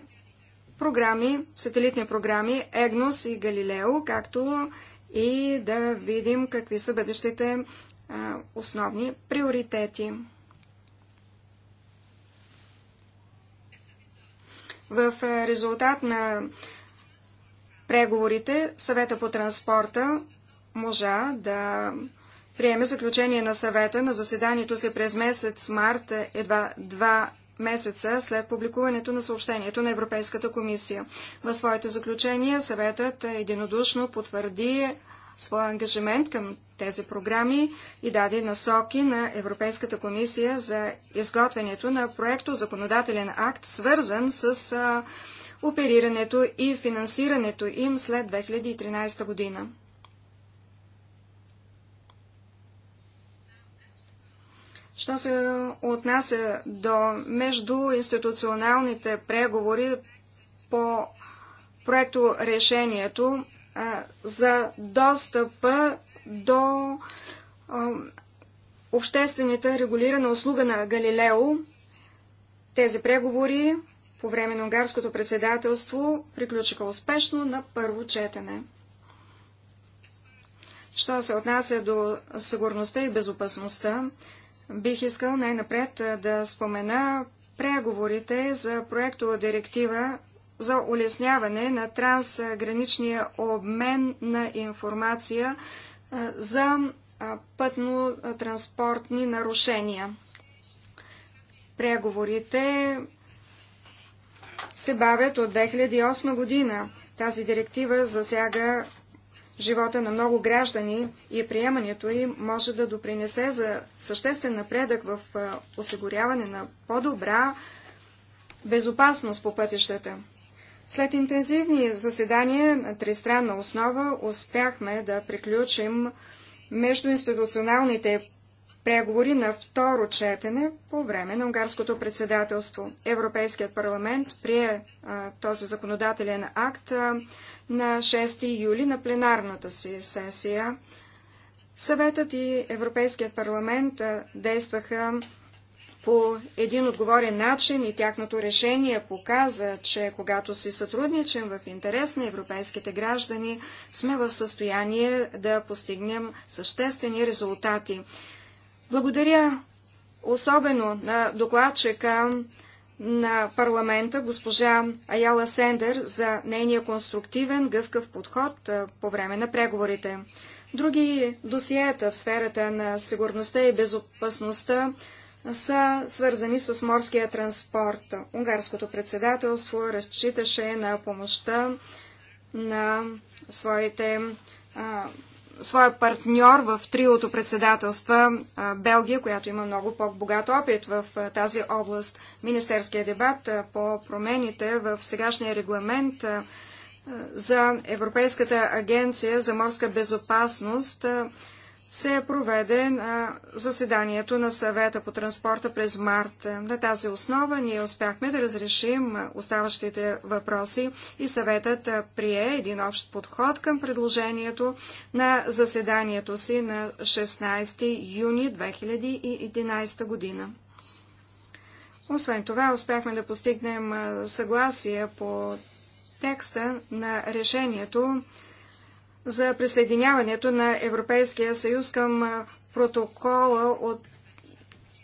програми, сателитни програми Егнос и Галилео, както и да видим какви са бъдещите а, основни приоритети. В резултат на преговорите, съвета по транспорта можа да приеме заключение на съвета на заседанието си през месец март едва два месеца след публикуването на съобщението на Европейската комисия. В своите заключения съветът единодушно потвърди своя ангажимент към тези програми и даде насоки на Европейската комисия за изготвянето на проекто законодателен акт, свързан с оперирането и финансирането им след 2013 година. Що се отнася до междуинституционалните преговори по проекто решението за достъпа до обществените регулирана услуга на Галилео, тези преговори по време на унгарското председателство приключиха успешно на първо четене. Що се отнася до сигурността и безопасността, Бих искал най-напред да спомена преговорите за проекто директива за улесняване на трансграничния обмен на информация за пътно-транспортни нарушения. Преговорите се бавят от 2008 година. Тази директива засяга живота на много граждани и приемането им може да допринесе за съществен напредък в осигуряване на по-добра безопасност по пътищата. След интензивни заседания на тристранна основа успяхме да приключим междуинституционалните преговори на второ четене по време на унгарското председателство. Европейският парламент прие а, този законодателен акт а, на 6 юли на пленарната си сесия. Съветът и Европейският парламент а, действаха по един отговорен начин и тяхното решение показа, че когато си сътрудничим в интерес на европейските граждани, сме в състояние да постигнем съществени резултати. Благодаря особено на докладчика на парламента госпожа Аяла Сендер за нейния конструктивен, гъвкав подход по време на преговорите. Други досиета в сферата на сигурността и безопасността са свързани с морския транспорт. Унгарското председателство разчиташе на помощта на своите а, своя партньор в триото председателства Белгия, която има много по-богат опит в тази област. Министерския дебат по промените в сегашния регламент за Европейската агенция за морска безопасност се е проведе на заседанието на съвета по транспорта през март. На тази основа ние успяхме да разрешим оставащите въпроси и съветът прие един общ подход към предложението на заседанието си на 16 юни 2011 година. Освен това, успяхме да постигнем съгласие по текста на решението за присъединяването на Европейския съюз към протокола от,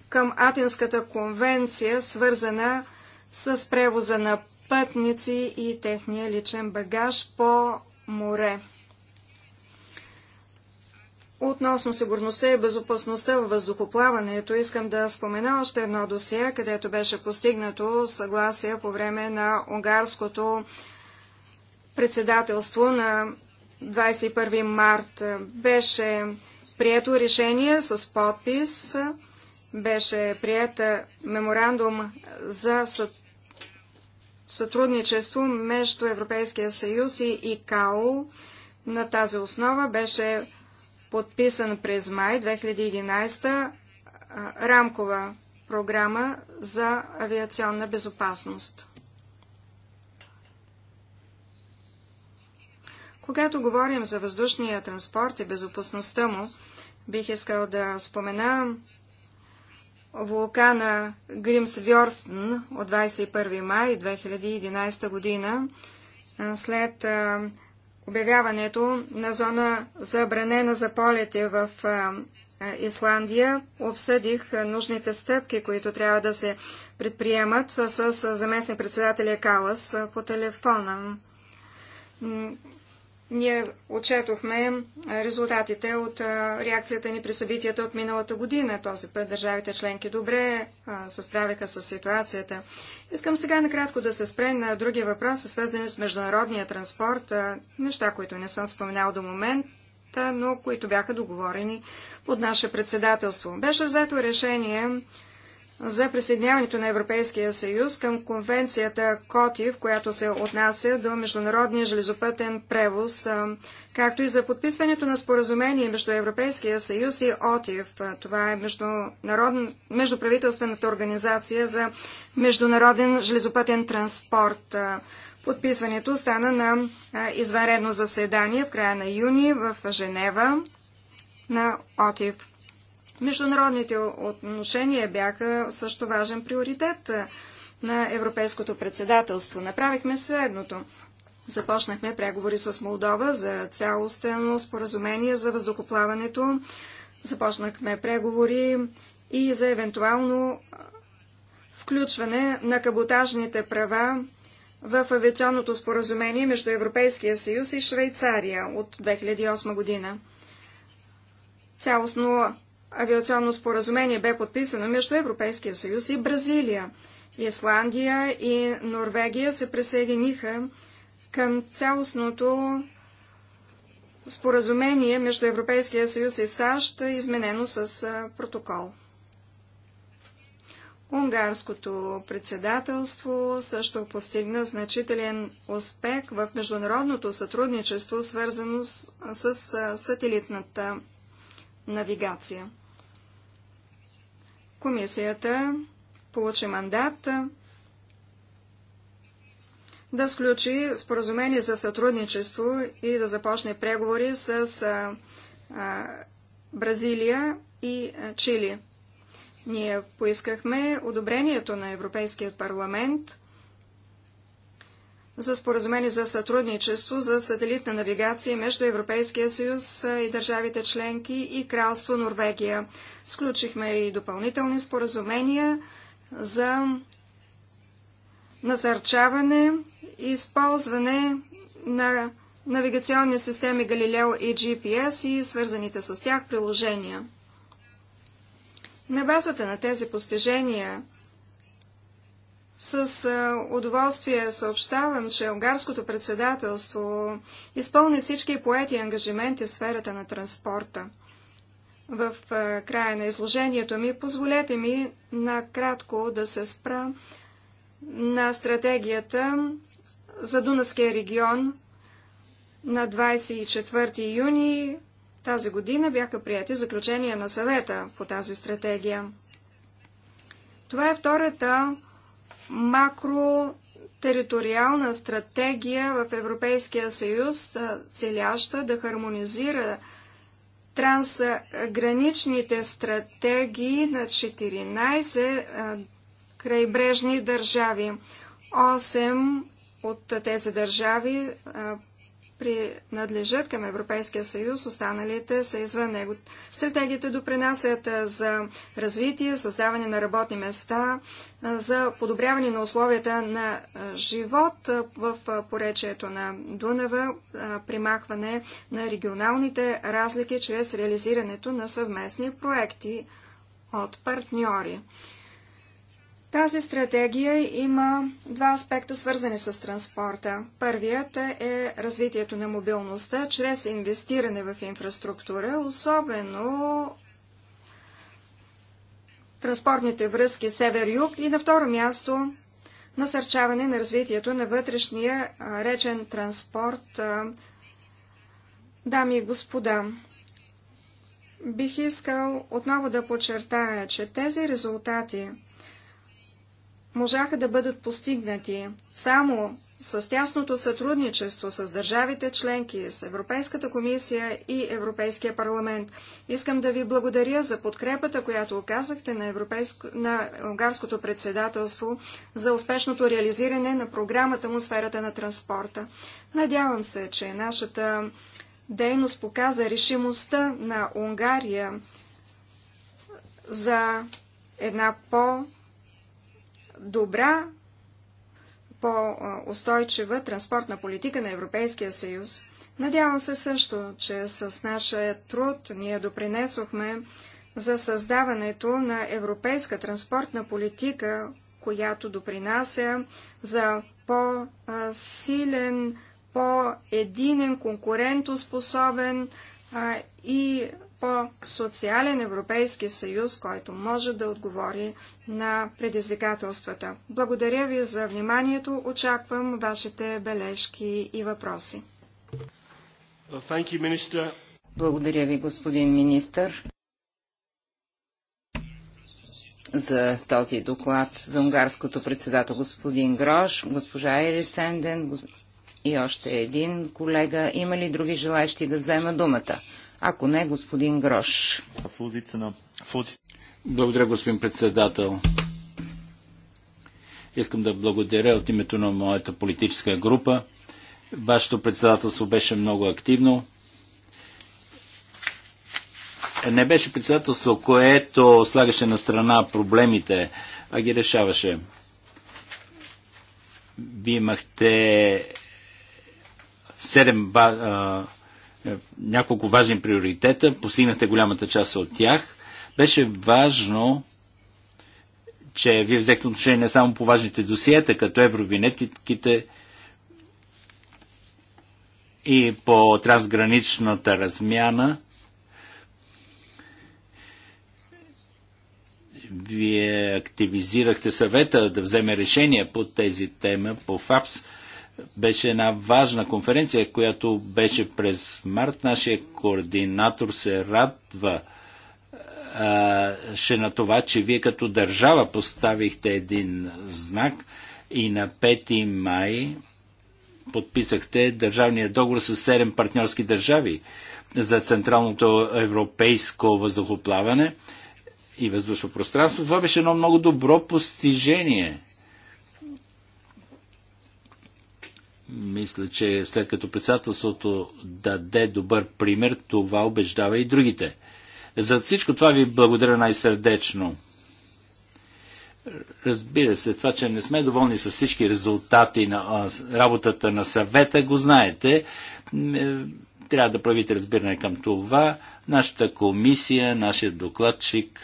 към Атинската конвенция, свързана с превоза на пътници и техния личен багаж по море. Относно сигурността и безопасността във въздухоплаването, искам да спомена още едно досие, където беше постигнато съгласие по време на унгарското председателство на 21 март беше прието решение с подпис, беше прията меморандум за сътрудничество между Европейския съюз и ИКАО. На тази основа беше подписан през май 2011 рамкова програма за авиационна безопасност. Когато говорим за въздушния транспорт и безопасността му, бих искал да спомена вулкана Гримсвьорстен от 21 май 2011 година, след обявяването на зона забранена за полети в Исландия, обсъдих нужните стъпки, които трябва да се предприемат с заместник председателя Калас по телефона. Ние отчетохме е, резултатите от е, реакцията ни при събитията от миналата година. Този път държавите членки добре е, се справиха с ситуацията. Искам сега накратко да се спре на други въпроси, свързани с международния транспорт, неща, които не съм споменал до момента, но които бяха договорени под наше председателство. Беше взето решение за присъединяването на Европейския съюз към конвенцията КОТИ, в която се отнася до международния железопътен превоз, както и за подписването на споразумение между Европейския съюз и ОТИВ. Това е междуправителствената организация за международен железопътен транспорт. Подписването стана на извънредно заседание в края на юни в Женева на ОТИВ. Международните отношения бяха също важен приоритет на Европейското председателство. Направихме следното. Започнахме преговори с Молдова за цялостено споразумение за въздухоплаването. Започнахме преговори и за евентуално включване на каботажните права в авиационното споразумение между Европейския съюз и Швейцария от 2008 година. Цялостно авиационно споразумение бе подписано между Европейския съюз и Бразилия. Исландия и Норвегия се присъединиха към цялостното споразумение между Европейския съюз и САЩ, изменено с протокол. Унгарското председателство също постигна значителен успех в международното сътрудничество, свързано с, с сателитната навигация комисията получи мандат да сключи споразумение за сътрудничество и да започне преговори с Бразилия и Чили. Ние поискахме одобрението на Европейския парламент за споразумение за сътрудничество за сателитна навигация между Европейския съюз и държавите членки и Кралство Норвегия. Сключихме и допълнителни споразумения за насърчаване и използване на навигационни системи Галилео и GPS и свързаните с тях приложения. На базата на тези постижения с е, удоволствие съобщавам, че унгарското председателство изпълни всички поети ангажименти в сферата на транспорта. В е, края на изложението ми позволете ми накратко да се спра на стратегията за Дунавския регион на 24 юни тази година бяха прияти заключения на съвета по тази стратегия. Това е втората макротериториална стратегия в Европейския съюз, целяща да хармонизира трансграничните стратегии на 14 крайбрежни държави. 8 от тези държави принадлежат към Европейския съюз, останалите са извън него. Стратегията допринасят за развитие, създаване на работни места, за подобряване на условията на живот в поречието на Дунава, примахване на регионалните разлики чрез реализирането на съвместни проекти от партньори. Тази стратегия има два аспекта, свързани с транспорта. Първият е развитието на мобилността чрез инвестиране в инфраструктура, особено транспортните връзки север-юг и на второ място насърчаване на развитието на вътрешния речен транспорт. Дами и господа, бих искал отново да подчертая, че тези резултати – можаха да бъдат постигнати само с тясното сътрудничество с държавите членки, с Европейската комисия и Европейския парламент. Искам да ви благодаря за подкрепата, която оказахте на, европейско... на унгарското председателство за успешното реализиране на програмата му сферата на транспорта. Надявам се, че нашата дейност показа решимостта на Унгария за една по- добра, по-устойчива транспортна политика на Европейския съюз. Надявам се също, че с нашия труд ние допринесохме за създаването на европейска транспортна политика, която допринася за по-силен, по-единен, конкурентоспособен и по-социален Европейски съюз, който може да отговори на предизвикателствата. Благодаря ви за вниманието. Очаквам вашите бележки и въпроси. You, Благодаря ви, господин министър, за този доклад за унгарското председател господин Грош, госпожа Ери Сенден и още един колега. Има ли други желаящи да взема думата? Ако не, господин Грош. Благодаря, господин председател. Искам да благодаря от името на моята политическа група. Вашето председателство беше много активно. Не беше председателство, което слагаше на страна проблемите, а ги решаваше. Вие имахте седем е, няколко важни приоритета, постигнахте голямата част от тях. Беше важно, че вие взехте отношение не само по важните досиета, като евровинетките и по трансграничната размяна. Вие активизирахте съвета да вземе решение по тези теми, по ФАПС беше една важна конференция, която беше през март. Нашия координатор се радва а, ще на това, че вие като държава поставихте един знак и на 5 май подписахте държавния договор с 7 партньорски държави за централното европейско въздухоплаване и въздушно пространство. Това беше едно много добро постижение – Мисля, че след като председателството даде добър пример, това убеждава и другите. За всичко това ви благодаря най-сърдечно. Разбира се, това, че не сме доволни с всички резултати на работата на съвета, го знаете. Е, трябва да правите разбиране към това. Нашата комисия, нашия докладчик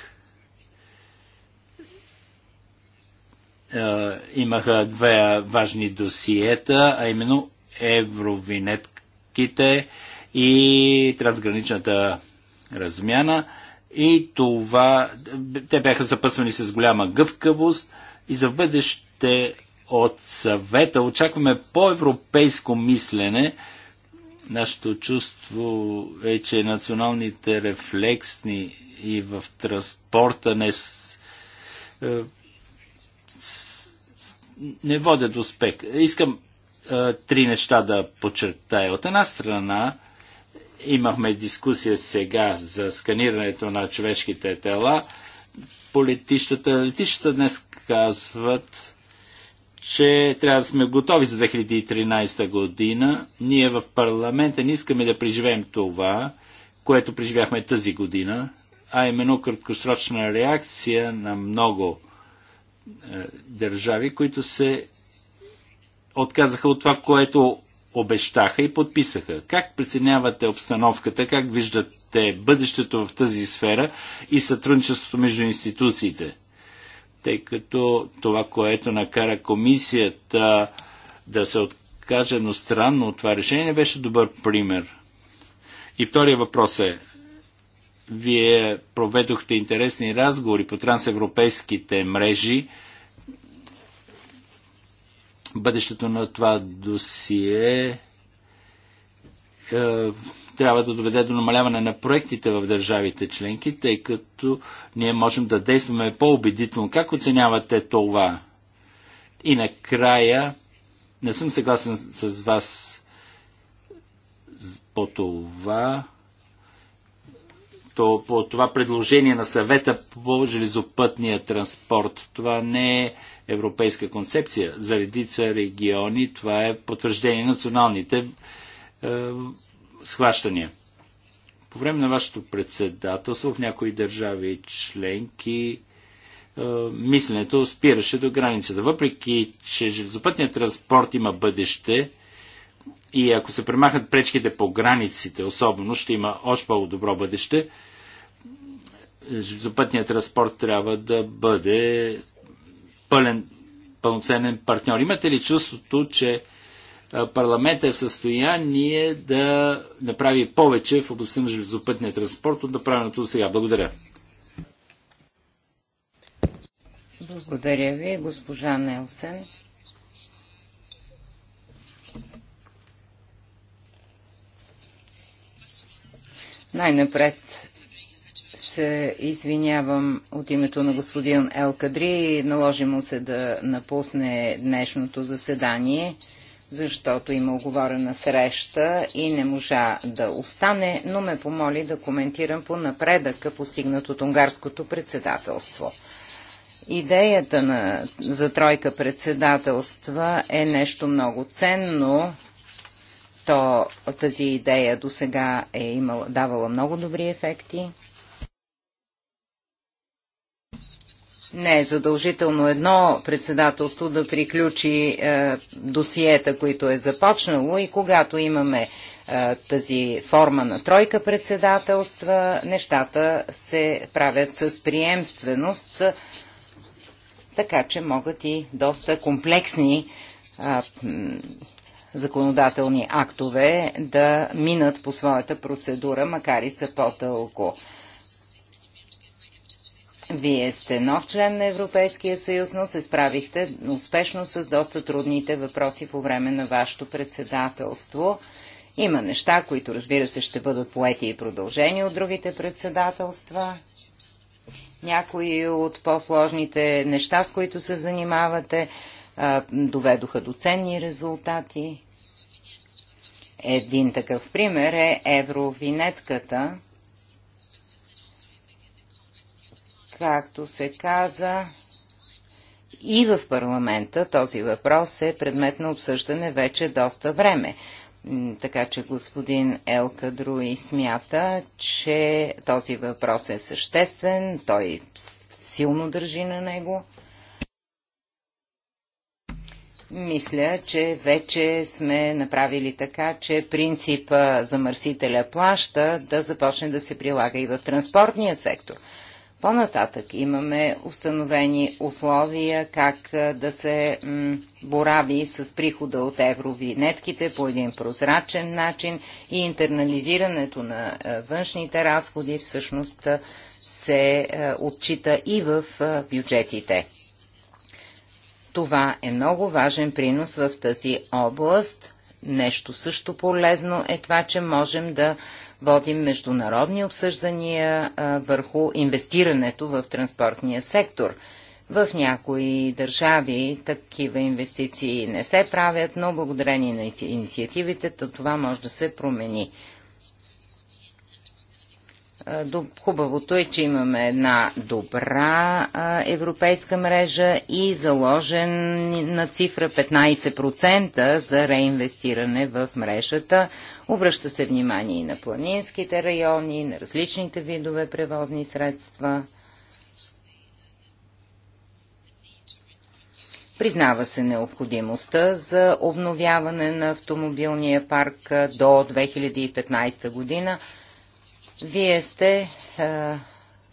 Е, имаха две важни досиета, а именно евровинетките и трансграничната размяна. И това, те бяха запъсвани с голяма гъвкавост и за бъдеще от съвета очакваме по-европейско мислене. Нашето чувство е, че националните рефлексни и в транспорта не е, не водят успех. Искам е, три неща да подчертая. От една страна, имахме дискусия сега за сканирането на човешките тела Политищата, политищата Летищата днес казват, че трябва да сме готови за 2013 година. Ние в парламента не искаме да преживеем това, което преживяхме тази година, а именно краткосрочна реакция на много е, държави, които се отказаха от това, което обещаха и подписаха. Как преценявате обстановката, как виждате бъдещето в тази сфера и сътрудничеството между институциите? Тъй като това, което накара комисията да се откаже едностранно от това решение, беше добър пример. И втория въпрос е, вие проведохте интересни разговори по трансевропейските мрежи. Бъдещето на това досие е, трябва да доведе до намаляване на проектите в държавите членки, тъй като ние можем да действаме по-убедително. Как оценявате това? И накрая, не съм съгласен с вас по това, място по това предложение на съвета по железопътния транспорт. Това не е европейска концепция. За редица региони това е потвърждение на националните е, схващания. По време на вашето председателство в някои държави членки е, мисленето спираше до границата. Въпреки, че железопътният транспорт има бъдеще, и ако се премахнат пречките по границите, особено ще има още по-добро бъдеще, железопътният транспорт трябва да бъде пълен, пълноценен партньор. Имате ли чувството, че парламентът е в състояние да направи повече в областта на железопътния транспорт от направеното до сега. Благодаря. Благодаря ви, госпожа Нелсен. Най-напред се извинявам от името на господин Ел Кадри. Наложи му се да напусне днешното заседание, защото има оговорена среща и не можа да остане, но ме помоли да коментирам по напредъка, постигнат от унгарското председателство. Идеята на, за тройка председателства е нещо много ценно, то тази идея до сега е имала, давала много добри ефекти. не е задължително едно председателство да приключи е, досиета, които е започнало и когато имаме е, тази форма на тройка председателства, нещата се правят с приемственост, е, така че могат и доста комплексни е, законодателни актове да минат по своята процедура, макар и са по тълго вие сте нов член на Европейския съюз, но се справихте успешно с доста трудните въпроси по време на вашето председателство. Има неща, които разбира се ще бъдат поети и продължени от другите председателства. Някои от по-сложните неща, с които се занимавате, доведоха до ценни резултати. Един такъв пример е евровинетката, Както се каза, и в парламента този въпрос е предмет на обсъждане вече доста време. Така че господин Елка Друи смята, че този въпрос е съществен, той силно държи на него. Мисля, че вече сме направили така, че принципа замърсителя плаща да започне да се прилага и в транспортния сектор – по-нататък имаме установени условия как да се борави с прихода от евровинетките по един прозрачен начин и интернализирането на външните разходи всъщност се отчита и в бюджетите. Това е много важен принос в тази област. Нещо също полезно е това, че можем да водим международни обсъждания върху инвестирането в транспортния сектор. В някои държави такива инвестиции не се правят, но благодарение на инициативите това може да се промени. Хубавото е, че имаме една добра европейска мрежа и заложен на цифра 15% за реинвестиране в мрежата. Обръща се внимание и на планинските райони, на различните видове превозни средства. Признава се необходимостта за обновяване на автомобилния парк до 2015 година – вие сте е,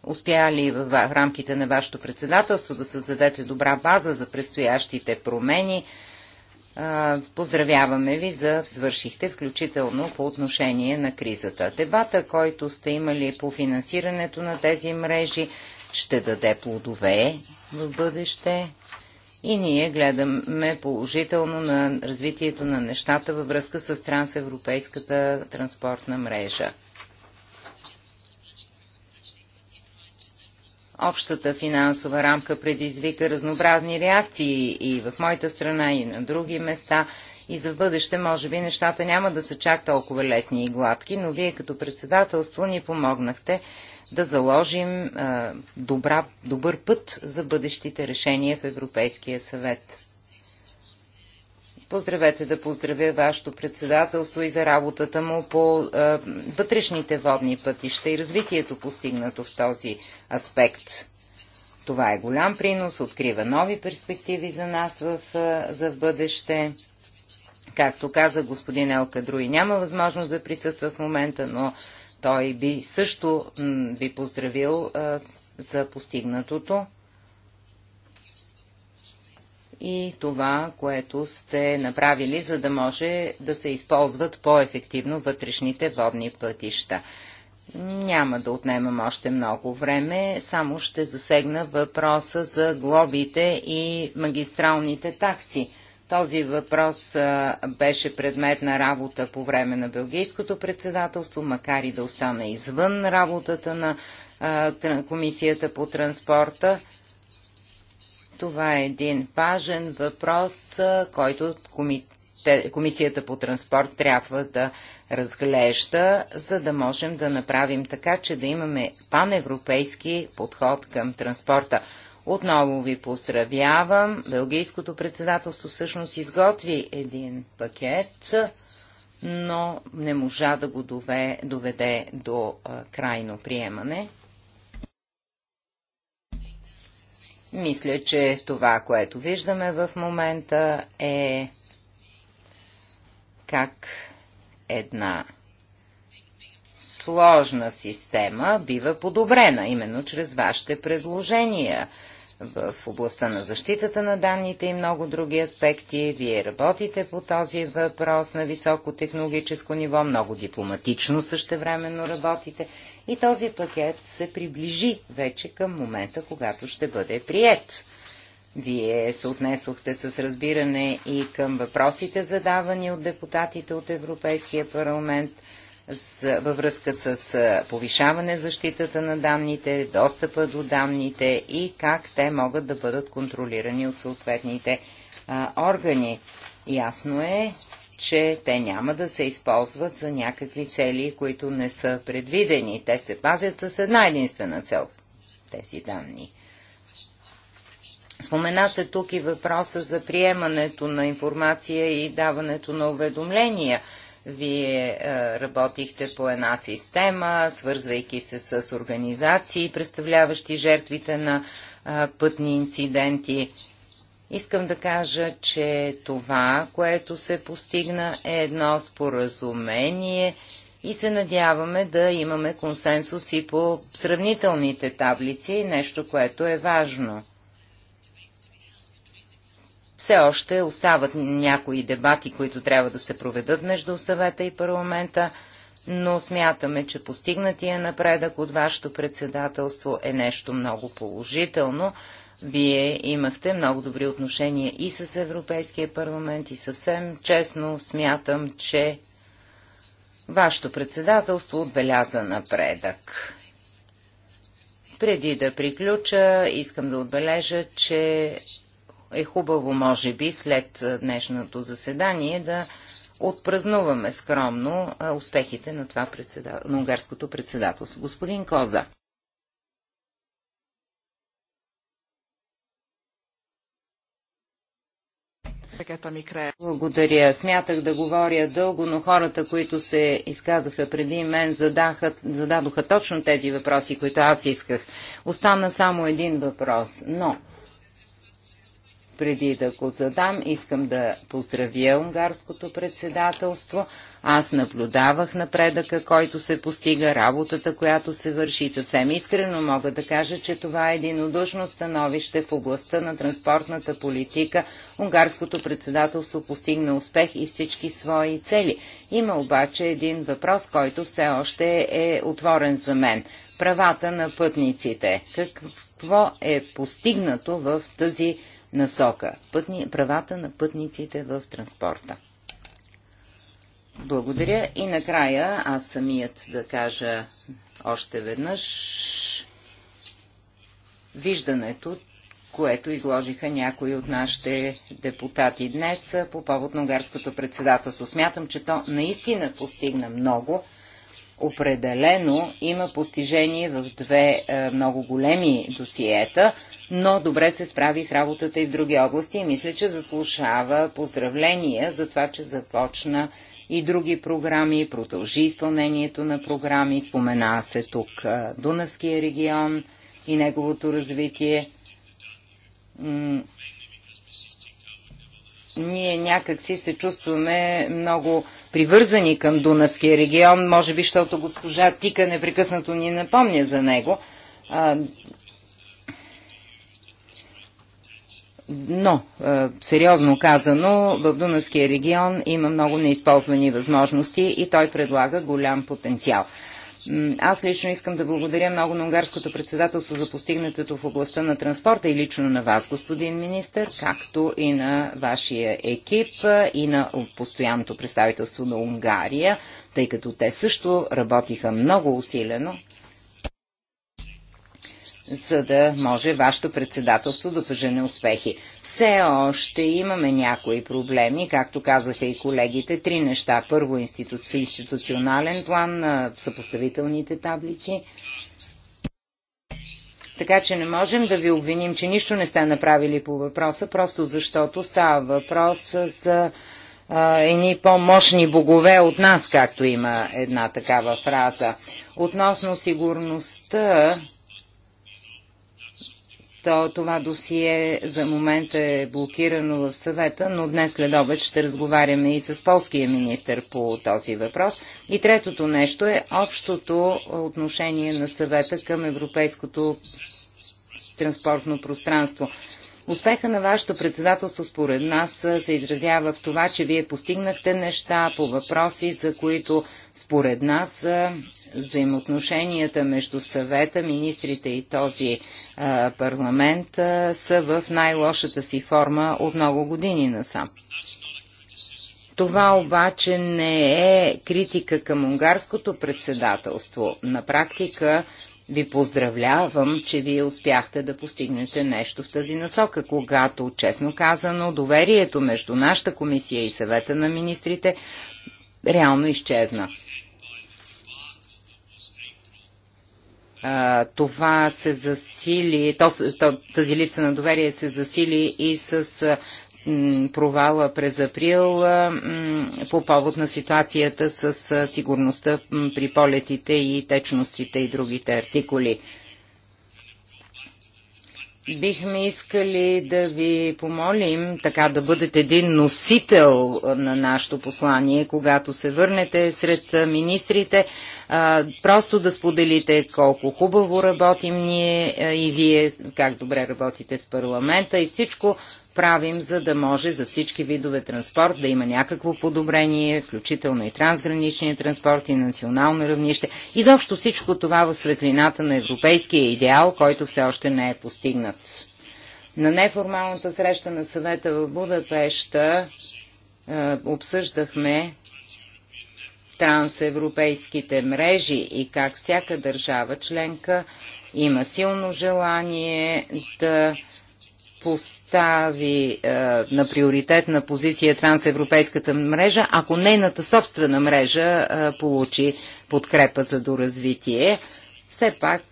успяли в, в рамките на вашето председателство да създадете добра база за предстоящите промени. Е, поздравяваме ви за свършихте, включително по отношение на кризата. Дебата, който сте имали по финансирането на тези мрежи, ще даде плодове в бъдеще и ние гледаме положително на развитието на нещата във връзка с трансевропейската транспортна мрежа. Общата финансова рамка предизвика разнообразни реакции и в моята страна, и на други места. И за бъдеще, може би, нещата няма да са чак толкова лесни и гладки, но вие като председателство ни помогнахте да заложим а, добра, добър път за бъдещите решения в Европейския съвет. Поздравете да поздравя вашето председателство и за работата му по е, вътрешните водни пътища и развитието постигнато в този аспект. Това е голям принос, открива нови перспективи за нас в, е, за в бъдеще. Както каза господин Елкадруи, няма възможност да присъства в момента, но той би също би поздравил а, е, за постигнатото и това, което сте направили, за да може да се използват по-ефективно вътрешните водни пътища. Няма да отнемам още много време, само ще засегна въпроса за глобите и магистралните такси. Този въпрос беше предмет на работа по време на Белгийското председателство, макар и да остана извън работата на комисията по транспорта. Това е един важен въпрос, който Комисията по транспорт трябва да разглежда, за да можем да направим така, че да имаме паневропейски подход към транспорта. Отново ви поздравявам. Белгийското председателство всъщност изготви един пакет, но не можа да го доведе до крайно приемане. Мисля, че това, което виждаме в момента е как една сложна система бива подобрена, именно чрез вашите предложения в областта на защитата на данните и много други аспекти. Вие работите по този въпрос на високо технологическо ниво, много дипломатично същевременно работите и този пакет се приближи вече към момента, когато ще бъде прият. Вие се отнесохте с разбиране и към въпросите, задавани от депутатите от Европейския парламент във връзка с повишаване защитата на данните, достъпа до данните и как те могат да бъдат контролирани от съответните органи. Ясно е, че те няма да се използват за някакви цели, които не са предвидени. Те се пазят с една единствена цел – тези данни. Спомена се тук и въпроса за приемането на информация и даването на уведомления. Вие е, работихте по една система, свързвайки се с организации, представляващи жертвите на е, пътни инциденти. Искам да кажа, че това, което се постигна е едно споразумение и се надяваме да имаме консенсус и по сравнителните таблици, нещо, което е важно. Все още остават някои дебати, които трябва да се проведат между съвета и парламента, но смятаме, че постигнатия напредък от вашето председателство е нещо много положително вие имахте много добри отношения и с Европейския парламент и съвсем честно смятам, че вашето председателство отбеляза напредък. Преди да приключа, искам да отбележа, че е хубаво, може би, след днешното заседание да отпразнуваме скромно успехите на, това председател... на унгарското председателство. Господин Коза. Благодаря. Смятах да говоря дълго, но хората, които се изказаха преди мен, задаха, зададоха точно тези въпроси, които аз исках. Остана само един въпрос. Но преди да го задам, искам да поздравя унгарското председателство. Аз наблюдавах напредъка, който се постига, работата, която се върши. Съвсем искрено мога да кажа, че това е единодушно становище в областта на транспортната политика. Унгарското председателство постигна успех и всички свои цели. Има обаче един въпрос, който все още е отворен за мен. Правата на пътниците. Какво е постигнато в тази насока пътни, правата на пътниците в транспорта. Благодаря и накрая аз самият да кажа още веднъж виждането, което изложиха някои от нашите депутати днес по повод на унгарското председателство. Смятам, че то наистина постигна много Определено има постижение в две е, много големи досиета, но добре се справи с работата и в други области и мисля, че заслушава поздравления за това, че започна и други програми, продължи изпълнението на програми, спомена се тук е, Дунавския регион и неговото развитие ние някакси се чувстваме много привързани към Дунавския регион, може би, защото госпожа Тика непрекъснато ни напомня за него. А, но, а, сериозно казано, в Дунавския регион има много неизползвани възможности и той предлага голям потенциал. Аз лично искам да благодаря много на унгарското председателство за постигнатото в областта на транспорта и лично на вас, господин министр, както и на вашия екип и на постоянното представителство на Унгария, тъй като те също работиха много усилено за да може вашето председателство да съжене успехи. Все още имаме някои проблеми, както казаха и колегите, три неща. Първо институт, в институционален план, съпоставителните таблици. Така че не можем да ви обвиним, че нищо не сте направили по въпроса, просто защото става въпрос за едни по-мощни богове от нас, както има една такава фраза. Относно сигурността то това досие за момент е блокирано в съвета, но днес след обед ще разговаряме и с полския министр по този въпрос. И третото нещо е общото отношение на съвета към европейското транспортно пространство. Успеха на вашето председателство според нас се изразява в това, че вие постигнахте неща по въпроси, за които според нас взаимоотношенията между съвета, министрите и този парламент са в най-лошата си форма от много години насам. Това обаче не е критика към унгарското председателство. На практика ви поздравлявам, че вие успяхте да постигнете нещо в тази насока, когато, честно казано, доверието между нашата комисия и съвета на министрите реално изчезна. това се засили, то, то, тази липса на доверие се засили и с провала през април по повод на ситуацията с сигурността при полетите и течностите и другите артикули. Бихме искали да ви помолим така да бъдете един носител на нашето послание, когато се върнете сред министрите, а, просто да споделите колко хубаво работим ние а, и вие, как добре работите с парламента и всичко правим, за да може за всички видове транспорт да има някакво подобрение, включително и трансграничния транспорт и национално равнище. Изобщо всичко това в светлината на европейския идеал, който все още не е постигнат. На неформалната среща на съвета в Будапешта обсъждахме трансевропейските мрежи и как всяка държава членка има силно желание да постави е, на приоритетна позиция трансевропейската мрежа, ако нейната собствена мрежа е, получи подкрепа за доразвитие. Все пак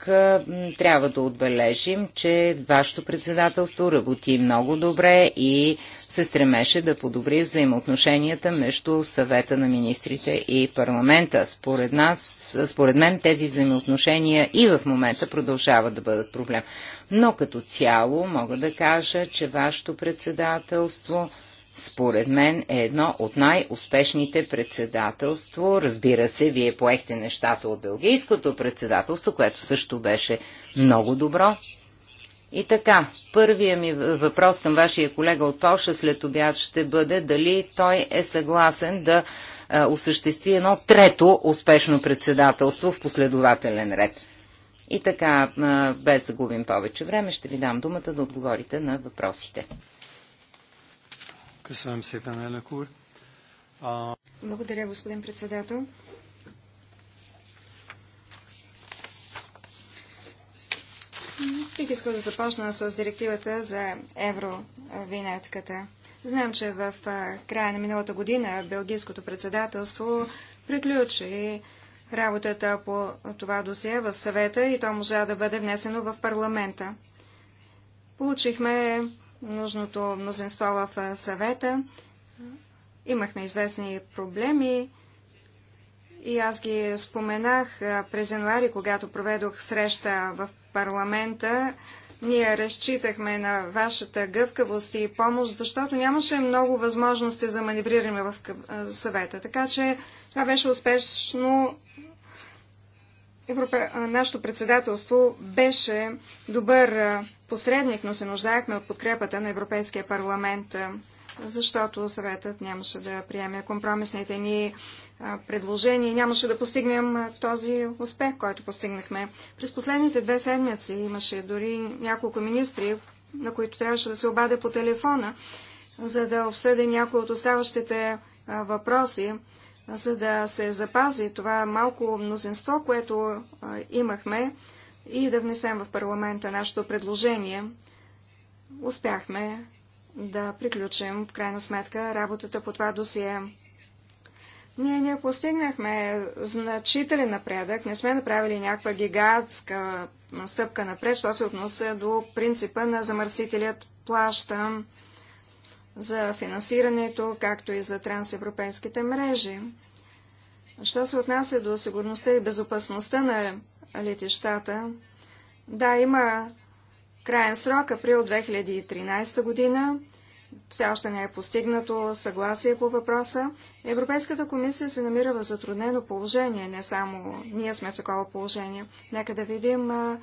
трябва да отбележим, че вашето председателство работи много добре и се стремеше да подобри взаимоотношенията между съвета на министрите и парламента. Според, нас, според мен тези взаимоотношения и в момента продължават да бъдат проблем. Но като цяло мога да кажа, че вашето председателство според мен е едно от най-успешните председателство. Разбира се, вие поехте нещата от Белгийското председателство, което също беше много добро. И така, първия ми въпрос към вашия колега от Полша след обяд ще бъде дали той е съгласен да а, осъществи едно трето успешно председателство в последователен ред. И така, а, без да губим повече време, ще ви дам думата да отговорите на въпросите. Köszönöm szépen, elnök úr. Благодаря, господин председател. Бих искал да започна с директивата за евровинетката. Знам, че в края на миналата година Белгийското председателство приключи работата по това досие в съвета и то можа да бъде внесено в парламента. Получихме нужното мнозинство в съвета. Имахме известни проблеми и аз ги споменах през януари, когато проведох среща в парламента. Ние разчитахме на вашата гъвкавост и помощ, защото нямаше много възможности за маневриране в съвета. Така че това беше успешно. Европе... Нашето председателство беше добър посредник, но се нуждаехме от подкрепата на Европейския парламент, защото съветът нямаше да приеме компромисните ни предложения и нямаше да постигнем този успех, който постигнахме. През последните две седмици имаше дори няколко министри, на които трябваше да се обадя по телефона, за да обсъде някои от оставащите въпроси, за да се запази това малко мнозинство, което имахме и да внесем в парламента нашето предложение. Успяхме да приключим в крайна сметка работата по това досие. Ние не постигнахме значителен напредък, не сме направили някаква гигантска стъпка напред, що се относи до принципа на замърсителят плаща за финансирането, както и за трансевропейските мрежи. Що се отнася до сигурността и безопасността на летищата. Да, има краен срок, април 2013 година. Все още не е постигнато съгласие по въпроса. Европейската комисия се намира в затруднено положение. Не само ние сме в такова положение. Нека да видим а,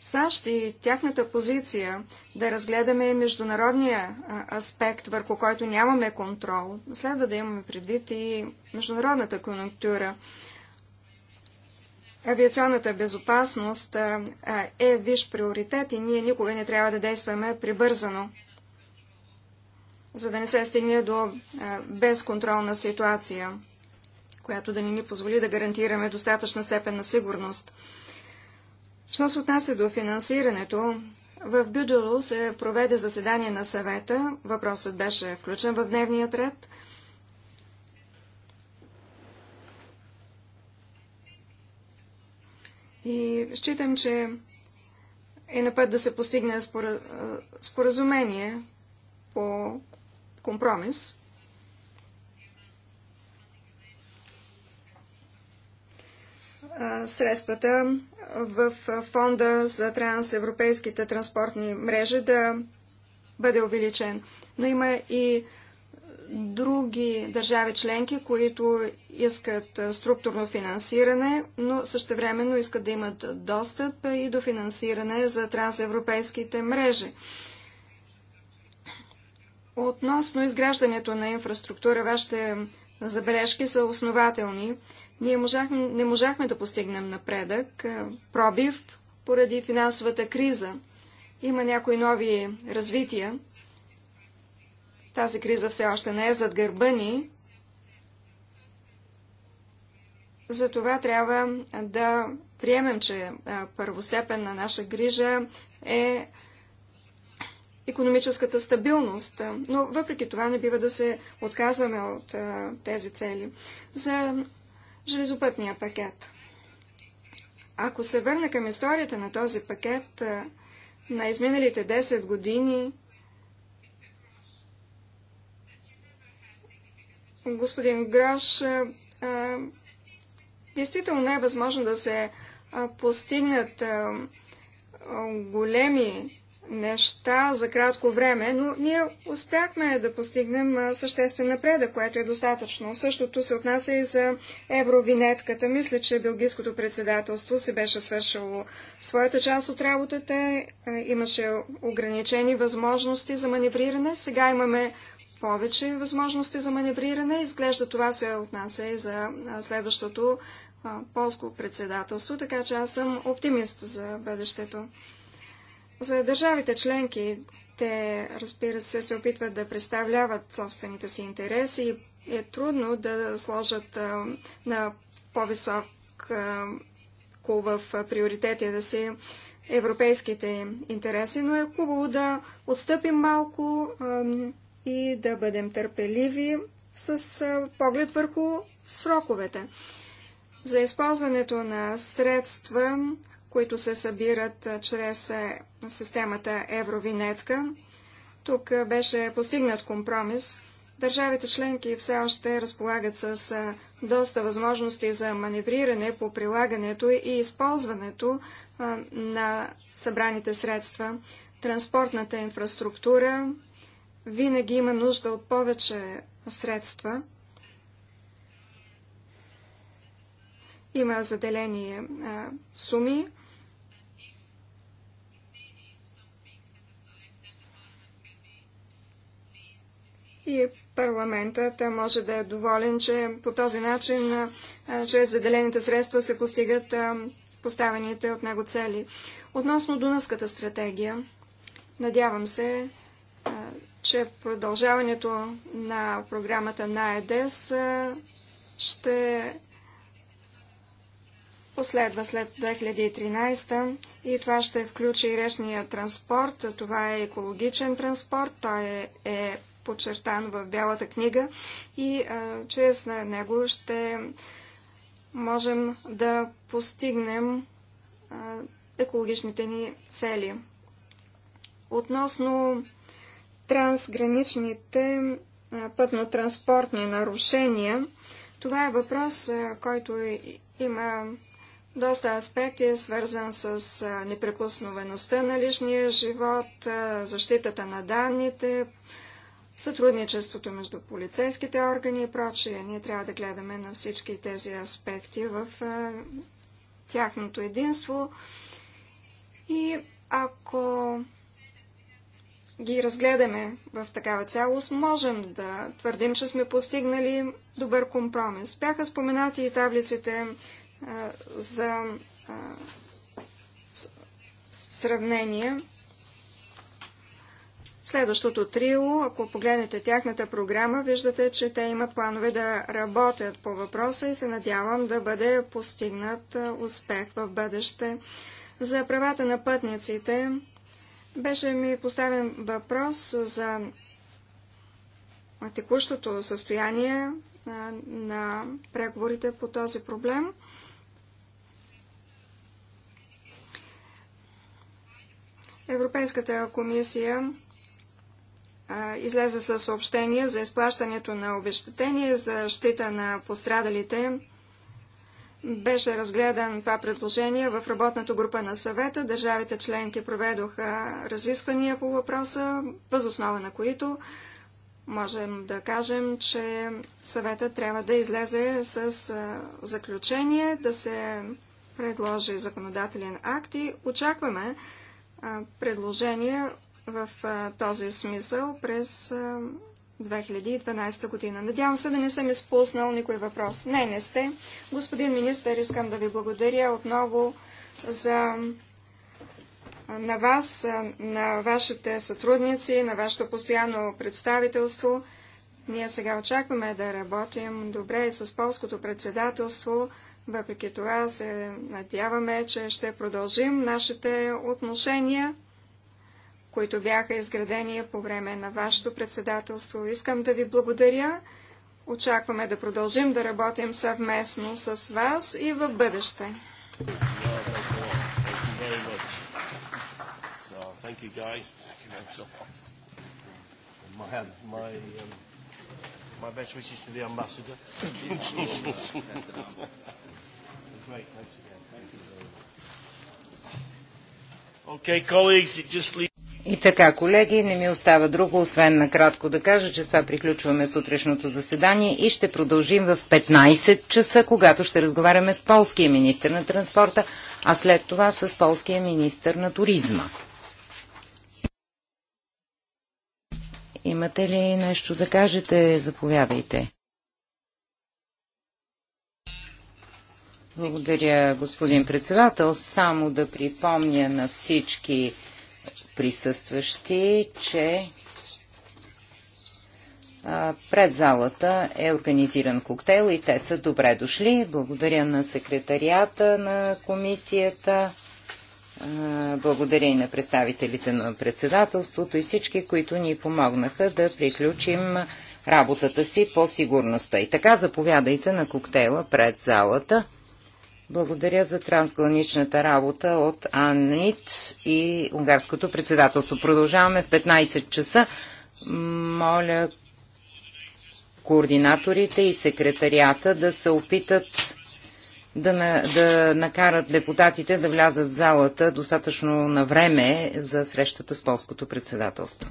САЩ и тяхната позиция, да разгледаме международния а, аспект, върху който нямаме контрол. Следва да имаме предвид и международната конъюнктура. Авиационната безопасност е виш приоритет и ние никога не трябва да действаме прибързано, за да не се стигне до безконтролна ситуация, която да не ни позволи да гарантираме достатъчна степен на сигурност. Що се отнася до финансирането, в Гюдело се проведе заседание на съвета, въпросът беше включен в дневния ред – И считам, че е на път да се постигне споразумение по компромис. Средствата в фонда за трансевропейските транспортни мрежи да бъде увеличен. Но има и други държави членки, които искат структурно финансиране, но същевременно искат да имат достъп и до финансиране за трансевропейските мрежи. Относно изграждането на инфраструктура, вашите забележки са основателни. Ние можахме, не можахме да постигнем напредък, пробив поради финансовата криза. Има някои нови развития тази криза все още не е зад гърба ни. Затова трябва да приемем, че първостепен на наша грижа е економическата стабилност, но въпреки това не бива да се отказваме от тези цели. За железопътния пакет. Ако се върна към историята на този пакет, на изминалите 10 години господин Грош, действително не е възможно да се постигнат големи неща за кратко време, но ние успяхме да постигнем съществен напредък, което е достатъчно. Същото се отнася и за евровинетката. Мисля, че Белгийското председателство се беше свършило своята част от работата, имаше ограничени възможности за маневриране. Сега имаме повече възможности за маневриране. Изглежда това се отнася и за следващото полско председателство, така че аз съм оптимист за бъдещето. За държавите членки, те, разбира се, се опитват да представляват собствените си интереси и е трудно да сложат на по-висок кул в приоритетите да си европейските интереси, но е хубаво да отстъпим малко и да бъдем търпеливи с поглед върху сроковете. За използването на средства, които се събират чрез системата Евровинетка, тук беше постигнат компромис. Държавите членки все още разполагат с доста възможности за маневриране по прилагането и използването на събраните средства. Транспортната инфраструктура винаги има нужда от повече средства. Има заделени а, суми. И парламентът може да е доволен, че по този начин, а, чрез заделените средства, се постигат а, поставените от него цели. Относно Дунавската стратегия, надявам се, че продължаването на програмата на ЕДЕС ще последва след 2013 и това ще включи и речния транспорт. Това е екологичен транспорт, той е, подчертан в Бялата книга и чрез него ще можем да постигнем екологичните ни цели. Относно трансграничните пътно-транспортни нарушения. Това е въпрос, който има доста аспекти, свързан с непрекосновеността на личния живот, защитата на данните, сътрудничеството между полицейските органи и прочие. Ние трябва да гледаме на всички тези аспекти в тяхното единство. И ако ги разгледаме в такава цялост, можем да твърдим, че сме постигнали добър компромис. Бяха споменати и таблиците а, за а, сравнение. Следващото трио, ако погледнете тяхната програма, виждате, че те имат планове да работят по въпроса и се надявам да бъде постигнат успех в бъдеще. За правата на пътниците беше ми поставен въпрос за текущото състояние на преговорите по този проблем. Европейската комисия излезе със съобщение за изплащането на обещатение за щита на пострадалите беше разгледан това предложение в работната група на съвета. Държавите членки проведоха разисквания по въпроса, възоснова на които можем да кажем, че съвета трябва да излезе с заключение, да се предложи законодателен акт и очакваме предложение в този смисъл през 2012 година. Надявам се да не съм изпуснал никой въпрос. Не, не сте. Господин министър, искам да ви благодаря отново за на вас, на вашите сътрудници, на вашето постоянно представителство. Ние сега очакваме да работим добре и с полското председателство. Въпреки това се надяваме, че ще продължим нашите отношения които бяха изградени по време на вашето председателство. Искам да ви благодаря. Очакваме да продължим да работим съвместно с вас и в бъдеще. Okay, colleagues, it just leaves. И така, колеги, не ми остава друго, освен накратко да кажа, че това приключваме сутрешното заседание и ще продължим в 15 часа, когато ще разговаряме с полския министр на транспорта, а след това с полския министр на туризма. Имате ли нещо да кажете? Заповядайте. Благодаря, господин председател. Само да припомня на всички присъстващи, че пред залата е организиран коктейл и те са добре дошли. Благодаря на секретарията на комисията, благодаря и на представителите на председателството и всички, които ни помогнаха да приключим работата си по сигурността. И така заповядайте на коктейла пред залата. Благодаря за трансграничната работа от АНИТ и Унгарското председателство. Продължаваме в 15 часа. Моля координаторите и секретарията да се опитат да, на, да накарат депутатите да влязат в залата достатъчно на време за срещата с полското председателство.